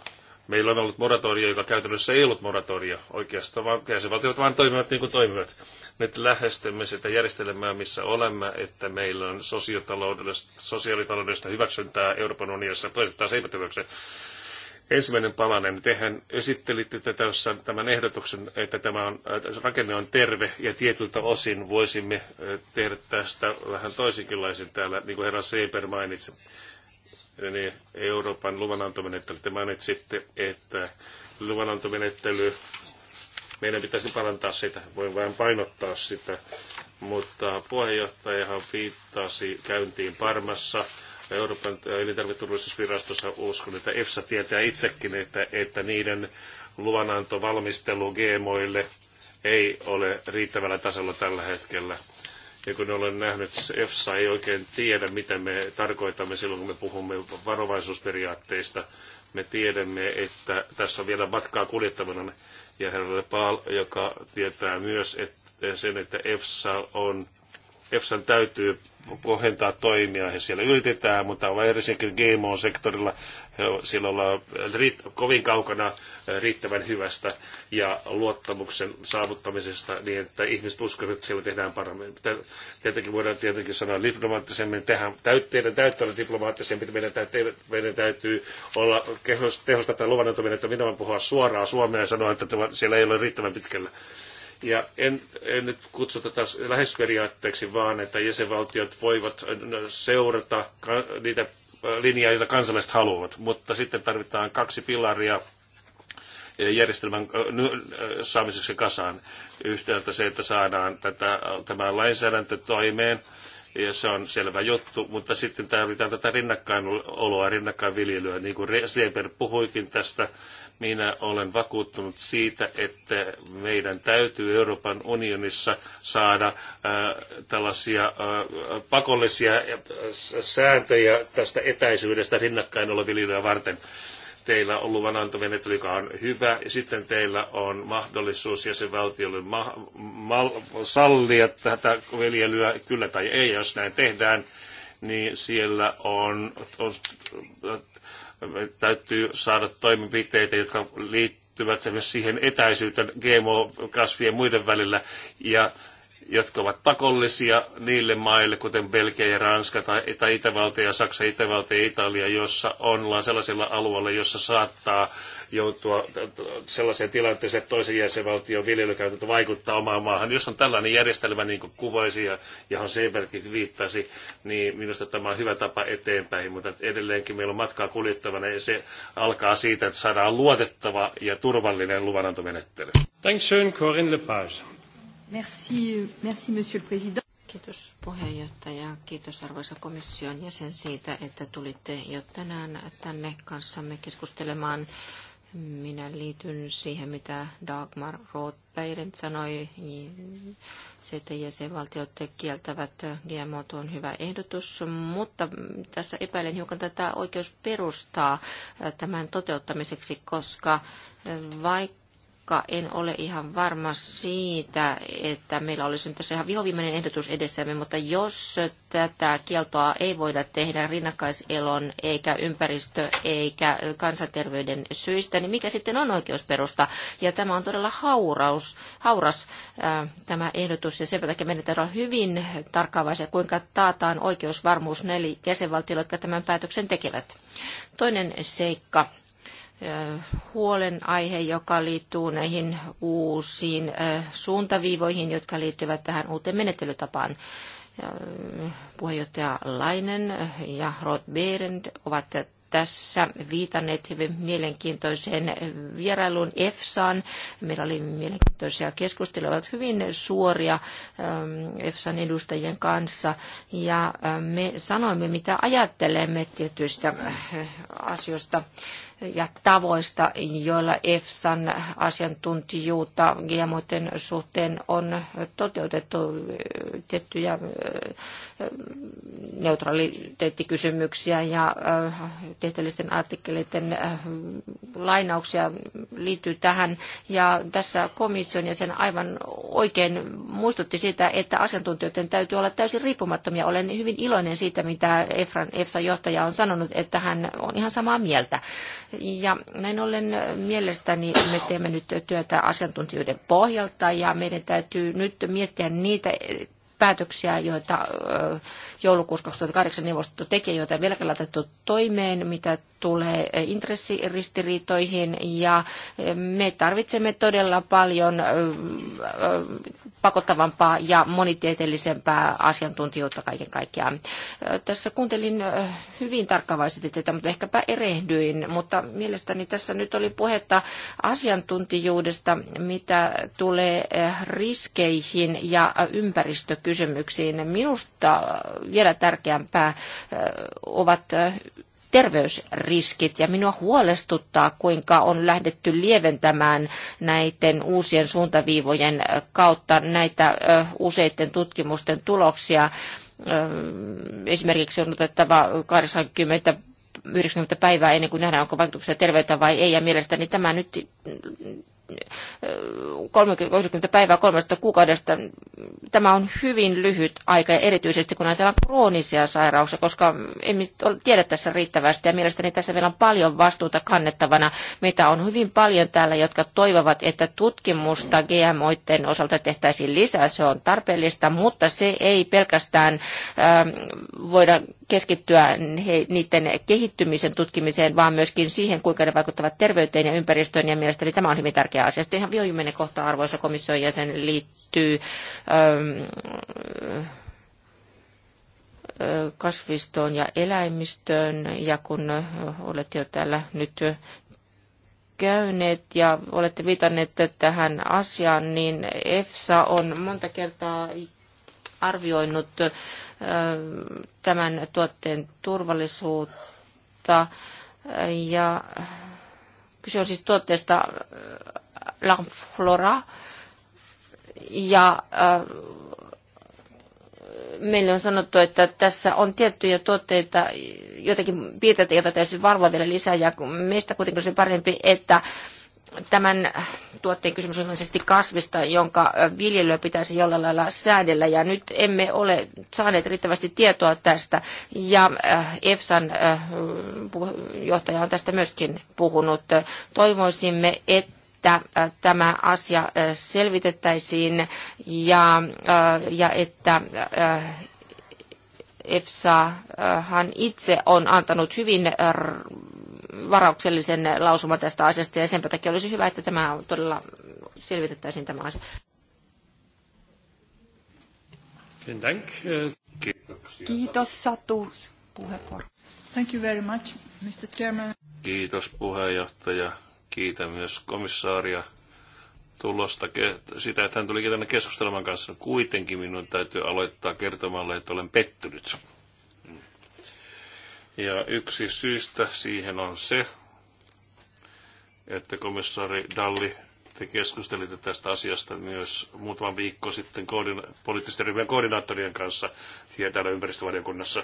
Meillä on ollut moratorio, joka käytännössä ei ollut moratorio oikeastaan, vaan jäsenvaltiot vaan toimivat niin kuin toimivat. Nyt lähestymme sitä järjestelmää, missä olemme, että meillä on sosiaalitaloudellista, sosiaalitaloudellista hyväksyntää Euroopan unionissa, toiset taas eivät hyväksy. Ensimmäinen palanen, tehän esittelitte tässä tämän ehdotuksen, että tämä on, rakenne on terve ja tietyltä osin voisimme eh, tehdä tästä vähän toisinkinlaisen täällä, niin kuin herra Seiper mainitsi niin Euroopan luvanantomenettely. Te mainitsitte, että luvanantomenettely, meidän pitäisi parantaa sitä, voin vain painottaa sitä, mutta puheenjohtajahan viittasi käyntiin Parmassa, Euroopan äh, elintarviketurvallisuusvirastossa uskon, että EFSA tietää itsekin, että, että niiden luvanantovalmistelu GMOille ei ole riittävällä tasolla tällä hetkellä. Ja kun olen nähnyt, että EFSA ei oikein tiedä, mitä me tarkoitamme silloin, kun me puhumme varovaisuusperiaatteista. Me tiedämme, että tässä on vielä matkaa kuljettavana. Ja herra Paal, joka tietää myös että sen, että EFSA on, EFSAn täytyy kohentaa toimia. He siellä yritetään, mutta varsinkin GMO-sektorilla siellä ollaan riitt- kovin kaukana riittävän hyvästä ja luottamuksen saavuttamisesta niin, että ihmiset uskovat, että siellä tehdään paremmin. Tietenkin voidaan tietenkin sanoa diplomaattisemmin, tehdään, täytteiden täyttää olla diplomaattisemmin, meidän täytyy, meidän täytyy olla tehostaa tätä että minä voin puhua suoraan Suomea ja sanoa, että siellä ei ole riittävän pitkällä. Ja en, en nyt kutsu tätä lähesperiaatteeksi, vaan että jäsenvaltiot voivat äh, seurata niitä äh, linjaa, joita kansalaiset haluavat. Mutta sitten tarvitaan kaksi pilaria äh, järjestelmän saamiseksi kasaan. Yhtäältä se, että saadaan tätä, tämä lainsäädäntö toimeen, ja se on selvä juttu, mutta sitten tarvitaan tätä rinnakkainoloa, rinnakkainviljelyä, niin kuin Sieber puhuikin tästä, minä olen vakuuttunut siitä, että meidän täytyy Euroopan unionissa saada äh, tällaisia äh, pakollisia äh, sääntöjä tästä etäisyydestä rinnakkain olevia varten teillä on luvanantomenettely, joka on hyvä, ja sitten teillä on mahdollisuus jäsenvaltiolle ma- ma- sallia tätä viljelyä kyllä tai ei, jos näin tehdään, niin siellä on, on täytyy saada toimenpiteitä, jotka liittyvät myös siihen etäisyyteen GMO-kasvien muiden välillä ja jotka ovat pakollisia niille maille, kuten Belgia ja Ranska tai, tai Itävalta ja Saksa, Itävalta ja Italia, jossa ollaan sellaisilla alueilla, jossa saattaa joutua sellaiseen tilanteeseen, että toisen jäsenvaltion viljelykäytäntö vaikuttaa omaan maahan. Jos on tällainen järjestelmä, niin kuin kuvaisi ja johon Seberkin viittasi, niin minusta tämä on hyvä tapa eteenpäin, mutta edelleenkin meillä on matkaa kuljettavana ja se alkaa siitä, että saadaan luotettava ja turvallinen luvanantomenettely. Thanks, Corinne Lepage. Merci, merci, monsieur le président. Kiitos puheenjohtaja. Kiitos arvoisa komission jäsen siitä, että tulitte jo tänään tänne kanssamme keskustelemaan minä liityn siihen, mitä Dagmar Rothbeiden sanoi. Se, että jäsenvaltiot kieltävät GMO on hyvä ehdotus, mutta tässä epäilen hiukan tätä oikeusperustaa tämän toteuttamiseksi, koska vaikka vaikka en ole ihan varma siitä, että meillä olisi nyt tässä ihan vihoviimeinen ehdotus edessämme, mutta jos tätä kieltoa ei voida tehdä rinnakkaiselon eikä ympäristö eikä kansanterveyden syistä, niin mikä sitten on oikeusperusta? Ja tämä on todella hauraus, hauras ää, tämä ehdotus ja sen takia meidän täytyy olla hyvin tarkkaavaisia, kuinka taataan oikeusvarmuus neljä jäsenvaltioille, jotka tämän päätöksen tekevät. Toinen seikka huolenaihe, joka liittyy näihin uusiin suuntaviivoihin, jotka liittyvät tähän uuteen menettelytapaan. Mm, puheenjohtaja Lainen ja Rod Berend ovat tässä viitanneet hyvin mielenkiintoiseen vierailuun EFSAan. Meillä oli mielenkiintoisia keskusteluja, ovat hyvin suoria ähm, EFSAn edustajien kanssa. Ja äh, me sanoimme, mitä ajattelemme tietyistä äh, asioista ja tavoista, joilla EFSAn asiantuntijuutta GMOiden suhteen on toteutettu tiettyjä neutraliteettikysymyksiä ja tieteellisten artikkeleiden lainauksia liittyy tähän. Ja tässä komission ja sen aivan oikein muistutti siitä, että asiantuntijoiden täytyy olla täysin riippumattomia. Olen hyvin iloinen siitä, mitä EFSAn EFSA-johtaja on sanonut, että hän on ihan samaa mieltä ja näin ollen mielestäni me teemme nyt työtä asiantuntijoiden pohjalta ja meidän täytyy nyt miettiä niitä päätöksiä, joita joulukuussa 2008 neuvosto tekee, joita ei vielä laitettu toimeen, mitä tulee intressiristiriitoihin ja me tarvitsemme todella paljon pakottavampaa ja monitieteellisempää asiantuntijuutta kaiken kaikkiaan. Tässä kuuntelin hyvin tarkkavaisesti tätä, mutta ehkäpä erehdyin, mutta mielestäni tässä nyt oli puhetta asiantuntijuudesta, mitä tulee riskeihin ja ympäristökysymyksiin. Minusta vielä tärkeämpää ovat terveysriskit. Ja minua huolestuttaa, kuinka on lähdetty lieventämään näiden uusien suuntaviivojen kautta näitä useiden tutkimusten tuloksia. Esimerkiksi on otettava 80 90 päivää ennen kuin nähdään, onko vaikutuksia terveyttä vai ei. Ja mielestäni tämä nyt 30 päivää kolmesta kuukaudesta. Tämä on hyvin lyhyt aika, ja erityisesti kun ajatellaan kroonisia sairauksia, koska emme tiedä tässä riittävästi, ja mielestäni tässä vielä on paljon vastuuta kannettavana. Meitä on hyvin paljon täällä, jotka toivovat, että tutkimusta GMOiden osalta tehtäisiin lisää. Se on tarpeellista, mutta se ei pelkästään äh, voida keskittyä niiden kehittymisen tutkimiseen, vaan myöskin siihen, kuinka ne vaikuttavat terveyteen ja ympäristöön, ja mielestäni tämä on hyvin tärkeää tärkeä asia. Sitten ihan viimeinen kohta, arvoisa komission jäsen, liittyy ähm, äh, kasvistoon ja eläimistöön. Ja kun olette jo täällä nyt käyneet ja olette viitanneet tähän asiaan, niin EFSA on monta kertaa arvioinut äh, tämän tuotteen turvallisuutta. Ja kyse on siis tuotteesta Lamflora, Ja äh, meille on sanottu, että tässä on tiettyjä tuotteita, jotakin piirteitä, joita täytyy varvoa vielä lisää, ja meistä kuitenkin olisi parempi, että tämän tuotteen kysymys on ilmeisesti kasvista, jonka äh, viljelyä pitäisi jollain lailla säädellä, ja nyt emme ole saaneet riittävästi tietoa tästä, ja äh, EFSAn johtaja on tästä myöskin puhunut. Toivoisimme, että että äh, tämä asia äh, selvitettäisiin ja, äh, ja että EFSAhan itse on antanut hyvin varauksellisen lausuman tästä asiasta ja sen takia olisi hyvä, että tämä todella selvitettäisiin tämä asia. Kiitos Satu puheenvuoro. Thank you very much, Mr. Chairman. Kiitos puheenjohtaja. Kiitän myös komissaaria tulosta, sitä, että hän tuli tänne keskustelemaan kanssa. Niin kuitenkin minun täytyy aloittaa kertomalla, että olen pettynyt. Ja yksi syystä siihen on se, että komissaari Dalli, te keskustelitte tästä asiasta myös muutaman viikko sitten koordina- poliittisten ryhmien koordinaattorien kanssa täällä ympäristövaliokunnassa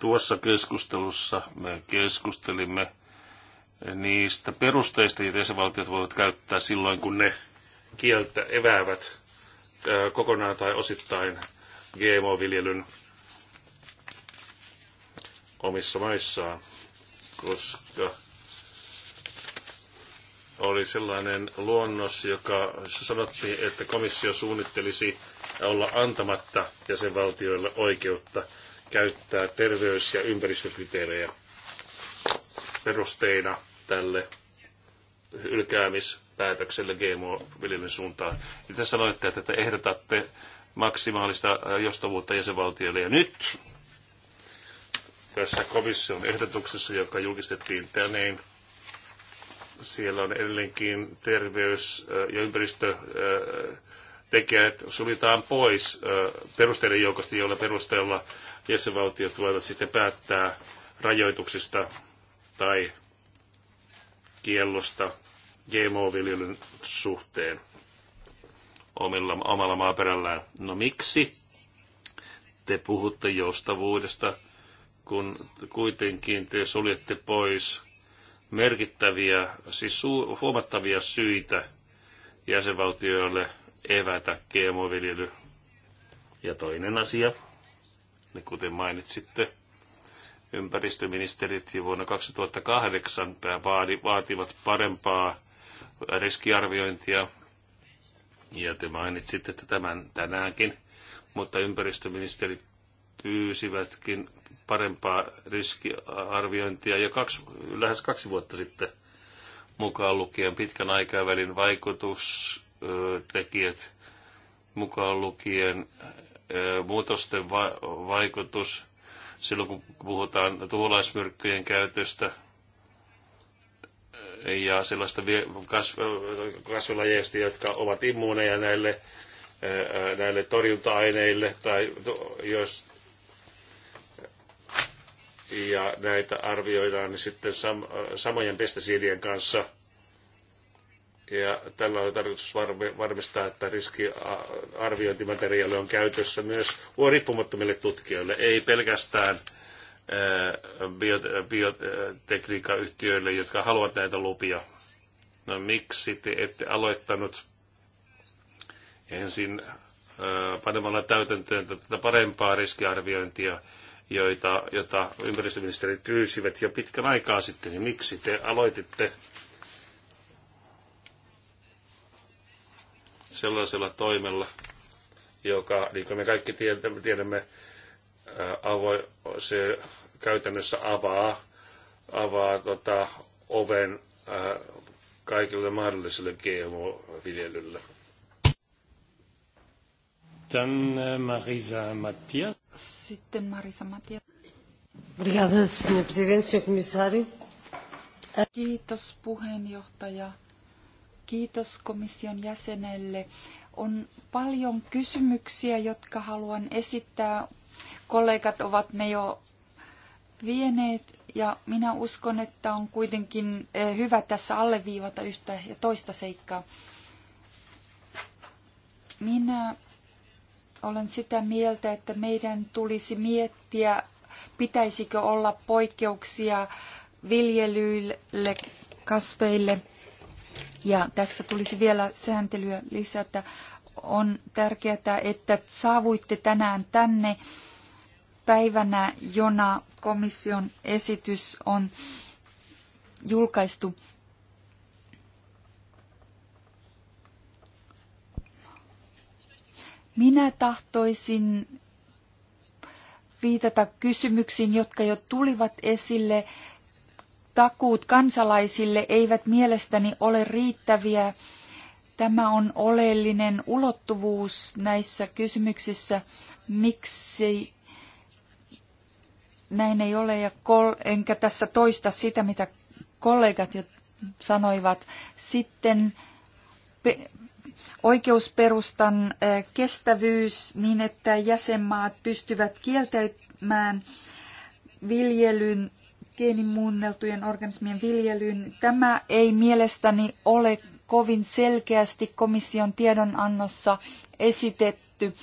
Tuossa keskustelussa me keskustelimme niistä perusteista, joita jäsenvaltiot voivat käyttää silloin, kun ne kieltä eväävät kokonaan tai osittain GMO-viljelyn omissa maissaan, koska oli sellainen luonnos, joka sanottiin, että komissio suunnittelisi olla antamatta jäsenvaltioille oikeutta käyttää terveys- ja ympäristökriteerejä perusteina tälle ylkäämispäätökselle GMO-viljelyn suuntaan. Ja te sanoitte, että te ehdotatte maksimaalista äh, joustavuutta jäsenvaltioille. Ja nyt tässä komission ehdotuksessa, joka julkistettiin tänään, siellä on edelleenkin terveys- äh, ja ympäristö tekijät suljetaan pois perusteiden joukosta, joilla perusteella jäsenvaltiot voivat sitten päättää rajoituksista tai kiellosta GMO-viljelyn suhteen omilla, omalla maaperällään. No miksi te puhutte joustavuudesta, kun kuitenkin te suljette pois merkittäviä, siis huomattavia syitä jäsenvaltioille – evätä GMO-viljely. Ja toinen asia, niin kuten mainitsitte, ympäristöministerit jo vuonna 2008 vaativat parempaa riskiarviointia. Ja te mainitsitte tämän tänäänkin, mutta ympäristöministerit pyysivätkin parempaa riskiarviointia jo kaksi, lähes kaksi vuotta sitten mukaan lukien pitkän aikavälin vaikutus tekijät mukaan lukien muutosten va- vaikutus silloin, kun puhutaan tuholaismyrkkyjen käytöstä ja sellaista kasvilajeista, jotka ovat immuuneja näille, näille torjunta-aineille tai jos ja näitä arvioidaan niin sitten sam, samojen pestisiidien kanssa – ja tällä on tarkoitus varmistaa, että riskiarviointimateriaali on käytössä myös riippumattomille tutkijoille, ei pelkästään biotekniikkayhtiöille, jotka haluavat näitä lupia. No miksi te ette aloittanut ensin panemalla täytäntöön tätä parempaa riskiarviointia, joita, jota ympäristöministerit pyysivät jo pitkän aikaa sitten, niin miksi te aloititte sellaisella toimella, joka, niin kuin me kaikki tiedämme, avoi, se käytännössä avaa, avaa tota, oven ää, kaikille mahdollisille GMO-viljelylle. Sitten Marisa Matias. Sitten Marisa presidente, Kiitos puheenjohtaja kiitos komission jäsenelle. On paljon kysymyksiä, jotka haluan esittää. Kollegat ovat ne jo vieneet ja minä uskon, että on kuitenkin eh, hyvä tässä alleviivata yhtä ja toista seikkaa. Minä olen sitä mieltä, että meidän tulisi miettiä, pitäisikö olla poikkeuksia viljelyille kasveille, ja tässä tulisi vielä sääntelyä lisätä. On tärkeää, että saavuitte tänään tänne päivänä, jona komission esitys on julkaistu. Minä tahtoisin viitata kysymyksiin, jotka jo tulivat esille takuut kansalaisille eivät mielestäni ole riittäviä. Tämä on oleellinen ulottuvuus näissä kysymyksissä. Miksi näin ei ole, ja kol- enkä tässä toista sitä, mitä kollegat jo sanoivat. Sitten pe- oikeusperustan kestävyys niin, että jäsenmaat pystyvät kieltäytymään viljelyn geenimuunneltujen organismien viljelyyn. Tämä ei mielestäni ole kovin selkeästi komission tiedonannossa esitetty.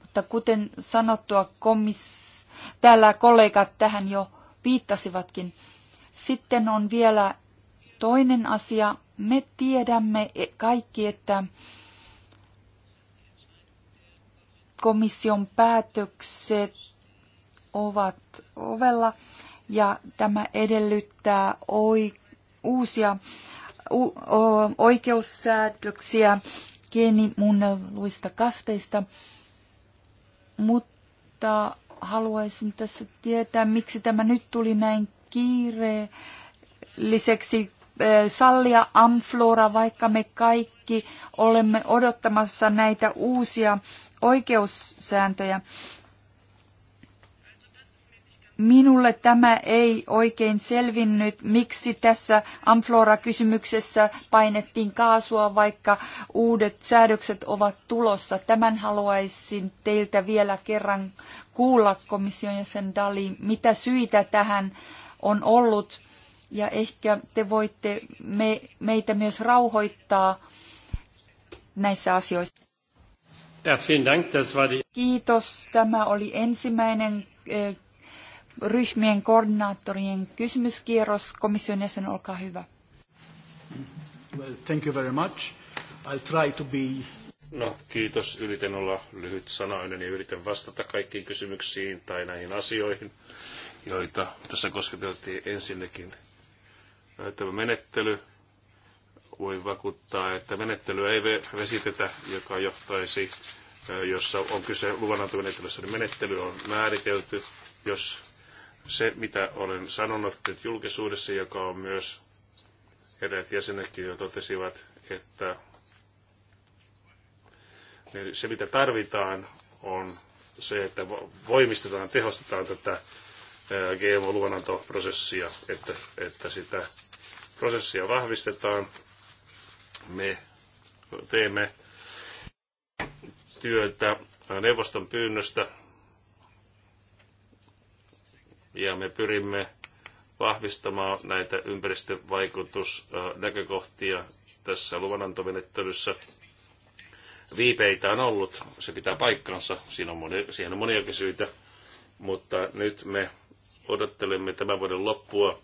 Mutta kuten sanottua, komis... täällä kollegat tähän jo viittasivatkin. Sitten on vielä toinen asia. Me tiedämme kaikki, että komission päätökset ovat ovella ja tämä edellyttää uusia oikeussäädöksiä geenimuunnelluista kasveista, mutta haluaisin tässä tietää, miksi tämä nyt tuli näin kiireelliseksi sallia amflora, vaikka me kaikki olemme odottamassa näitä uusia oikeussääntöjä. Minulle tämä ei oikein selvinnyt, miksi tässä Amflora-kysymyksessä painettiin kaasua, vaikka uudet säädökset ovat tulossa. Tämän haluaisin teiltä vielä kerran kuulla komission jäsen Dali, mitä syitä tähän on ollut. Ja ehkä te voitte me, meitä myös rauhoittaa näissä asioissa. Kiitos. Tämä oli ensimmäinen eh, ryhmien koordinaattorien kysymyskierros. Komission jäsen, olkaa hyvä. Well, thank you very much. I'll try to be... No, kiitos. Yritän olla lyhyt sanoinen ja yritän vastata kaikkiin kysymyksiin tai näihin asioihin, joita tässä kosketeltiin ensinnäkin. Tämä menettely, voi vakuuttaa, että menettelyä ei vesitetä, joka johtaisi, jossa on kyse luvanantomenettelyssä, niin menettely on määritelty, jos se, mitä olen sanonut nyt julkisuudessa, joka on myös eräät jäsenetkin jo totesivat, että se, mitä tarvitaan, on se, että voimistetaan, tehostetaan tätä GMO-luonantoprosessia, että, että sitä prosessia vahvistetaan. Me teemme työtä neuvoston pyynnöstä ja me pyrimme vahvistamaan näitä ympäristövaikutusnäkökohtia tässä luvanantomenettelyssä. Viipeitä on ollut, se pitää paikkansa, Siinä on moni, siihen on moniakin syitä, mutta nyt me odottelemme tämän vuoden loppua,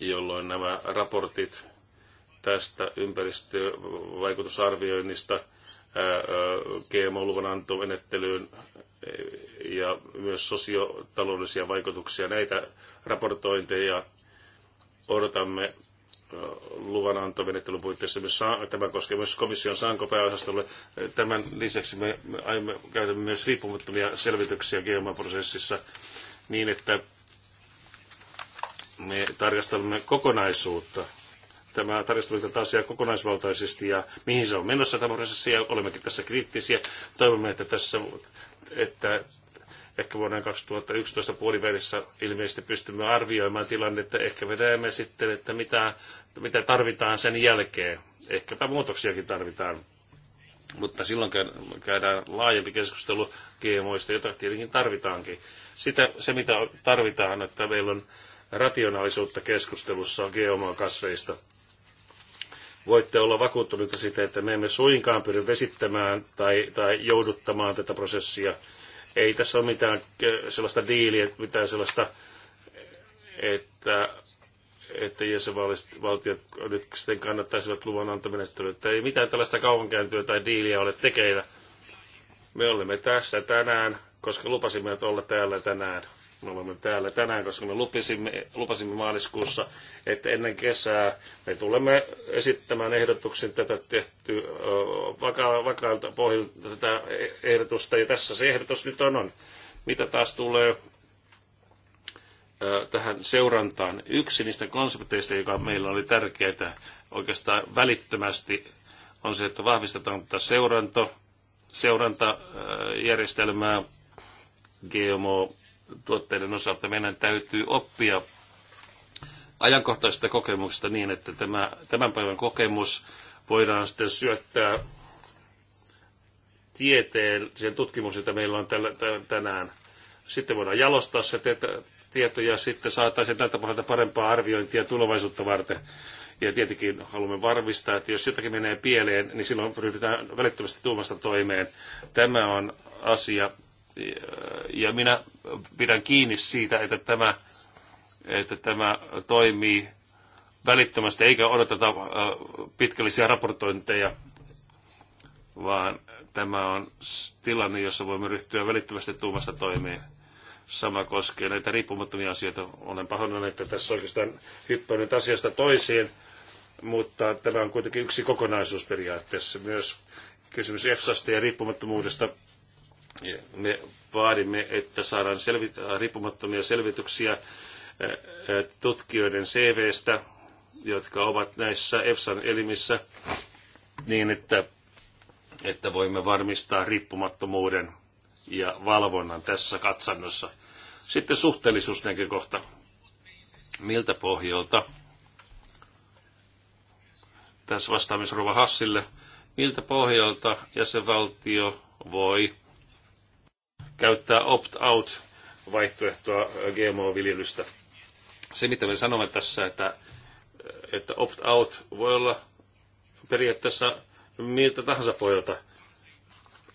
jolloin nämä raportit tästä ympäristövaikutusarvioinnista – GMO-luvan antomenettelyyn eh, ja myös sosiotaloudellisia vaikutuksia. Näitä raportointeja odotamme eh, luvan antomenettelyn puitteissa. Myös, tämä koskee myös komission sankopääosastolle. Eh, tämän lisäksi me aiemme, käytämme myös riippumattomia selvityksiä GMO-prosessissa niin, että me tarkastelemme kokonaisuutta tämä tarkastelemme tätä asiaa kokonaisvaltaisesti ja mihin se on menossa tämä prosessi ja olemmekin tässä kriittisiä. Toivomme, että tässä, että ehkä vuoden 2011 puolivälissä ilmeisesti pystymme arvioimaan tilannetta. Ehkä me näemme sitten, että mitä, mitä tarvitaan sen jälkeen. Ehkäpä muutoksiakin tarvitaan. Mutta silloin käydään laajempi keskustelu GMOista, jota tietenkin tarvitaankin. Sitä, se, mitä tarvitaan, että meillä on rationaalisuutta keskustelussa on GMO-kasveista voitte olla vakuuttuneita siitä, että me emme suinkaan pyri vesittämään tai, tai jouduttamaan tätä prosessia. Ei tässä ole mitään sellaista diiliä, mitään sellaista, että, että jäsenvaltiot nyt sitten kannattaisivat luvan antamenettelyä. Että ei mitään tällaista kaupankäyntiä tai diiliä ole tekeillä. Me olemme tässä tänään, koska lupasimme olla täällä tänään me olemme täällä tänään, koska me lupasimme, lupasimme maaliskuussa, että ennen kesää me tulemme esittämään ehdotuksen tätä tehty vaka- vakaalta pohjalta tätä ehdotusta, ja tässä se ehdotus nyt on. on. Mitä taas tulee tähän seurantaan. Yksi niistä konsepteista, joka meillä oli tärkeää oikeastaan välittömästi, on se, että vahvistetaan tätä seuranto, seurantajärjestelmää GMO tuotteiden osalta meidän täytyy oppia ajankohtaisista kokemuksista niin, että tämä, tämän päivän kokemus voidaan sitten syöttää tieteen, siihen tutkimukseen, jota meillä on tällä, tänään. Sitten voidaan jalostaa se tieto ja sitten saataisiin tältä pohjalta parempaa arviointia tulevaisuutta varten. Ja tietenkin haluamme varmistaa, että jos jotakin menee pieleen, niin silloin ryhdytään välittömästi tuomasta toimeen. Tämä on asia, ja minä pidän kiinni siitä, että tämä, että tämä toimii välittömästi eikä odoteta äh, pitkällisiä raportointeja, vaan tämä on tilanne, jossa voimme ryhtyä välittömästi tuumasta toimeen. Sama koskee näitä riippumattomia asioita. Olen pahoillani, että tässä oikeastaan hyppään nyt asiasta toisiin, mutta tämä on kuitenkin yksi kokonaisuus periaatteessa. Myös kysymys EFSAsta ja riippumattomuudesta me vaadimme, että saadaan selvi- riippumattomia selvityksiä tutkijoiden CVstä, jotka ovat näissä EFSAn elimissä, niin että, että voimme varmistaa riippumattomuuden ja valvonnan tässä katsannossa. Sitten suhteellisuusnäkökohta. Miltä pohjalta? Tässä vastaamisruva Hassille. Miltä pohjalta jäsenvaltio voi käyttää opt-out-vaihtoehtoa GMO-viljelystä. Se, mitä me sanomme tässä, että, että opt-out voi olla periaatteessa miltä tahansa pohjalta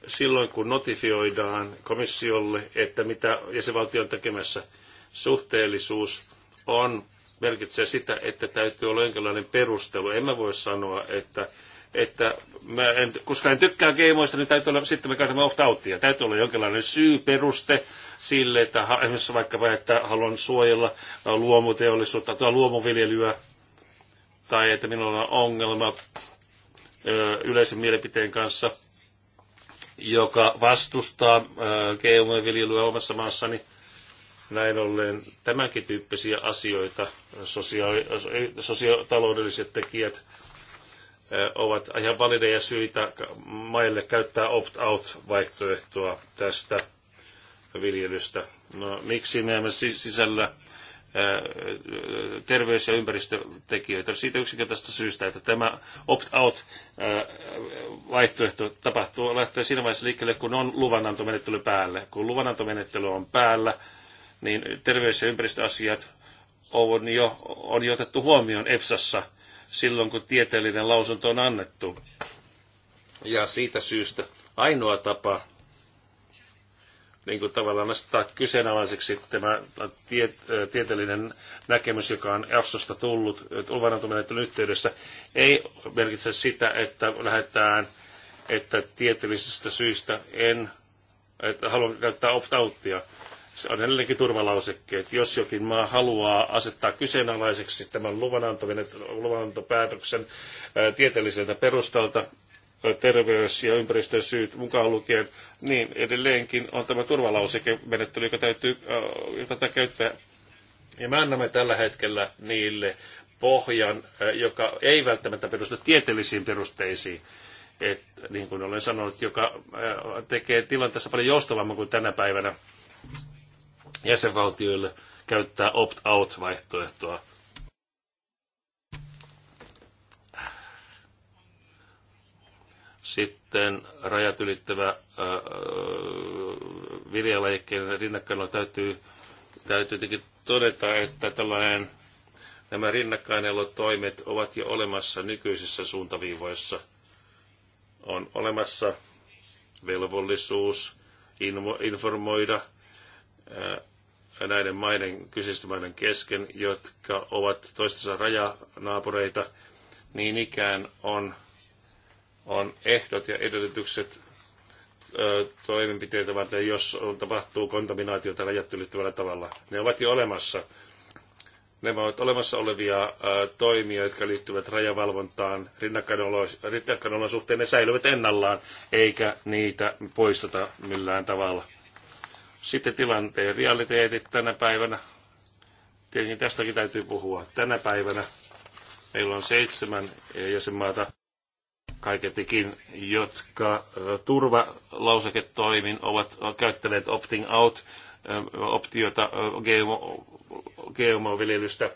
silloin, kun notifioidaan komissiolle, että mitä jäsenvaltio on tekemässä, suhteellisuus on, merkitsee sitä, että täytyy olla jonkinlainen perustelu. En mä voi sanoa, että että mä en, koska en tykkää geimoista, niin täytyy olla, sitten me käytämme opt-outia. Täytyy olla jonkinlainen syy, peruste sille, että esimerkiksi vaikkapa, että haluan suojella luomuteollisuutta tai luomuviljelyä, tai että minulla on ongelma ö, yleisen mielipiteen kanssa, joka vastustaa GMO-viljelyä omassa maassani. Näin ollen tämänkin tyyppisiä asioita, sosiaali, sosiaalitaloudelliset tekijät, ovat ihan valideja syitä maille käyttää opt-out-vaihtoehtoa tästä viljelystä. No, miksi me emme sisällä terveys- ja ympäristötekijöitä siitä yksinkertaisesta syystä, että tämä opt-out-vaihtoehto tapahtuu, lähtee siinä vaiheessa liikkeelle, kun on luvanantomenettely päällä. Kun luvanantomenettely on päällä, niin terveys- ja ympäristöasiat on jo, on jo otettu huomioon EFSassa – silloin, kun tieteellinen lausunto on annettu. Ja siitä syystä ainoa tapa niin kuin tavallaan nostaa kyseenalaiseksi tämä tie, tieteellinen näkemys, joka on EFSOsta tullut ulvanantomenettelyn yhteydessä, ei merkitse sitä, että lähdetään, että tieteellisistä syistä en, että haluan käyttää opt-outtia. Se on edelleenkin turvalausekkeet. Jos jokin maa haluaa asettaa kyseenalaiseksi tämän luvanantopäätöksen tieteelliseltä perustalta, terveys- ja ympäristösyyt mukaan lukien, niin edelleenkin on tämä turvalausekemenettely, joka täytyy, jota käyttää. Ja me annamme tällä hetkellä niille pohjan, joka ei välttämättä perustu tieteellisiin perusteisiin, Et, niin kuin olen sanonut, joka tekee tilanteessa paljon joustavamman kuin tänä päivänä jäsenvaltioille käyttää opt-out-vaihtoehtoa. Sitten rajat ylittävä viljalajikkeiden rinnakkailla täytyy, täytyy tietenkin todeta, että tällainen, nämä toimet ovat jo olemassa nykyisissä suuntaviivoissa. On olemassa velvollisuus informoida näiden maiden, kyseisten maiden kesken, jotka ovat toistensa rajanaapureita, niin ikään on, on ehdot ja edellytykset toimenpiteitä varten, jos on, tapahtuu kontaminaatiota rajat ylittävällä tavalla. Ne ovat jo olemassa. Ne ovat olemassa olevia ö, toimia, jotka liittyvät rajavalvontaan rinnakkain suhteen. Ne säilyvät ennallaan, eikä niitä poisteta millään tavalla. Sitten tilanteen realiteetit tänä päivänä. Tietenkin tästäkin täytyy puhua. Tänä päivänä meillä on seitsemän jäsenmaata kaiketikin, jotka turvalauseketoimin ovat käyttäneet opting out optiota GMO-viljelystä.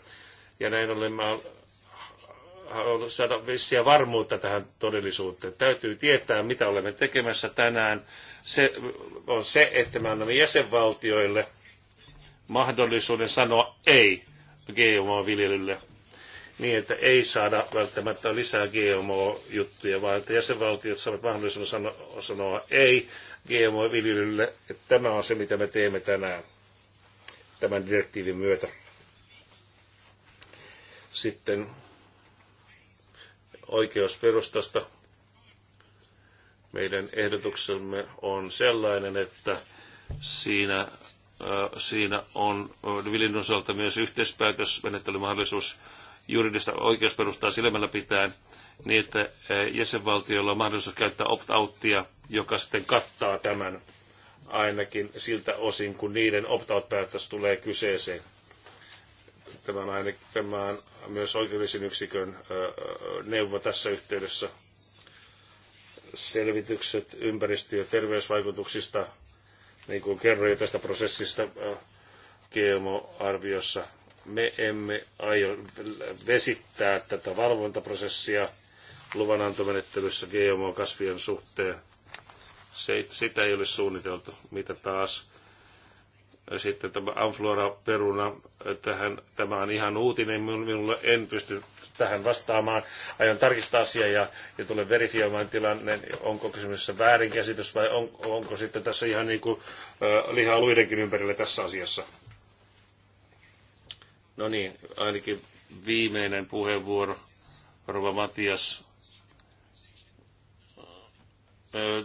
Ja näin ollen mä halunnut saada vissiä varmuutta tähän todellisuuteen. Täytyy tietää, mitä olemme tekemässä tänään. Se on se, että me annamme jäsenvaltioille mahdollisuuden sanoa ei GMO-viljelylle niin, että ei saada välttämättä lisää GMO-juttuja, vaan että jäsenvaltiot saavat mahdollisuuden sanoa, sanoa ei GMO-viljelylle. Tämä on se, mitä me teemme tänään tämän direktiivin myötä. Sitten oikeusperustasta. Meidän ehdotuksemme on sellainen, että siinä, siinä on vilin osalta myös yhteispäätösmenettelymahdollisuus juridista oikeusperustaa silmällä pitäen niin, että jäsenvaltiolla on mahdollisuus käyttää opt-outtia, joka sitten kattaa tämän ainakin siltä osin, kun niiden opt-out-päätös tulee kyseeseen tämän, aine, tämän myös oikeudellisen yksikön neuvo tässä yhteydessä. Selvitykset ympäristö- ja terveysvaikutuksista, niin kuin kerroin jo tästä prosessista GMO-arviossa. Me emme aio vesittää tätä valvontaprosessia luvanantomenettelyssä GMO-kasvien suhteen. Se, sitä ei ole suunniteltu, mitä taas sitten tämä Amflora-peruna, tähän, tämä on ihan uutinen, minulla en pysty tähän vastaamaan. Aion tarkistaa asiaa ja, ja tulen verifioimaan tilanne, onko kysymyksessä väärinkäsitys vai on, onko sitten tässä ihan niin kuin äh, lihaa luidenkin ympärillä tässä asiassa. No niin, ainakin viimeinen puheenvuoro, Rova Matias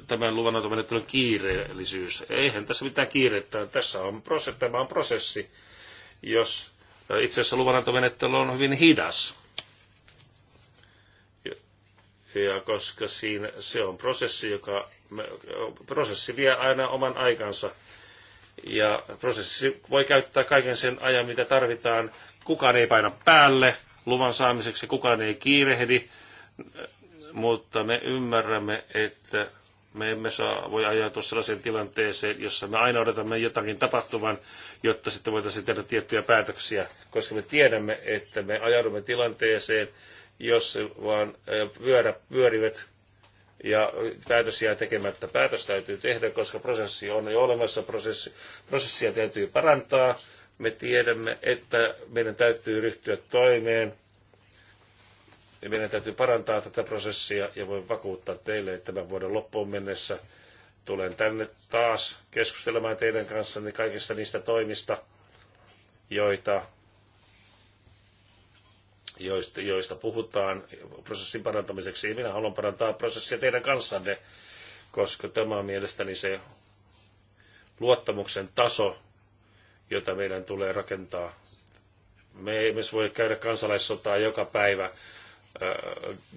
tämän luvanantomenettelyn kiireellisyys. Eihän tässä mitään kiirettä Tässä on, prosessi, tämä on prosessi, jos itse asiassa luvanantomenettely on hyvin hidas. Ja koska siinä, se on prosessi, joka prosessi vie aina oman aikansa. Ja prosessi voi käyttää kaiken sen ajan, mitä tarvitaan. Kukaan ei paina päälle luvan saamiseksi, kukaan ei kiirehdi, mutta me ymmärrämme, että me emme saa, voi ajautua sellaiseen tilanteeseen, jossa me aina odotamme jotakin tapahtuvan, jotta sitten voitaisiin tehdä tiettyjä päätöksiä, koska me tiedämme, että me ajaudumme tilanteeseen, jos vaan pyörä, pyörivät ja päätös jää tekemättä. Päätös täytyy tehdä, koska prosessi on jo olemassa, prosessi, prosessia täytyy parantaa. Me tiedämme, että meidän täytyy ryhtyä toimeen meidän täytyy parantaa tätä prosessia ja voin vakuuttaa teille, että tämän vuoden loppuun mennessä tulen tänne taas keskustelemaan teidän kanssanne kaikista niistä toimista, joita, joista, joista puhutaan prosessin parantamiseksi. Ja minä haluan parantaa prosessia teidän kanssanne, koska tämä on mielestäni se luottamuksen taso, jota meidän tulee rakentaa. Me emme voi käydä kansalaissotaa joka päivä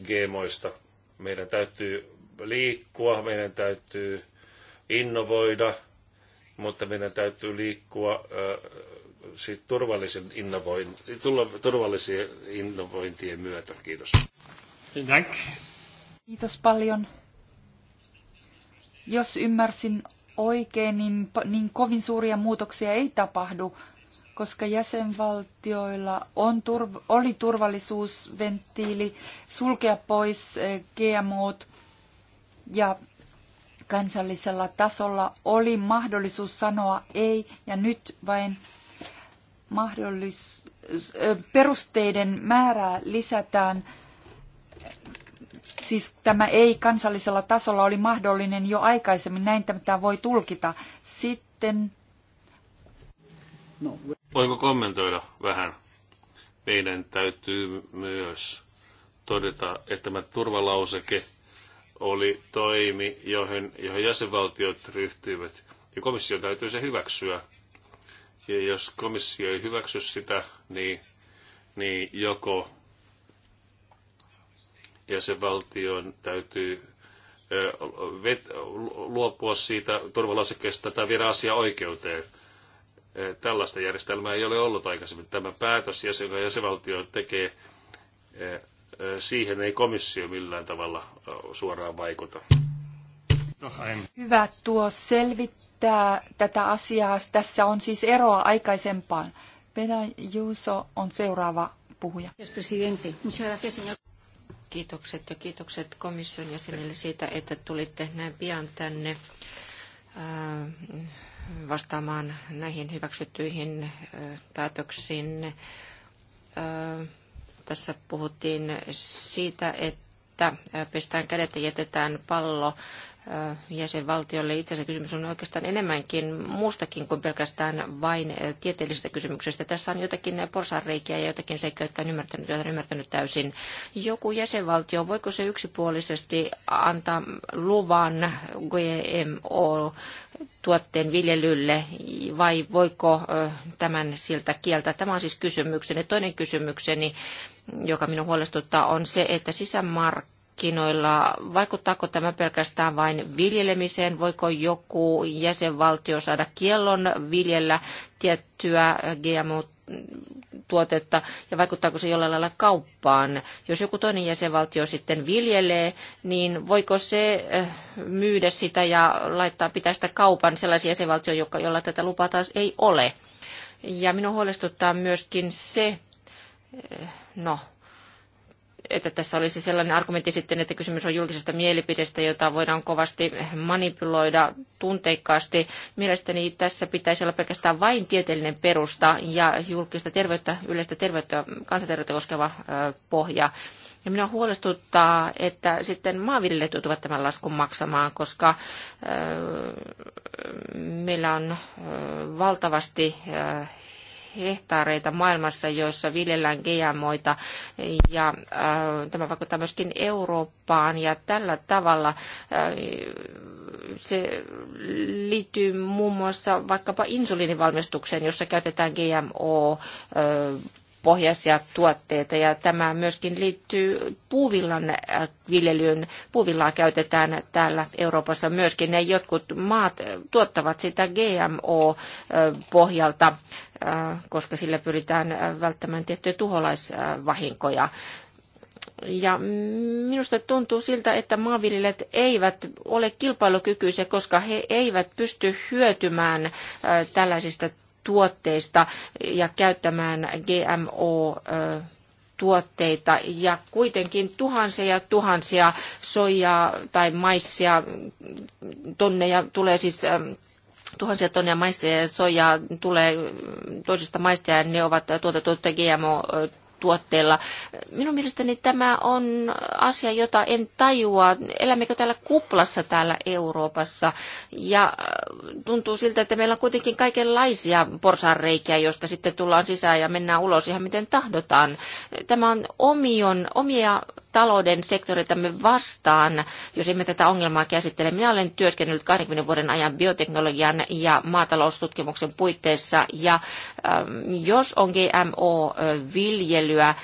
GMOista. Meidän täytyy liikkua, meidän täytyy innovoida, mutta meidän täytyy liikkua siitä turvallisen innovoin, turvallisien innovointien myötä. Kiitos. Kiitos paljon. Jos ymmärsin oikein, niin, niin kovin suuria muutoksia ei tapahdu koska jäsenvaltioilla on turv- oli turvallisuusventtiili sulkea pois eh, GMOt ja kansallisella tasolla oli mahdollisuus sanoa ei ja nyt vain mahdollis- eh, perusteiden määrää lisätään. Siis tämä ei kansallisella tasolla oli mahdollinen jo aikaisemmin, näin tämä voi tulkita. Sitten... No. Voinko kommentoida vähän? Meidän täytyy myös todeta, että tämä turvalauseke oli toimi, johon, johon jäsenvaltiot ryhtyivät. Ja komissio täytyy se hyväksyä. Ja jos komissio ei hyväksy sitä, niin, niin joko jäsenvaltion täytyy vet, luopua siitä turvalausekkeesta tai viedä asia oikeuteen. Tällaista järjestelmää ei ole ollut aikaisemmin. Tämä päätös, jonka jäsenvaltio tekee, siihen ei komissio millään tavalla suoraan vaikuta. Hyvä tuo selvittää tätä asiaa. Tässä on siis eroa aikaisempaan. Pena Juuso on seuraava puhuja. Kiitokset ja kiitokset komission jäsenille siitä, että tulitte näin pian tänne vastaamaan näihin hyväksyttyihin päätöksiin. Tässä puhuttiin siitä, että pestään kädet ja jätetään pallo jäsenvaltiolle. Itse asiassa kysymys on oikeastaan enemmänkin muustakin kuin pelkästään vain tieteellisestä kysymyksestä. Tässä on jotakin porsanreikiä ja jotakin seikkoja, jotka on ymmärtänyt, joita on ymmärtänyt täysin. Joku jäsenvaltio, voiko se yksipuolisesti antaa luvan GMO tuotteen viljelylle vai voiko tämän siltä kieltää? Tämä on siis kysymykseni. Toinen kysymykseni, joka minun huolestuttaa, on se, että sisämarkkinoilla markkinoilla, vaikuttaako tämä pelkästään vain viljelemiseen? Voiko joku jäsenvaltio saada kiellon viljellä tiettyä GMO tuotetta ja vaikuttaako se jollain lailla kauppaan. Jos joku toinen jäsenvaltio sitten viljelee, niin voiko se eh, myydä sitä ja laittaa pitää sitä kaupan sellaisia jäsenvaltioon, jolla tätä lupaa taas ei ole. Ja minun huolestuttaa myöskin se, eh, no että tässä olisi sellainen argumentti sitten, että kysymys on julkisesta mielipidestä, jota voidaan kovasti manipuloida tunteikkaasti. Mielestäni tässä pitäisi olla pelkästään vain tieteellinen perusta ja julkista terveyttä, yleistä terveyttä, kansanterveyttä koskeva pohja. Ja minua huolestuttaa, että sitten maanviljelijät joutuvat tämän laskun maksamaan, koska meillä on valtavasti hehtaareita maailmassa, joissa viljellään GMOita. Ja äh, tämä vaikuttaa myöskin Eurooppaan ja tällä tavalla äh, se liittyy muun muassa vaikkapa insuliinivalmistukseen, jossa käytetään GMO äh, pohjaisia tuotteita ja tämä myöskin liittyy puuvillan äh, viljelyyn. Puuvillaa käytetään täällä Euroopassa myöskin ja jotkut maat tuottavat sitä GMO-pohjalta äh, Äh, koska sillä pyritään äh, välttämään tiettyjä tuholaisvahinkoja. Ja minusta tuntuu siltä, että maanviljelijät eivät ole kilpailukykyisiä, koska he eivät pysty hyötymään äh, tällaisista tuotteista ja käyttämään GMO tuotteita ja kuitenkin tuhansia ja tuhansia soijaa tai maissia, tonneja tulee siis ähm, tuhansia tonnia maissia ja soijaa tulee toisista maista ja ne ovat tuotetut GMO tuotteilla. Minun mielestäni tämä on asia, jota en tajua. Elämmekö täällä kuplassa täällä Euroopassa? Ja äh, tuntuu siltä, että meillä on kuitenkin kaikenlaisia porsaanreikiä, joista sitten tullaan sisään ja mennään ulos ihan miten tahdotaan. Tämä on omion, omia talouden sektoritamme vastaan, jos emme tätä ongelmaa käsittele. Minä olen työskennellyt 20 vuoden ajan bioteknologian ja maataloustutkimuksen puitteissa, ja ähm, jos on GMO-viljelyä, äh,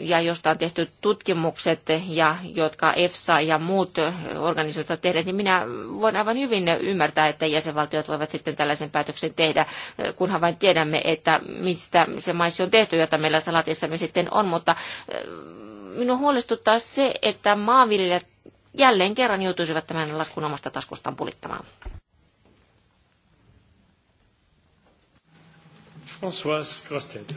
ja josta on tehty tutkimukset, ja jotka EFSA ja muut äh, organisaatiot ovat tehneet, niin minä voin aivan hyvin ymmärtää, että jäsenvaltiot voivat sitten tällaisen päätöksen tehdä, äh, kunhan vain tiedämme, että mistä se maissi on tehty, jota meillä me sitten on, mutta minua huolestuttaa se, että maanviljelijät jälleen kerran joutuisivat tämän laskun omasta taskustaan pulittamaan. François Grosted.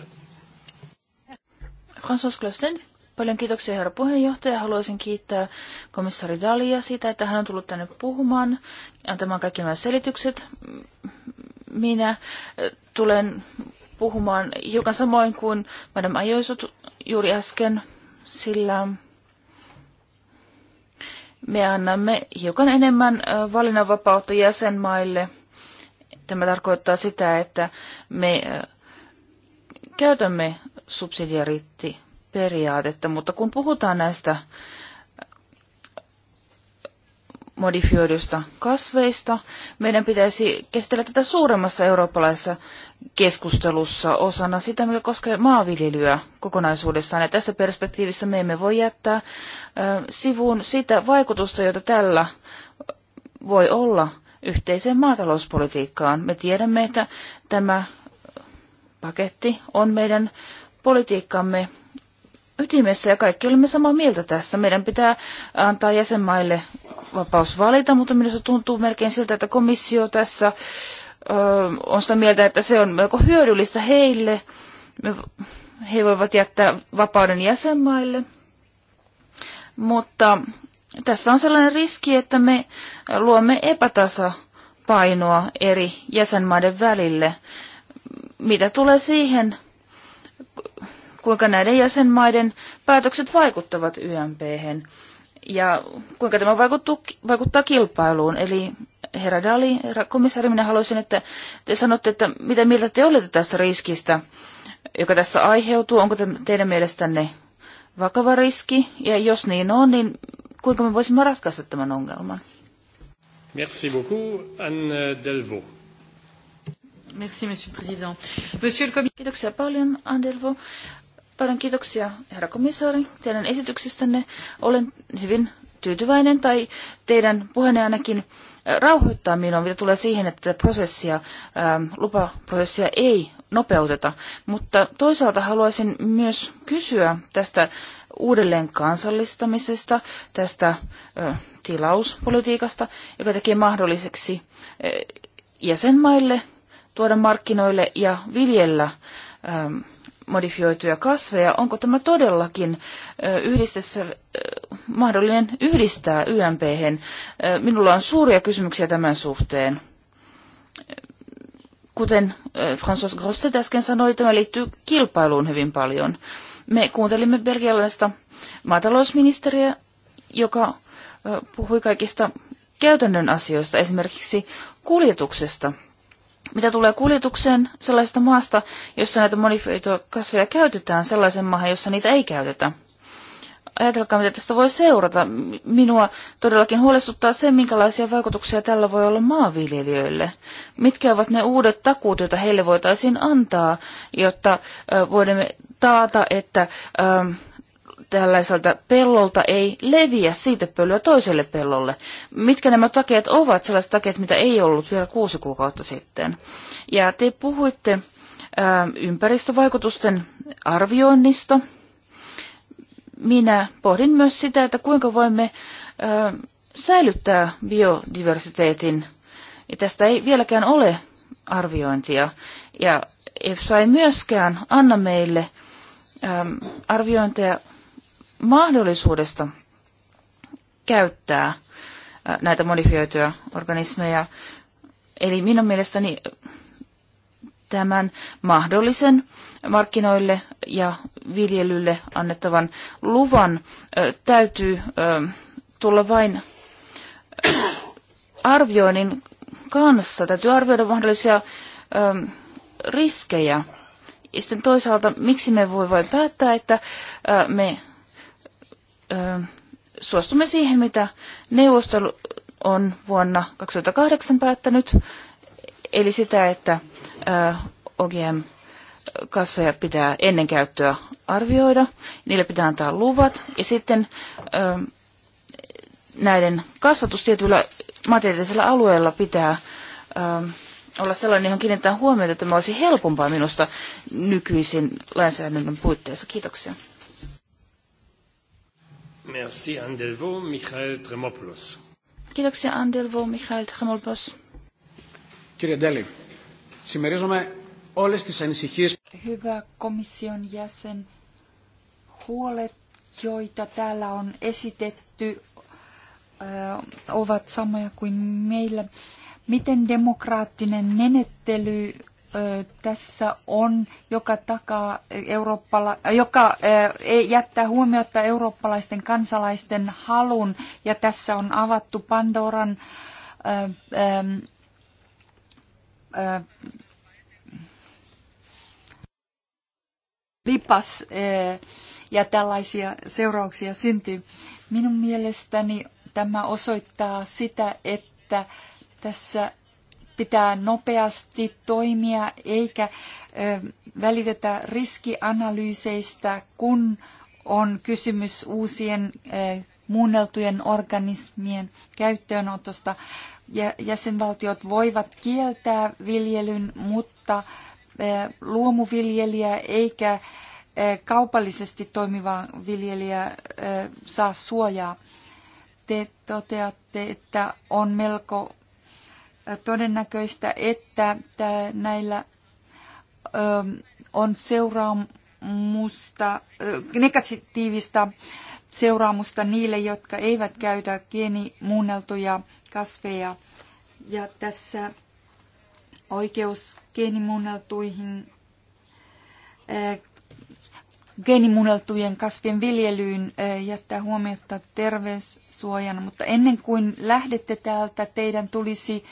François Grosted. Paljon kiitoksia herra puheenjohtaja. Haluaisin kiittää komissaari Dalia siitä, että hän on tullut tänne puhumaan, antamaan kaikki nämä selitykset. Minä eh, tulen puhumaan hiukan samoin kuin Madame Ajoisut juuri äsken sillä me annamme hiukan enemmän valinnanvapautta jäsenmaille. Tämä tarkoittaa sitä, että me käytämme subsidiariittiperiaatetta, mutta kun puhutaan näistä modifioidusta kasveista. Meidän pitäisi käsitellä tätä suuremmassa eurooppalaisessa keskustelussa osana sitä, mikä koskee maanviljelyä kokonaisuudessaan. Ja tässä perspektiivissä me emme voi jättää sivuun sitä vaikutusta, jota tällä voi olla yhteiseen maatalouspolitiikkaan. Me tiedämme, että tämä paketti on meidän politiikkamme ytimessä ja kaikki olemme samaa mieltä tässä. Meidän pitää antaa jäsenmaille vapaus valita, mutta minusta tuntuu melkein siltä, että komissio tässä ö, on sitä mieltä, että se on melko hyödyllistä heille. He voivat jättää vapauden jäsenmaille. Mutta tässä on sellainen riski, että me luomme epätasapainoa eri jäsenmaiden välille. Mitä tulee siihen, kuinka näiden jäsenmaiden päätökset vaikuttavat YMP:hen? hen ja kuinka tämä vaikuttuu, vaikuttaa kilpailuun. Eli herra Dali, herra komissaari, minä haluaisin, että te sanotte, että mitä mieltä te olette tästä riskistä, joka tässä aiheutuu. Onko te, teidän mielestänne vakava riski? Ja jos niin on, niin kuinka me voisimme ratkaista tämän ongelman? Merci beaucoup, Anne Delvaux. Merci, monsieur le président. Monsieur le Kiitoksia paljon, Anne Delvaux. Paljon kiitoksia, herra komissaari, teidän esityksestänne. Olen hyvin tyytyväinen, tai teidän puheenne ainakin äh, rauhoittaa minua, mitä tulee siihen, että prosessia, ähm, lupaprosessia ei nopeuteta. Mutta toisaalta haluaisin myös kysyä tästä uudelleen kansallistamisesta, tästä äh, tilauspolitiikasta, joka tekee mahdolliseksi äh, jäsenmaille tuoda markkinoille ja viljellä ähm, modifioituja kasveja. Onko tämä todellakin yhdistessä, mahdollinen yhdistää ymp -hen? Minulla on suuria kysymyksiä tämän suhteen. Kuten François Grostet äsken sanoi, tämä liittyy kilpailuun hyvin paljon. Me kuuntelimme belgialaista maatalousministeriä, joka puhui kaikista käytännön asioista, esimerkiksi kuljetuksesta – mitä tulee kuljetukseen sellaisesta maasta, jossa näitä modifioituja kasveja käytetään, sellaisen maahan, jossa niitä ei käytetä? Ajatelkaa, mitä tästä voi seurata. Minua todellakin huolestuttaa se, minkälaisia vaikutuksia tällä voi olla maanviljelijöille. Mitkä ovat ne uudet takuut, joita heille voitaisiin antaa, jotta voimme taata, että tällaiselta pellolta ei leviä siitä pölyä toiselle pellolle. Mitkä nämä takeet ovat, sellaiset takeet, mitä ei ollut vielä kuusi kuukautta sitten. Ja te puhuitte ää, äh, ympäristövaikutusten arvioinnista. Minä pohdin myös sitä, että kuinka voimme ää, äh, säilyttää biodiversiteetin. Ja tästä ei vieläkään ole arviointia. Ja EFSA ei myöskään anna meille ähm, arviointeja mahdollisuudesta käyttää äh, näitä modifioituja organismeja. Eli minun mielestäni tämän mahdollisen markkinoille ja viljelylle annettavan luvan äh, täytyy äh, tulla vain arvioinnin kanssa. Täytyy arvioida mahdollisia ähm, riskejä. Ja sitten toisaalta, miksi me voi vain päättää, että me suostumme siihen, mitä neuvosto on vuonna 2008 päättänyt, eli sitä, että OGM kasveja pitää ennen käyttöä arvioida, niille pitää antaa luvat ja sitten näiden kasvatus tietyillä maantieteellisellä alueella pitää olla sellainen, johon kiinnitetään huomiota, että tämä olisi helpompaa minusta nykyisen lainsäädännön puitteissa. Kiitoksia. Merci Andelvo, Michael Tremopoulos. Kiitoksia Andelvo, Michael Tremopoulos. Κύριε Ντέλη, συμμερίζομαι όλες τις ανησυχίες. Hyvä komission jäsen, huolet, joita täällä on esitetty, ovat samoja kuin meillä. Miten demokraattinen menettely tässä on, joka, takaa eurooppala- joka ei jättää huomiota eurooppalaisten kansalaisten halun, ja tässä on avattu Pandoran lipas ja tällaisia seurauksia syntyy. Minun mielestäni tämä osoittaa sitä, että tässä pitää nopeasti toimia eikä välitetä riskianalyyseistä, kun on kysymys uusien muunneltujen organismien käyttöönotosta. Jäsenvaltiot voivat kieltää viljelyn, mutta luomuviljelijä eikä kaupallisesti toimiva viljelijä saa suojaa. Te toteatte, että on melko todennäköistä, että näillä on seuraamusta, negatiivista seuraamusta niille, jotka eivät käytä geenimuunneltuja kasveja. Ja tässä oikeus geenimuunneltuihin geenimuunneltujen kasvien viljelyyn jättää huomiota terveys, suojan. mutta ennen kuin lähdette täältä, teidän tulisi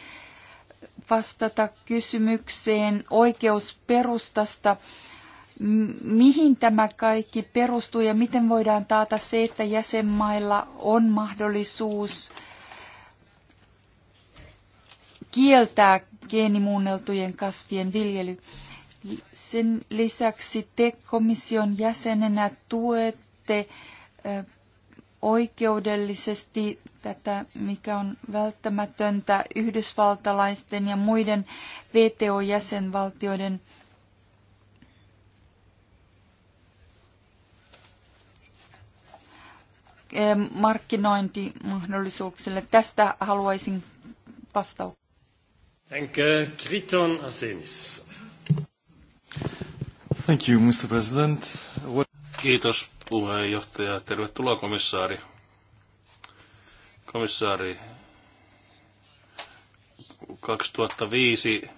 vastata kysymykseen oikeusperustasta, mihin tämä kaikki perustuu ja miten voidaan taata se, että jäsenmailla on mahdollisuus kieltää geenimuunneltujen kasvien viljely. Sen lisäksi te komission jäsenenä tuette oikeudellisesti tätä, mikä on välttämätöntä yhdysvaltalaisten ja muiden VTO-jäsenvaltioiden eh, markkinointimahdollisuuksille. Tästä haluaisin vastauksen. Kriton Asenis. Thank you, Mr. President. What... Kiitos puheenjohtaja. Tervetuloa komissaari. Komissaari, 2005,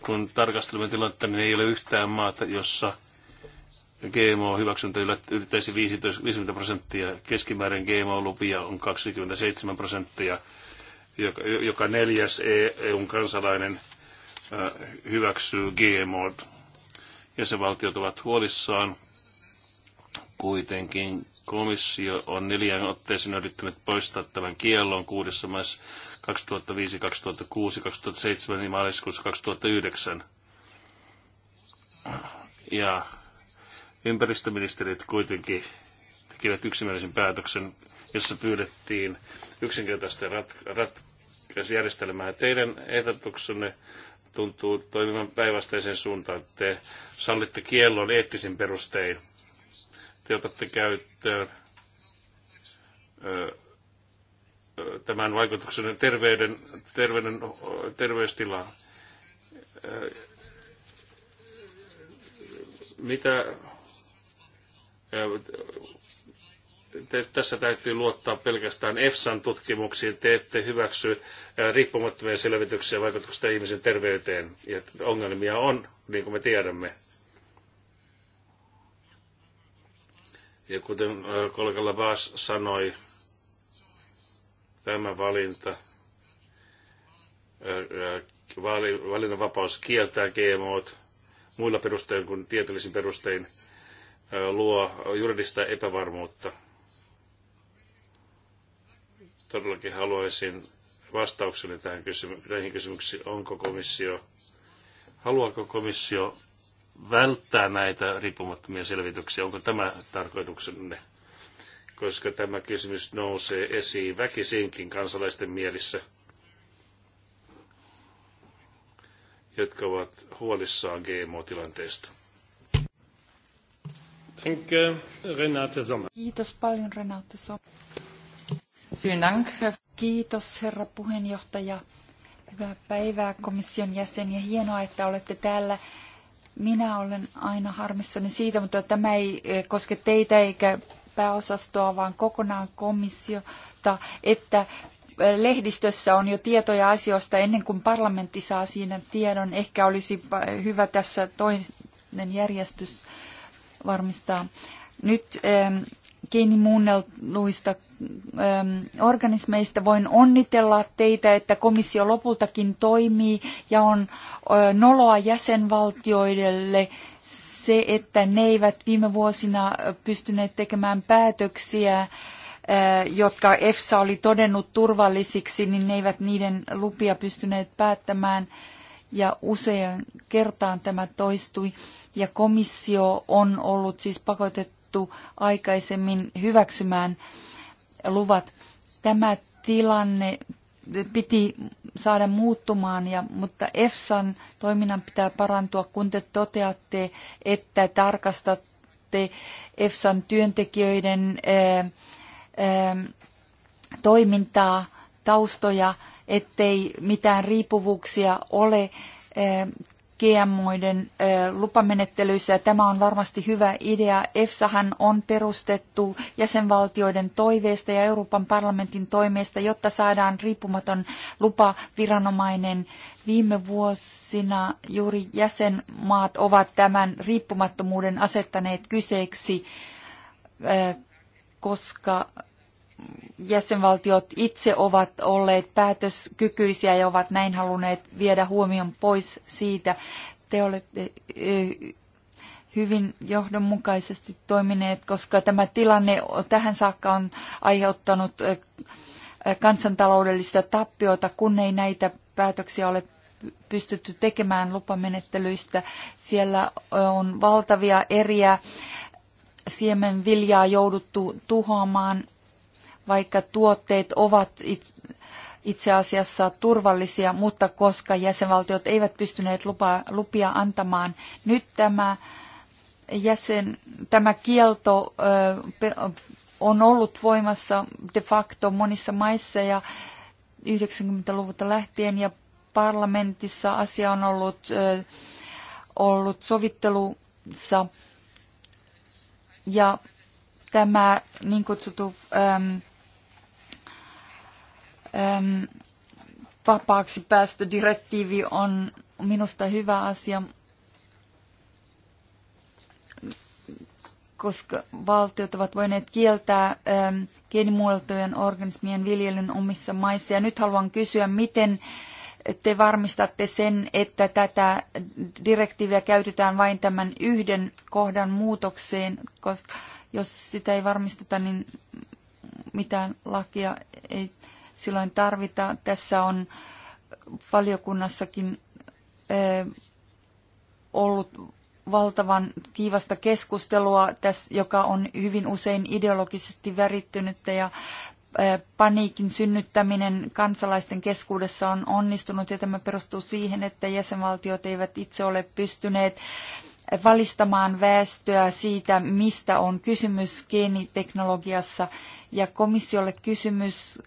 kun tarkastelemme tilannetta, niin ei ole yhtään maata, jossa GMO-hyväksyntä ylittäisi 50 prosenttia. Keskimäärin GMO-lupia on 27 prosenttia, joka, joka neljäs EUn kansalainen äh, hyväksyy GMO. Jäsenvaltiot ovat huolissaan Kuitenkin komissio on neljän otteeseen yrittänyt poistaa tämän kiellon kuudessa maissa 2005, 2006, 2007 ja maaliskuussa 2009. Ja ympäristöministerit kuitenkin tekivät yksimielisen päätöksen, jossa pyydettiin yksinkertaista rat- ratkaisujärjestelmää. Teidän ehdotuksenne tuntuu toimivan päinvastaiseen suuntaan. Te sallitte kiellon eettisin perustein te otatte käyttöön tämän vaikutuksen terveyden, terveyden, terveystilaan. Mitä tässä täytyy luottaa pelkästään EFSAn tutkimuksiin. Te ette hyväksy riippumattomia selvityksiä vaikutuksista ihmisen terveyteen. Ja ongelmia on, niin kuin me tiedämme. Ja kuten äh, kollegalla Baas sanoi, tämä valinta, äh, äh, valinnanvapaus kieltää GMOt muilla perustein kuin tieteellisin perustein luo juridista epävarmuutta. Todellakin haluaisin vastaukseni tähän kysymykseen, näihin kysymyksiin. Onko komissio, haluaako komissio välttää näitä riippumattomia selvityksiä? Onko tämä tarkoituksenne? Koska tämä kysymys nousee esiin väkisinkin kansalaisten mielissä, jotka ovat huolissaan GMO-tilanteesta. Danke, Renate Sommer. Kiitos paljon, Renate Sommer. Vielen Dank. Kiitos, herra puheenjohtaja. Hyvää päivää komission jäsen ja hienoa, että olette täällä minä olen aina harmissani siitä, mutta tämä ei eh, koske teitä eikä pääosastoa, vaan kokonaan komissiota, että eh, lehdistössä on jo tietoja asioista ennen kuin parlamentti saa siinä tiedon. Ehkä olisi eh, hyvä tässä toinen järjestys varmistaa. Nyt geenimuunnelluista ähm, organismeista. Voin onnitella teitä, että komissio lopultakin toimii ja on äh, noloa jäsenvaltioille se, että ne eivät viime vuosina pystyneet tekemään päätöksiä äh, jotka EFSA oli todennut turvallisiksi, niin ne eivät niiden lupia pystyneet päättämään ja usean kertaan tämä toistui. Ja komissio on ollut siis pakotettu jouduttu aikaisemmin hyväksymään luvat. Tämä tilanne piti saada muuttumaan, ja, mutta EFSAn toiminnan pitää parantua, kun te toteatte, että tarkastatte EFSAn työntekijöiden ää, eh, ää, eh, toimintaa, taustoja, ettei mitään riippuvuuksia ole. Eh, GMOiden lupamenettelyissä ja tämä on varmasti hyvä idea. EFSAhan on perustettu jäsenvaltioiden toiveesta ja Euroopan parlamentin toimesta, jotta saadaan riippumaton lupaviranomainen. Viime vuosina juuri jäsenmaat ovat tämän riippumattomuuden asettaneet kyseeksi, koska jäsenvaltiot itse ovat olleet päätöskykyisiä ja ovat näin halunneet viedä huomion pois siitä. Te olette hyvin johdonmukaisesti toimineet, koska tämä tilanne tähän saakka on aiheuttanut kansantaloudellista tappiota, kun ei näitä päätöksiä ole pystytty tekemään lupamenettelyistä. Siellä on valtavia eriä siemenviljaa jouduttu tuhoamaan vaikka tuotteet ovat itse asiassa turvallisia, mutta koska jäsenvaltiot eivät pystyneet lupa, lupia antamaan, nyt tämä, jäsen, tämä kielto on ollut voimassa de facto monissa maissa ja 90-luvulta lähtien ja parlamentissa asia on ollut, ollut sovittelussa ja tämä niin kutsuttu ähm, äm, vapaaksi päästödirektiivi on minusta hyvä asia, koska valtiot ovat voineet kieltää äm, geenimuotojen organismien viljelyn omissa maissa. Ja nyt haluan kysyä, miten te varmistatte sen, että tätä direktiiviä käytetään vain tämän yhden kohdan muutokseen, koska jos sitä ei varmisteta, niin mitään lakia ei silloin tarvitaan. Tässä on valiokunnassakin eh, ollut valtavan kiivasta keskustelua, joka on hyvin usein ideologisesti värittynyttä ja eh, paniikin synnyttäminen kansalaisten keskuudessa on onnistunut ja tämä perustuu siihen, että jäsenvaltiot eivät itse ole pystyneet valistamaan väestöä siitä, mistä on kysymys geeniteknologiassa. Ja komissiolle kysymys,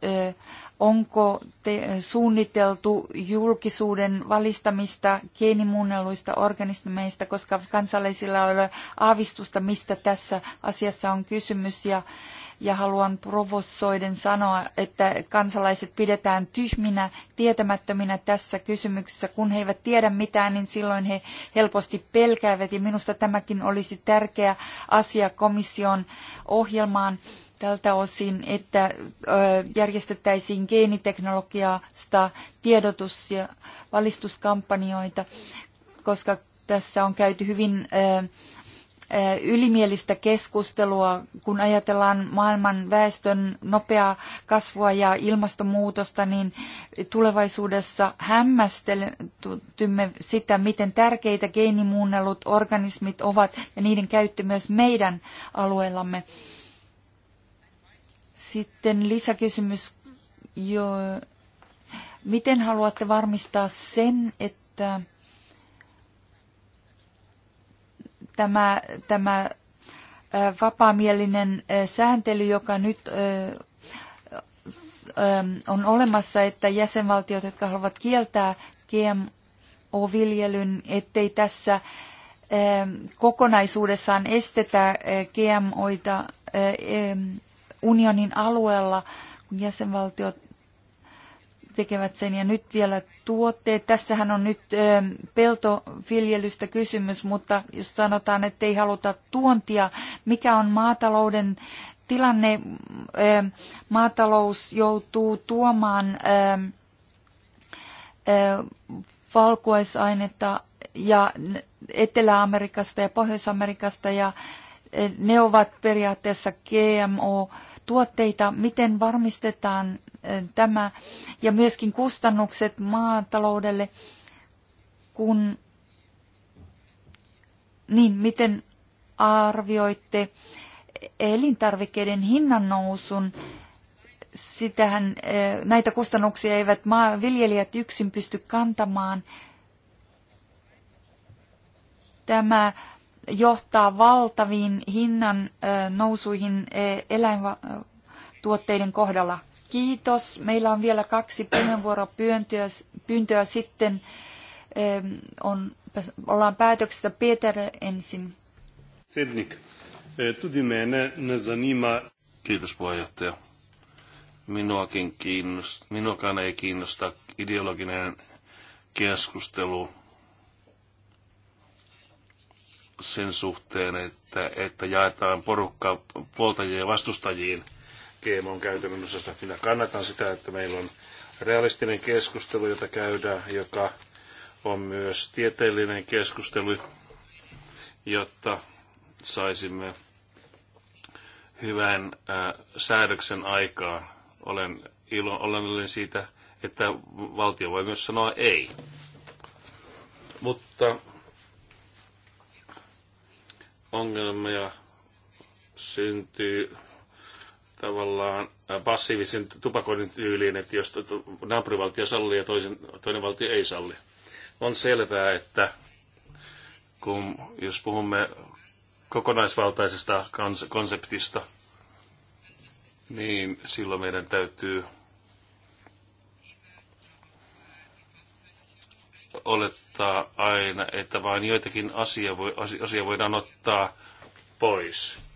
onko te, suunniteltu julkisuuden valistamista geenimuunnelluista organismeista, koska kansalaisilla ei ole aavistusta, mistä tässä asiassa on kysymys. Ja, ja haluan provosoiden sanoa, että kansalaiset pidetään tyhminä, tietämättöminä tässä kysymyksessä. Kun he eivät tiedä mitään, niin silloin he helposti pelkäävät ja minusta tämäkin olisi tärkeä asia komission ohjelmaan tältä osin, että järjestettäisiin geeniteknologiasta tiedotus- ja valistuskampanjoita, koska tässä on käyty hyvin ylimielistä keskustelua, kun ajatellaan maailman väestön nopeaa kasvua ja ilmastonmuutosta, niin tulevaisuudessa hämmästymme sitä, miten tärkeitä geenimuunnellut organismit ovat ja niiden käyttö myös meidän alueellamme. Sitten lisäkysymys, jo, miten haluatte varmistaa sen, että tämä, tämä vapaamielinen sääntely, joka nyt on olemassa, että jäsenvaltiot, jotka haluavat kieltää GMO-viljelyn, ettei tässä kokonaisuudessaan estetä GMOita unionin alueella, kun jäsenvaltiot tekevät sen. Ja nyt vielä tuotteet. Tässähän on nyt peltoviljelystä kysymys, mutta jos sanotaan, että ei haluta tuontia, mikä on maatalouden tilanne? Maatalous joutuu tuomaan valkuaisainetta ja Etelä-Amerikasta ja Pohjois-Amerikasta ja ne ovat periaatteessa GMO-tuotteita. Miten varmistetaan tämä ja myöskin kustannukset maataloudelle, kun niin miten arvioitte elintarvikkeiden hinnan nousun? Sitähän eh, näitä kustannuksia eivät viljelijät yksin pysty kantamaan. Tämä johtaa valtaviin hinnan eh, nousuihin eh, eläintuotteiden kohdalla. Kiitos. Meillä on vielä kaksi puheenvuoropyyntöä pyyntöä sitten. On, ollaan päätöksessä. Peter ensin. Sednik, e, tudi mene ne zanima. Kiitos puheenjohtaja. Minuakin kiinnost, minuakaan ei kiinnosta ideologinen keskustelu sen suhteen, että, että jaetaan porukka puoltajiin ja vastustajiin – GMOn käytännön osasta. Minä kannatan sitä, että meillä on realistinen keskustelu, jota käydään, joka on myös tieteellinen keskustelu, jotta saisimme hyvän ää, äh, säädöksen aikaa. Olen ilo, siitä, että valtio voi myös sanoa ei. Mutta ongelmia syntyy tavallaan äh, passiivisen tupakoinnin tyyliin, että jos naapurivaltio sallii ja toisen, toinen valtio ei salli. On selvää, että kun, jos puhumme kokonaisvaltaisesta konseptista, niin silloin meidän täytyy olettaa aina, että vain joitakin asia, voi, asia voidaan ottaa pois.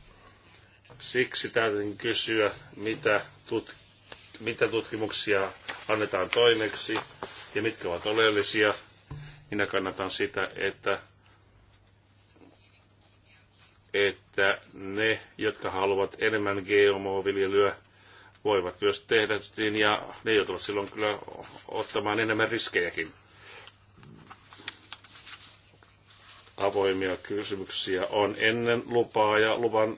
Siksi täytyy kysyä, mitä, tut, mitä tutkimuksia annetaan toimeksi ja mitkä ovat oleellisia. Minä kannatan sitä, että, että ne, jotka haluavat enemmän GMO-viljelyä, voivat myös tehdä, niin ja ne joutuvat silloin kyllä ottamaan enemmän riskejäkin. Avoimia kysymyksiä on ennen lupaa ja luvan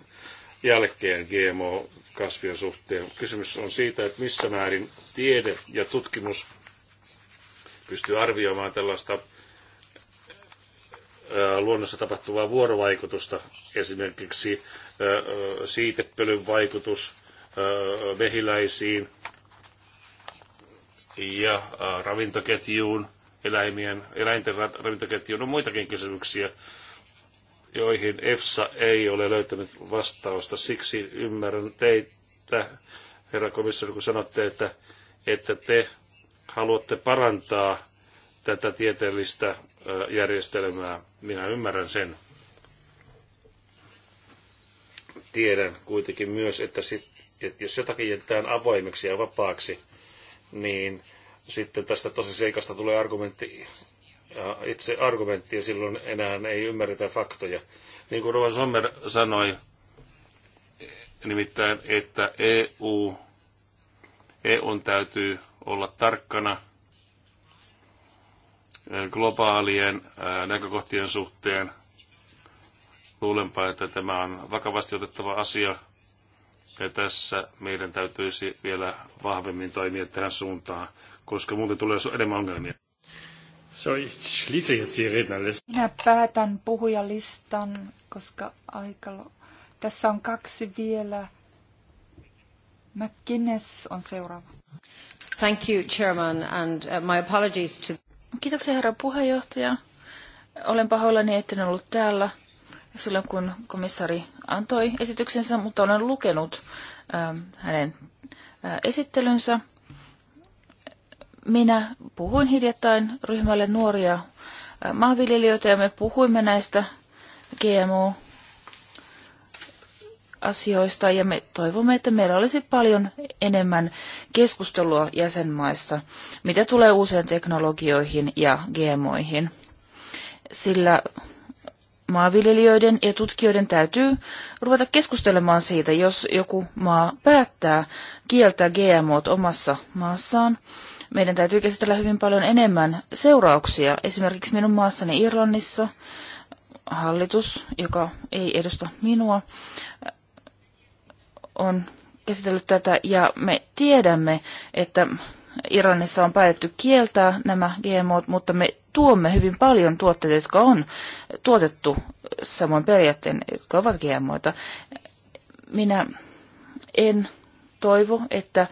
jälkeen GMO-kasvien suhteen. Kysymys on siitä, että missä määrin tiede ja tutkimus pystyy arvioimaan tällaista luonnossa tapahtuvaa vuorovaikutusta, esimerkiksi siitepölyn vaikutus mehiläisiin ja ravintoketjuun, eläimien, eläinten ravintoketjuun on no muitakin kysymyksiä, joihin EFSA ei ole löytänyt vastausta. Siksi ymmärrän teitä, herra komissaari, kun sanotte, että, että te haluatte parantaa tätä tieteellistä järjestelmää. Minä ymmärrän sen. Tiedän kuitenkin myös, että, sit, että jos jotakin jätetään avoimeksi ja vapaaksi, niin sitten tästä tosiseikasta tulee argumentti itse argumenttia, silloin enää ei ymmärretä faktoja. Niin kuin Rova Sommer sanoi, nimittäin, että EU, EUn täytyy olla tarkkana globaalien näkökohtien suhteen. Luulenpa, että tämä on vakavasti otettava asia. Ja tässä meidän täytyisi vielä vahvemmin toimia tähän suuntaan, koska muuten tulee enemmän ongelmia. So, ich schließe jetzt die Rednerliste. Minä päätän puhujalistan, koska aika... Tässä on kaksi vielä. McGuinness on seuraava. Thank you, Chairman, and uh, my apologies to... Kiitoksia, herra puheenjohtaja. Olen pahoillani, etten ollut täällä silloin, kun komissari antoi esityksensä, mutta olen lukenut ähm, hänen äh, esittelynsä. Minä puhuin hiljattain ryhmälle nuoria äh, maanviljelijöitä ja me puhuimme näistä GMO asioista ja me toivomme, että meillä olisi paljon enemmän keskustelua jäsenmaissa, mitä tulee uusiin teknologioihin ja GMOihin. Sillä maanviljelijöiden ja tutkijoiden täytyy ruveta keskustelemaan siitä, jos joku maa päättää kieltää GMOt omassa maassaan meidän täytyy käsitellä hyvin paljon enemmän seurauksia. Esimerkiksi minun maassani Irlannissa hallitus, joka ei edusta minua, on käsitellyt tätä ja me tiedämme, että Iranissa on päätetty kieltää nämä GMOt, mutta me tuomme hyvin paljon tuotteita, jotka on tuotettu samoin periaatteen, jotka ovat GMOita. Minä en toivo, että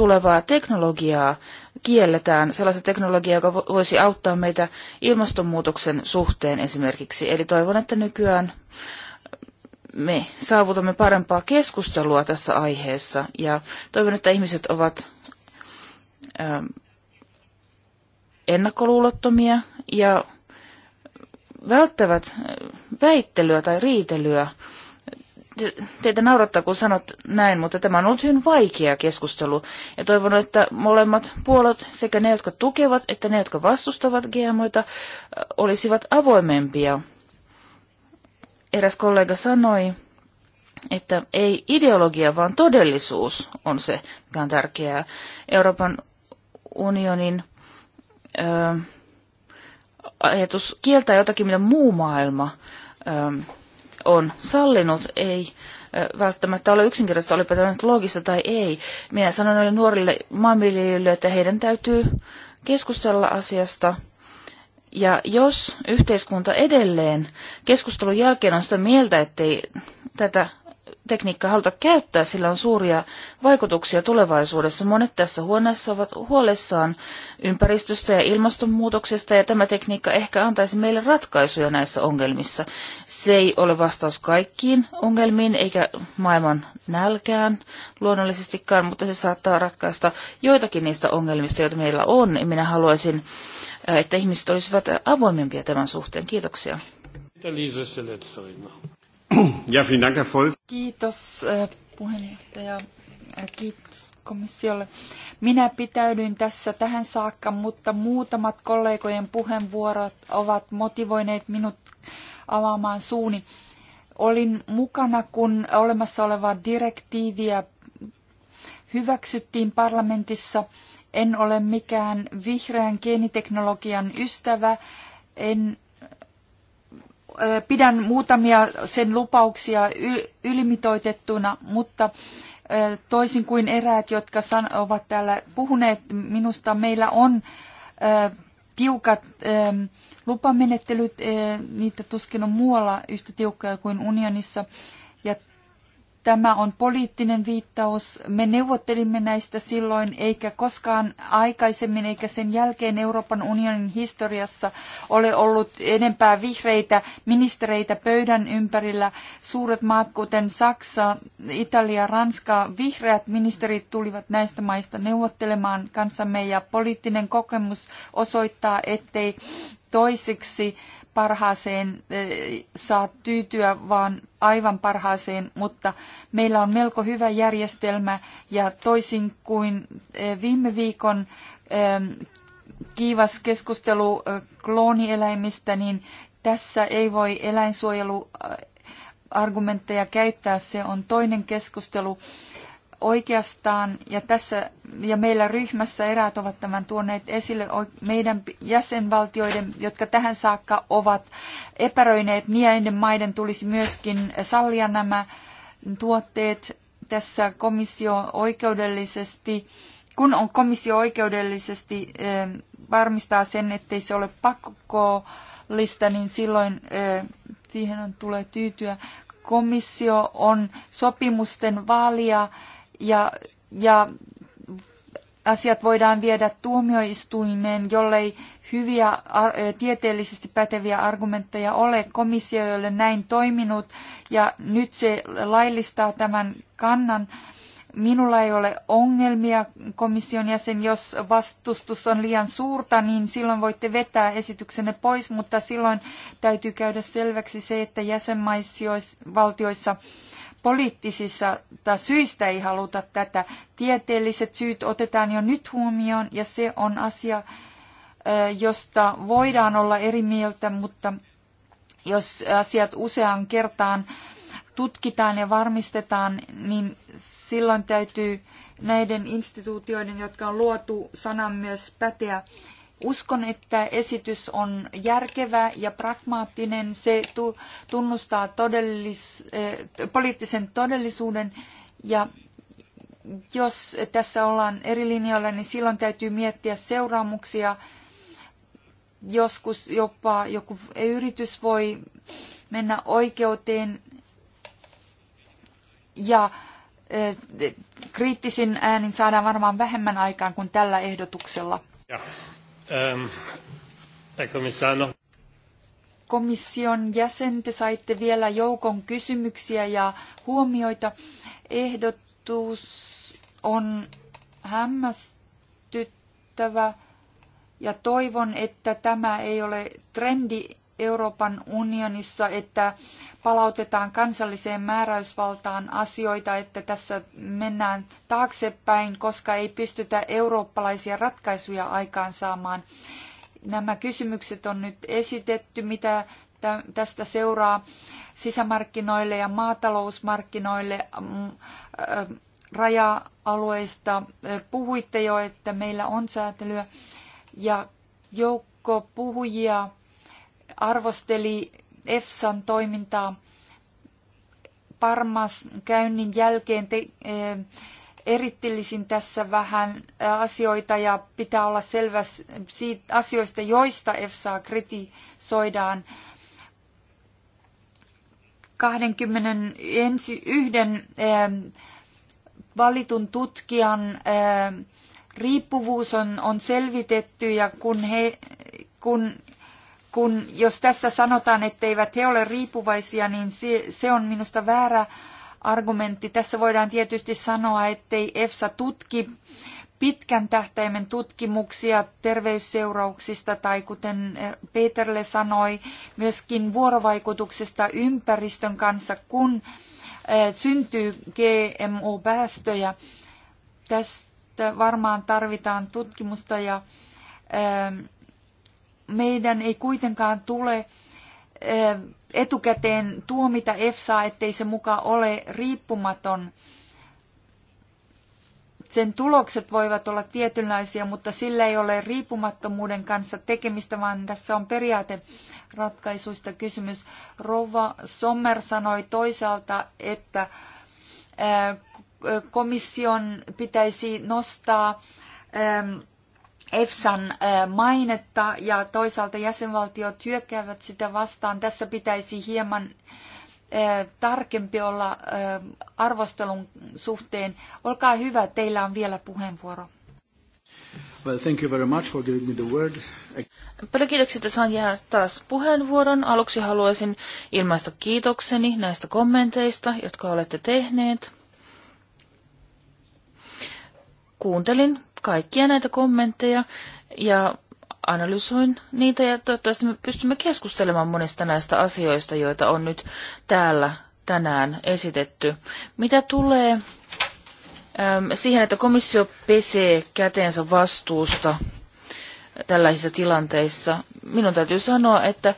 tulevaa teknologiaa kielletään, sellaista teknologiaa, joka voisi auttaa meitä ilmastonmuutoksen suhteen esimerkiksi. Eli toivon, että nykyään me saavutamme parempaa keskustelua tässä aiheessa ja toivon, että ihmiset ovat ähm, ennakkoluulottomia ja välttävät äh, väittelyä tai riitelyä teitä naurattaa, kun sanot näin, mutta tämä on ollut hyvin vaikea keskustelu. Ja toivon, että molemmat puolet, sekä ne, jotka tukevat, että ne, jotka vastustavat GMOita, olisivat avoimempia. Eräs kollega sanoi, että ei ideologia, vaan todellisuus on se, mikä on tärkeää. Euroopan unionin ö, ajatus kieltää jotakin, mitä muu maailma ö, on sallinut, ei välttämättä ole yksinkertaista, olipa tämä nyt loogista tai ei. Minä sanon noille nuorille maanviljelijöille, että heidän täytyy keskustella asiasta. Ja jos yhteiskunta edelleen keskustelun jälkeen on sitä mieltä, ettei tätä tekniikkaa haluta käyttää, sillä on suuria vaikutuksia tulevaisuudessa. Monet tässä huoneessa ovat huolessaan ympäristöstä ja ilmastonmuutoksesta, ja tämä tekniikka ehkä antaisi meille ratkaisuja näissä ongelmissa. Se ei ole vastaus kaikkiin ongelmiin, eikä maailman nälkään luonnollisestikaan, mutta se saattaa ratkaista joitakin niistä ongelmista, joita meillä on. Minä haluaisin, äh, että ihmiset olisivat avoimempia tämän suhteen. Kiitoksia. Liise ja, vielen Dank, Herr Volz. Kiitos äh, puheenjohtaja. Äh, kiitos komissiolle. Minä pitäydyin tässä tähän saakka, mutta muutamat kollegojen puheenvuorot ovat motivoineet minut avaamaan suuni. Olin mukana, kun olemassa olevaa direktiiviä hyväksyttiin parlamentissa. En ole mikään vihreän geeniteknologian ystävä, en pidän muutamia sen lupauksia ylimitoitettuna, mutta toisin kuin eräät, jotka ovat täällä puhuneet, minusta meillä on tiukat lupamenettelyt, niitä tuskin on muualla yhtä tiukkoja kuin unionissa. Tämä on poliittinen viittaus. Me neuvottelimme näistä silloin, eikä koskaan aikaisemmin eikä sen jälkeen Euroopan unionin historiassa ole ollut enempää vihreitä ministereitä pöydän ympärillä. Suuret maat, kuten Saksa, Italia, Ranska, vihreät ministerit tulivat näistä maista neuvottelemaan kanssamme ja poliittinen kokemus osoittaa, ettei toiseksi parhaaseen e, saa tyytyä, vaan aivan parhaaseen, mutta meillä on melko hyvä järjestelmä ja toisin kuin e, viime viikon e, kiivas keskustelu kloonieläimistä, niin tässä ei voi eläinsuojelu argumentteja käyttää, se on toinen keskustelu oikeastaan, ja tässä ja meillä ryhmässä eräät ovat tämän tuoneet esille, meidän jäsenvaltioiden, jotka tähän saakka ovat epäröineet, niiden maiden tulisi myöskin sallia nämä tuotteet. Tässä komissio oikeudellisesti, kun on komissio oikeudellisesti varmistaa sen, ettei se ole pakollista, niin silloin siihen on, tulee tyytyä komissio on sopimusten vaalia ja, ja asiat voidaan viedä tuomioistuimeen, jollei hyviä tieteellisesti päteviä argumentteja ole. Komissio ei ole näin toiminut ja nyt se laillistaa tämän kannan. Minulla ei ole ongelmia komission jäsen, jos vastustus on liian suurta, niin silloin voitte vetää esityksenne pois, mutta silloin täytyy käydä selväksi se, että jäsenvaltioissa äh, poliittisissa syistä ei haluta tätä. Tieteelliset syyt otetaan jo nyt huomioon ja se on asia, josta voidaan olla eri mieltä, mutta jos asiat useaan kertaan tutkitaan ja varmistetaan, niin silloin täytyy näiden instituutioiden, jotka on luotu, sanan myös päteä. Uskon, että esitys on järkevä ja pragmaattinen. Se tunnustaa todellis, eh, poliittisen todellisuuden ja jos tässä ollaan eri linjoilla, niin silloin täytyy miettiä seuraamuksia. Joskus jopa joku e-, yritys voi mennä oikeuteen ja eh, kriittisin äänin saadaan varmaan vähemmän aikaan kuin tällä ehdotuksella. Ja. Ähm, Komission jäsen, te saitte vielä joukon kysymyksiä ja huomioita. Ehdotus on hämmästyttävä ja toivon, että tämä ei ole trendi Euroopan unionissa, että palautetaan kansalliseen määräysvaltaan asioita, että tässä mennään taaksepäin, koska ei pystytä eurooppalaisia ratkaisuja aikaansaamaan. Nämä kysymykset on nyt esitetty, mitä tästä seuraa sisämarkkinoille ja maatalousmarkkinoille mm, raja-alueista. Puhuitte jo, että meillä on säätelyä ja joukko puhujia arvosteli EFSAn toimintaa Parmas käynnin jälkeen. Te, e, erittelisin tässä vähän e, asioita ja pitää olla selvä siitä asioista, joista EFSAa kritisoidaan. 21 e, valitun tutkijan riippuvuus on, on selvitetty ja kun, he, kun kun jos tässä sanotaan, etteivät he ole riippuvaisia, niin se, se on minusta väärä argumentti. Tässä voidaan tietysti sanoa, ettei EFSA tutki pitkän tähtäimen tutkimuksia terveysseurauksista tai kuten Peterle sanoi, myöskin vuorovaikutuksesta ympäristön kanssa, kun eh, syntyy GMO-päästöjä. Tästä varmaan tarvitaan tutkimusta ja eh, meidän ei kuitenkaan tule etukäteen tuomita EFSAa, ettei se muka ole riippumaton. Sen tulokset voivat olla tietynlaisia, mutta sillä ei ole riippumattomuuden kanssa tekemistä, vaan tässä on periaateratkaisuista kysymys. Rova Sommer sanoi toisaalta, että komission pitäisi nostaa EFSAn mainetta ja toisaalta jäsenvaltiot hyökkäävät sitä vastaan. Tässä pitäisi hieman tarkempi olla arvostelun suhteen. Olkaa hyvä, teillä on vielä puheenvuoro. Well, thank you very much for giving me the word. Paljon kiitoksia, että saan jää taas puheenvuoron. Aluksi haluaisin ilmaista kiitokseni näistä kommenteista, jotka olette tehneet. Kuuntelin kaikkia näitä kommentteja ja analysoin niitä ja toivottavasti me pystymme keskustelemaan monista näistä asioista, joita on nyt täällä tänään esitetty. Mitä tulee äm, siihen, että komissio pesee käteensä vastuusta tällaisissa tilanteissa, minun täytyy sanoa, että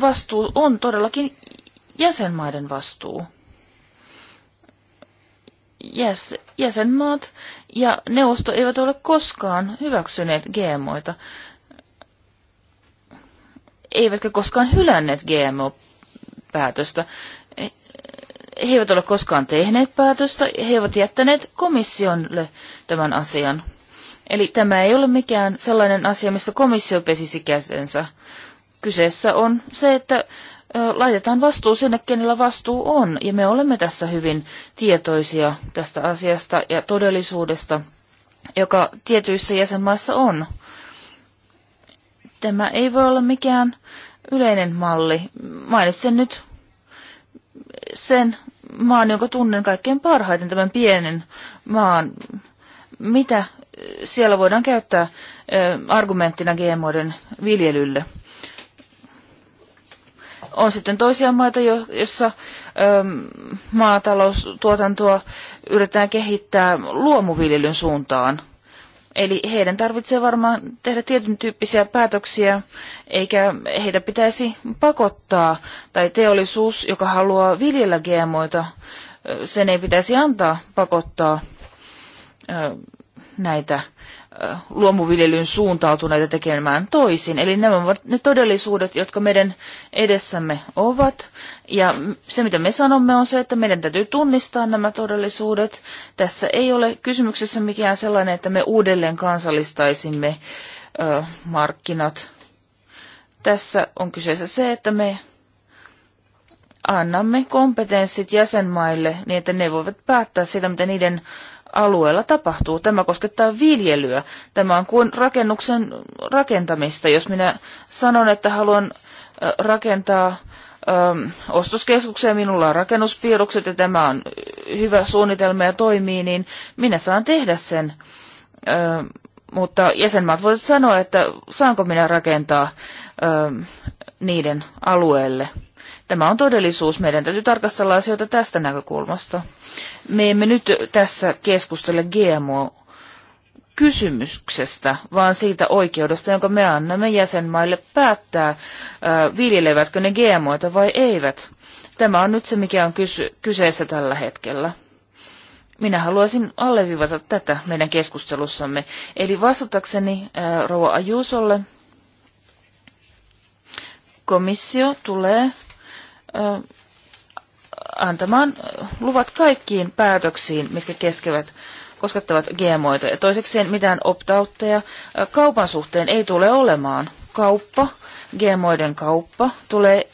vastuu on todellakin jäsenmaiden vastuu. Jäs, jäsenmaat ja neuvosto eivät ole koskaan hyväksyneet GMOita, eivätkä koskaan hylänneet GMO-päätöstä. He eivät ole koskaan tehneet päätöstä, he eivät jättäneet komissiolle tämän asian. Eli tämä ei ole mikään sellainen asia, missä komissio pesisi käsensä. Kyseessä on se, että laitetaan vastuu sinne, kenellä vastuu on. Ja me olemme tässä hyvin tietoisia tästä asiasta ja todellisuudesta, joka tietyissä jäsenmaissa on. Tämä ei voi olla mikään yleinen malli. Mainitsen nyt sen maan, jonka tunnen kaikkein parhaiten, tämän pienen maan. Mitä siellä voidaan käyttää argumenttina GMOiden viljelylle? On sitten toisia maita, joissa maataloustuotantoa yritetään kehittää luomuviljelyn suuntaan. Eli heidän tarvitsee varmaan tehdä tietyn tyyppisiä päätöksiä, eikä heitä pitäisi pakottaa. Tai teollisuus, joka haluaa viljellä GMOita, sen ei pitäisi antaa pakottaa näitä luomuviljelyyn suuntautuneita tekemään toisin. Eli nämä ovat ne todellisuudet, jotka meidän edessämme ovat. Ja se, mitä me sanomme, on se, että meidän täytyy tunnistaa nämä todellisuudet. Tässä ei ole kysymyksessä mikään sellainen, että me uudelleen kansallistaisimme ö, markkinat. Tässä on kyseessä se, että me annamme kompetenssit jäsenmaille niin, että ne voivat päättää sitä, mitä niiden alueella tapahtuu. Tämä koskettaa viljelyä. Tämä on kuin rakennuksen rakentamista. Jos minä sanon, että haluan rakentaa ostoskeskukseen, minulla on rakennuspiirrokset ja tämä on hyvä suunnitelma ja toimii, niin minä saan tehdä sen. Ö, mutta jäsenmaat voivat sanoa, että saanko minä rakentaa ö, niiden alueelle. Tämä on todellisuus. Meidän täytyy tarkastella asioita tästä näkökulmasta. Me emme nyt tässä keskustele GMO kysymyksestä, vaan siitä oikeudesta, jonka me annamme jäsenmaille päättää, viljelevätkö ne GMOita vai eivät. Tämä on nyt se, mikä on kyseessä tällä hetkellä. Minä haluaisin alleviivata tätä meidän keskustelussamme. Eli vastatakseni rouva Ajuusolle, komissio tulee antamaan luvat kaikkiin päätöksiin, mitkä keskevät koskettavat GMOita. Ja toisekseen mitään optautteja kaupan suhteen ei tule olemaan. Kauppa, GMOiden kauppa tulee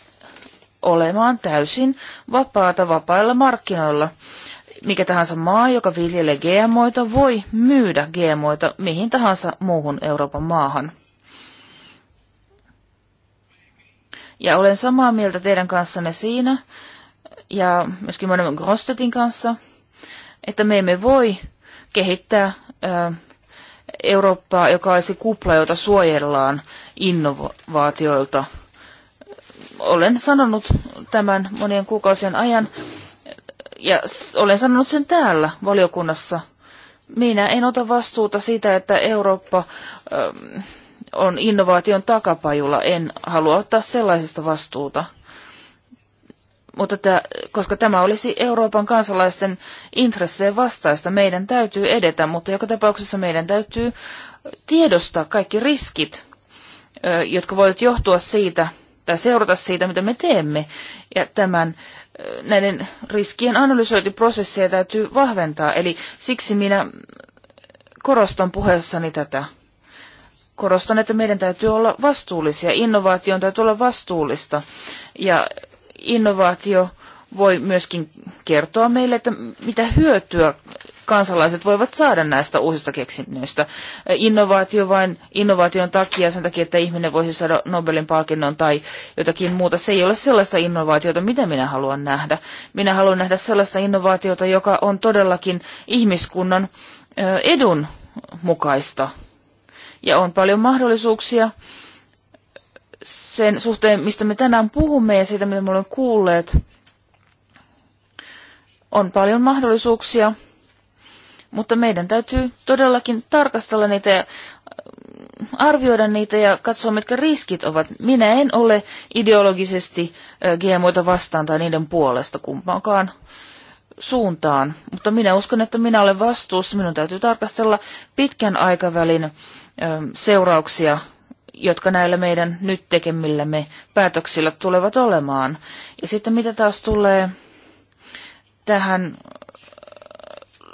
olemaan täysin vapaata vapailla markkinoilla. Mikä tahansa maa, joka viljelee GMOita, voi myydä GMOita mihin tahansa muuhun Euroopan maahan. Ja olen samaa mieltä teidän kanssanne siinä, ja myöskin monen Grostetin kanssa, että me emme voi kehittää Eurooppaa, joka olisi kupla, jota suojellaan innovaatioilta. Olen sanonut tämän monien kuukausien ajan, ja olen sanonut sen täällä valiokunnassa. Minä en ota vastuuta siitä, että Eurooppa... Ö, on innovaation takapajulla, En halua ottaa sellaisesta vastuuta. Mutta tämä, koska tämä olisi Euroopan kansalaisten intresseen vastaista, meidän täytyy edetä, mutta joka tapauksessa meidän täytyy tiedostaa kaikki riskit, jotka voivat johtua siitä tai seurata siitä, mitä me teemme. Ja tämän näiden riskien analysointiprosesseja täytyy vahventaa, eli siksi minä korostan puheessani tätä korostan, että meidän täytyy olla vastuullisia. Innovaation täytyy olla vastuullista. Ja innovaatio voi myöskin kertoa meille, että mitä hyötyä kansalaiset voivat saada näistä uusista keksinnöistä. Innovaatio vain innovaation takia, sen takia, että ihminen voisi saada Nobelin palkinnon tai jotakin muuta. Se ei ole sellaista innovaatiota, mitä minä haluan nähdä. Minä haluan nähdä sellaista innovaatiota, joka on todellakin ihmiskunnan edun mukaista ja on paljon mahdollisuuksia sen suhteen, mistä me tänään puhumme ja siitä, mitä me olemme kuulleet. On paljon mahdollisuuksia, mutta meidän täytyy todellakin tarkastella niitä ja äh, arvioida niitä ja katsoa, mitkä riskit ovat. Minä en ole ideologisesti äh, GMOita vastaan tai niiden puolesta kumpaankaan suuntaan. Mutta minä uskon, että minä olen vastuussa. Minun täytyy tarkastella pitkän aikavälin seurauksia, jotka näillä meidän nyt tekemillämme päätöksillä tulevat olemaan. Ja sitten mitä taas tulee tähän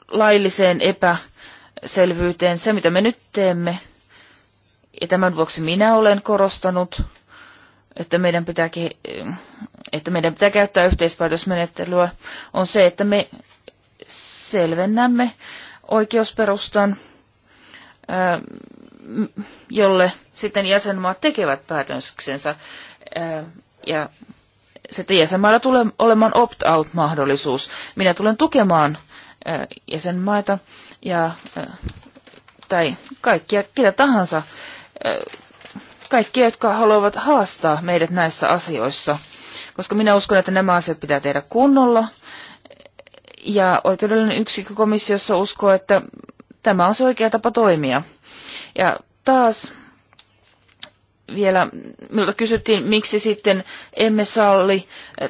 lailliseen epäselvyyteen, se mitä me nyt teemme, ja tämän vuoksi minä olen korostanut, että meidän pitää että meidän pitää käyttää yhteispäätösmenettelyä, on se, että me selvennämme oikeusperustan, jolle sitten jäsenmaat tekevät päätöksensä. Ja sitten jäsenmailla tulee olemaan opt-out-mahdollisuus. Minä tulen tukemaan jäsenmaita ja, tai kaikkia, ketä tahansa, kaikkia, jotka haluavat haastaa meidät näissä asioissa – koska minä uskon, että nämä asiat pitää tehdä kunnolla. Ja oikeudellinen yksikkö komissiossa uskoo, että tämä on se oikea tapa toimia. Ja taas vielä, minulta kysyttiin, miksi sitten emme salli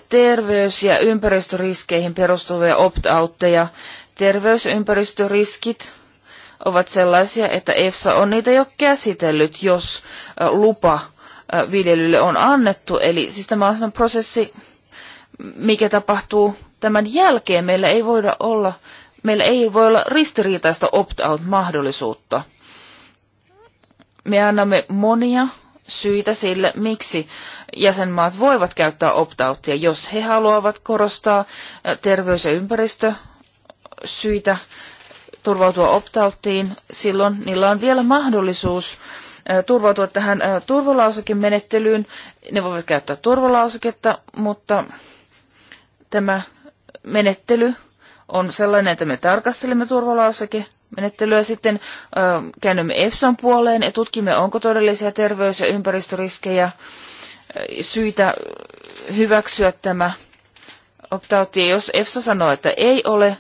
terveys- ja ympäristöriskeihin perustuvia opt-outteja. Terveys- ja ympäristöriskit ovat sellaisia, että EFSA on niitä jo käsitellyt, jos lupa viljelylle on annettu. Eli siis tämä on prosessi, mikä tapahtuu tämän jälkeen. Meillä ei, voida olla, meillä ei voi olla ristiriitaista opt-out-mahdollisuutta. Me annamme monia syitä sille, miksi jäsenmaat voivat käyttää opt-outia, jos he haluavat korostaa terveys- ja ympäristösyitä turvautua opt-outtiin, silloin niillä on vielä mahdollisuus äh, turvautua tähän turvalausekemenettelyyn. Ne voivat käyttää turvalauseketta, mutta tämä menettely on sellainen, että me tarkastelemme turvalausekemenettelyä. menettelyä sitten käännymme EFSAn puoleen ja tutkimme, onko todellisia terveys- ja ympäristöriskejä syitä hyväksyä tämä opt Jos EFSA sanoo, että ei ole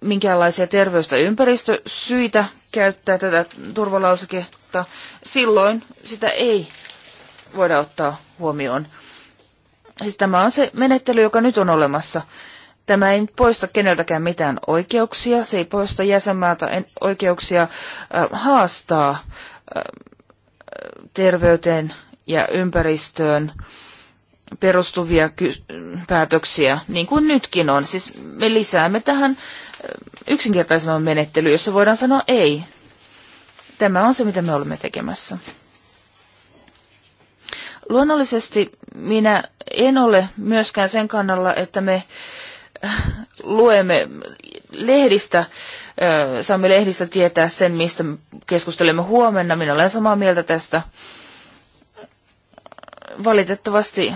minkäänlaisia terveys- tai ympäristösyitä käyttää tätä turvalausiketta, silloin sitä ei voida ottaa huomioon. Siis tämä on se menettely, joka nyt on olemassa. Tämä ei nyt poista keneltäkään mitään oikeuksia, se ei poista jäsenmaalta oikeuksia haastaa terveyteen ja ympäristöön perustuvia päätöksiä, niin kuin nytkin on. Siis me lisäämme tähän äh, yksinkertaisemman menettely, jossa voidaan sanoa ei. Tämä on se, mitä me olemme tekemässä. Luonnollisesti minä en ole myöskään sen kannalla, että me äh, luemme lehdistä, äh, saamme lehdistä tietää sen, mistä keskustelemme huomenna. Minä olen samaa mieltä tästä. Valitettavasti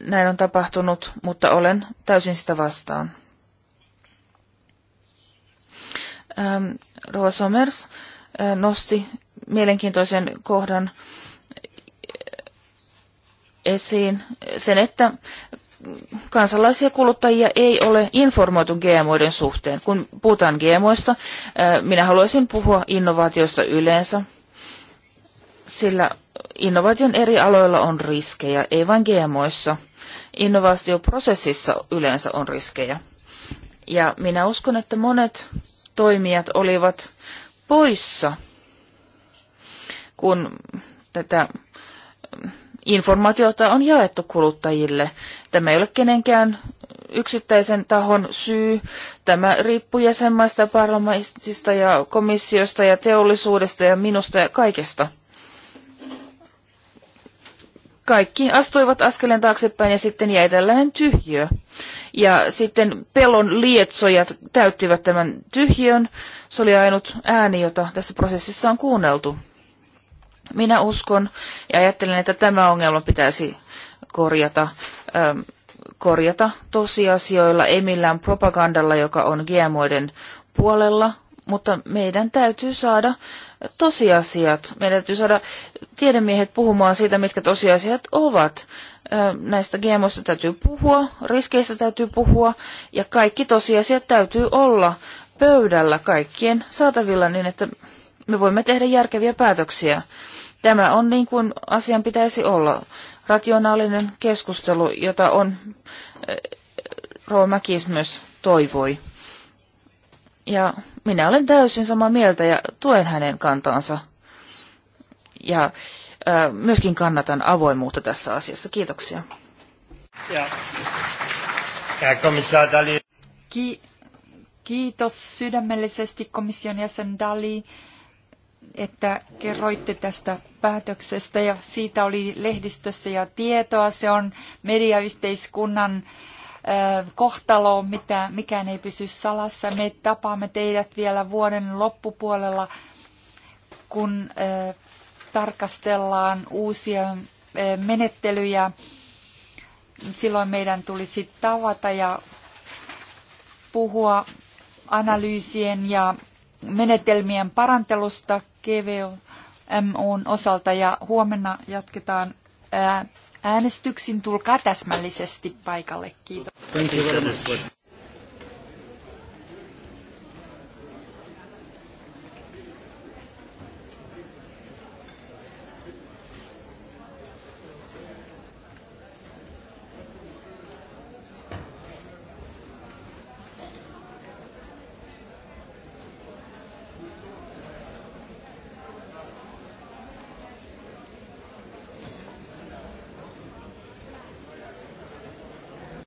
näin on tapahtunut, mutta olen täysin sitä vastaan. Ähm, Rova Somers äh, nosti mielenkiintoisen kohdan äh, esiin sen, että kansalaisia kuluttajia ei ole informoitu GMOiden suhteen. Kun puhutaan GMOista, äh, minä haluaisin puhua innovaatioista yleensä, sillä innovaation eri aloilla on riskejä, ei vain GMOissa. Innovaatioprosessissa yleensä on riskejä. Ja minä uskon, että monet toimijat olivat poissa, kun tätä ähm, informaatiota on jaettu kuluttajille. Tämä ei ole kenenkään yksittäisen tahon syy. Tämä riippuu jäsenmaista, parlamentista ja komissiosta ja teollisuudesta ja minusta ja kaikesta kaikki astuivat askeleen taaksepäin ja sitten jäi tällainen tyhjö. Ja sitten pelon lietsojat täyttivät tämän tyhjön. Se oli ainut ääni, jota tässä prosessissa on kuunneltu. Minä uskon ja ajattelen, että tämä ongelma pitäisi korjata, ähm, korjata tosiasioilla, ei millään propagandalla, joka on GMOiden puolella, mutta meidän täytyy saada tosiasiat. Meidän täytyy saada tiedemiehet puhumaan siitä, mitkä tosiasiat ovat. Näistä GMOista täytyy puhua, riskeistä täytyy puhua ja kaikki tosiasiat täytyy olla pöydällä kaikkien saatavilla niin, että me voimme tehdä järkeviä päätöksiä. Tämä on niin kuin asian pitäisi olla. Rationaalinen keskustelu, jota on Roo Mäkis myös toivoi. Ja minä olen täysin samaa mieltä ja tuen hänen kantaansa. Ja ö, myöskin kannatan avoimuutta tässä asiassa. Kiitoksia. Ja. Ja Ki- kiitos sydämellisesti komission jäsen Dali, että kerroitte tästä päätöksestä ja siitä oli lehdistössä ja tietoa. Se on mediayhteiskunnan kohtalo, mitä, mikään ei pysy salassa. Me tapaamme teidät vielä vuoden loppupuolella, kun tarkastellaan uusia menettelyjä. Silloin meidän tulisi tavata ja puhua analyysien ja menetelmien parantelusta GVM osalta ja huomenna jatketaan äänestyksin. Tulkaa täsmällisesti paikalle. Kiitos.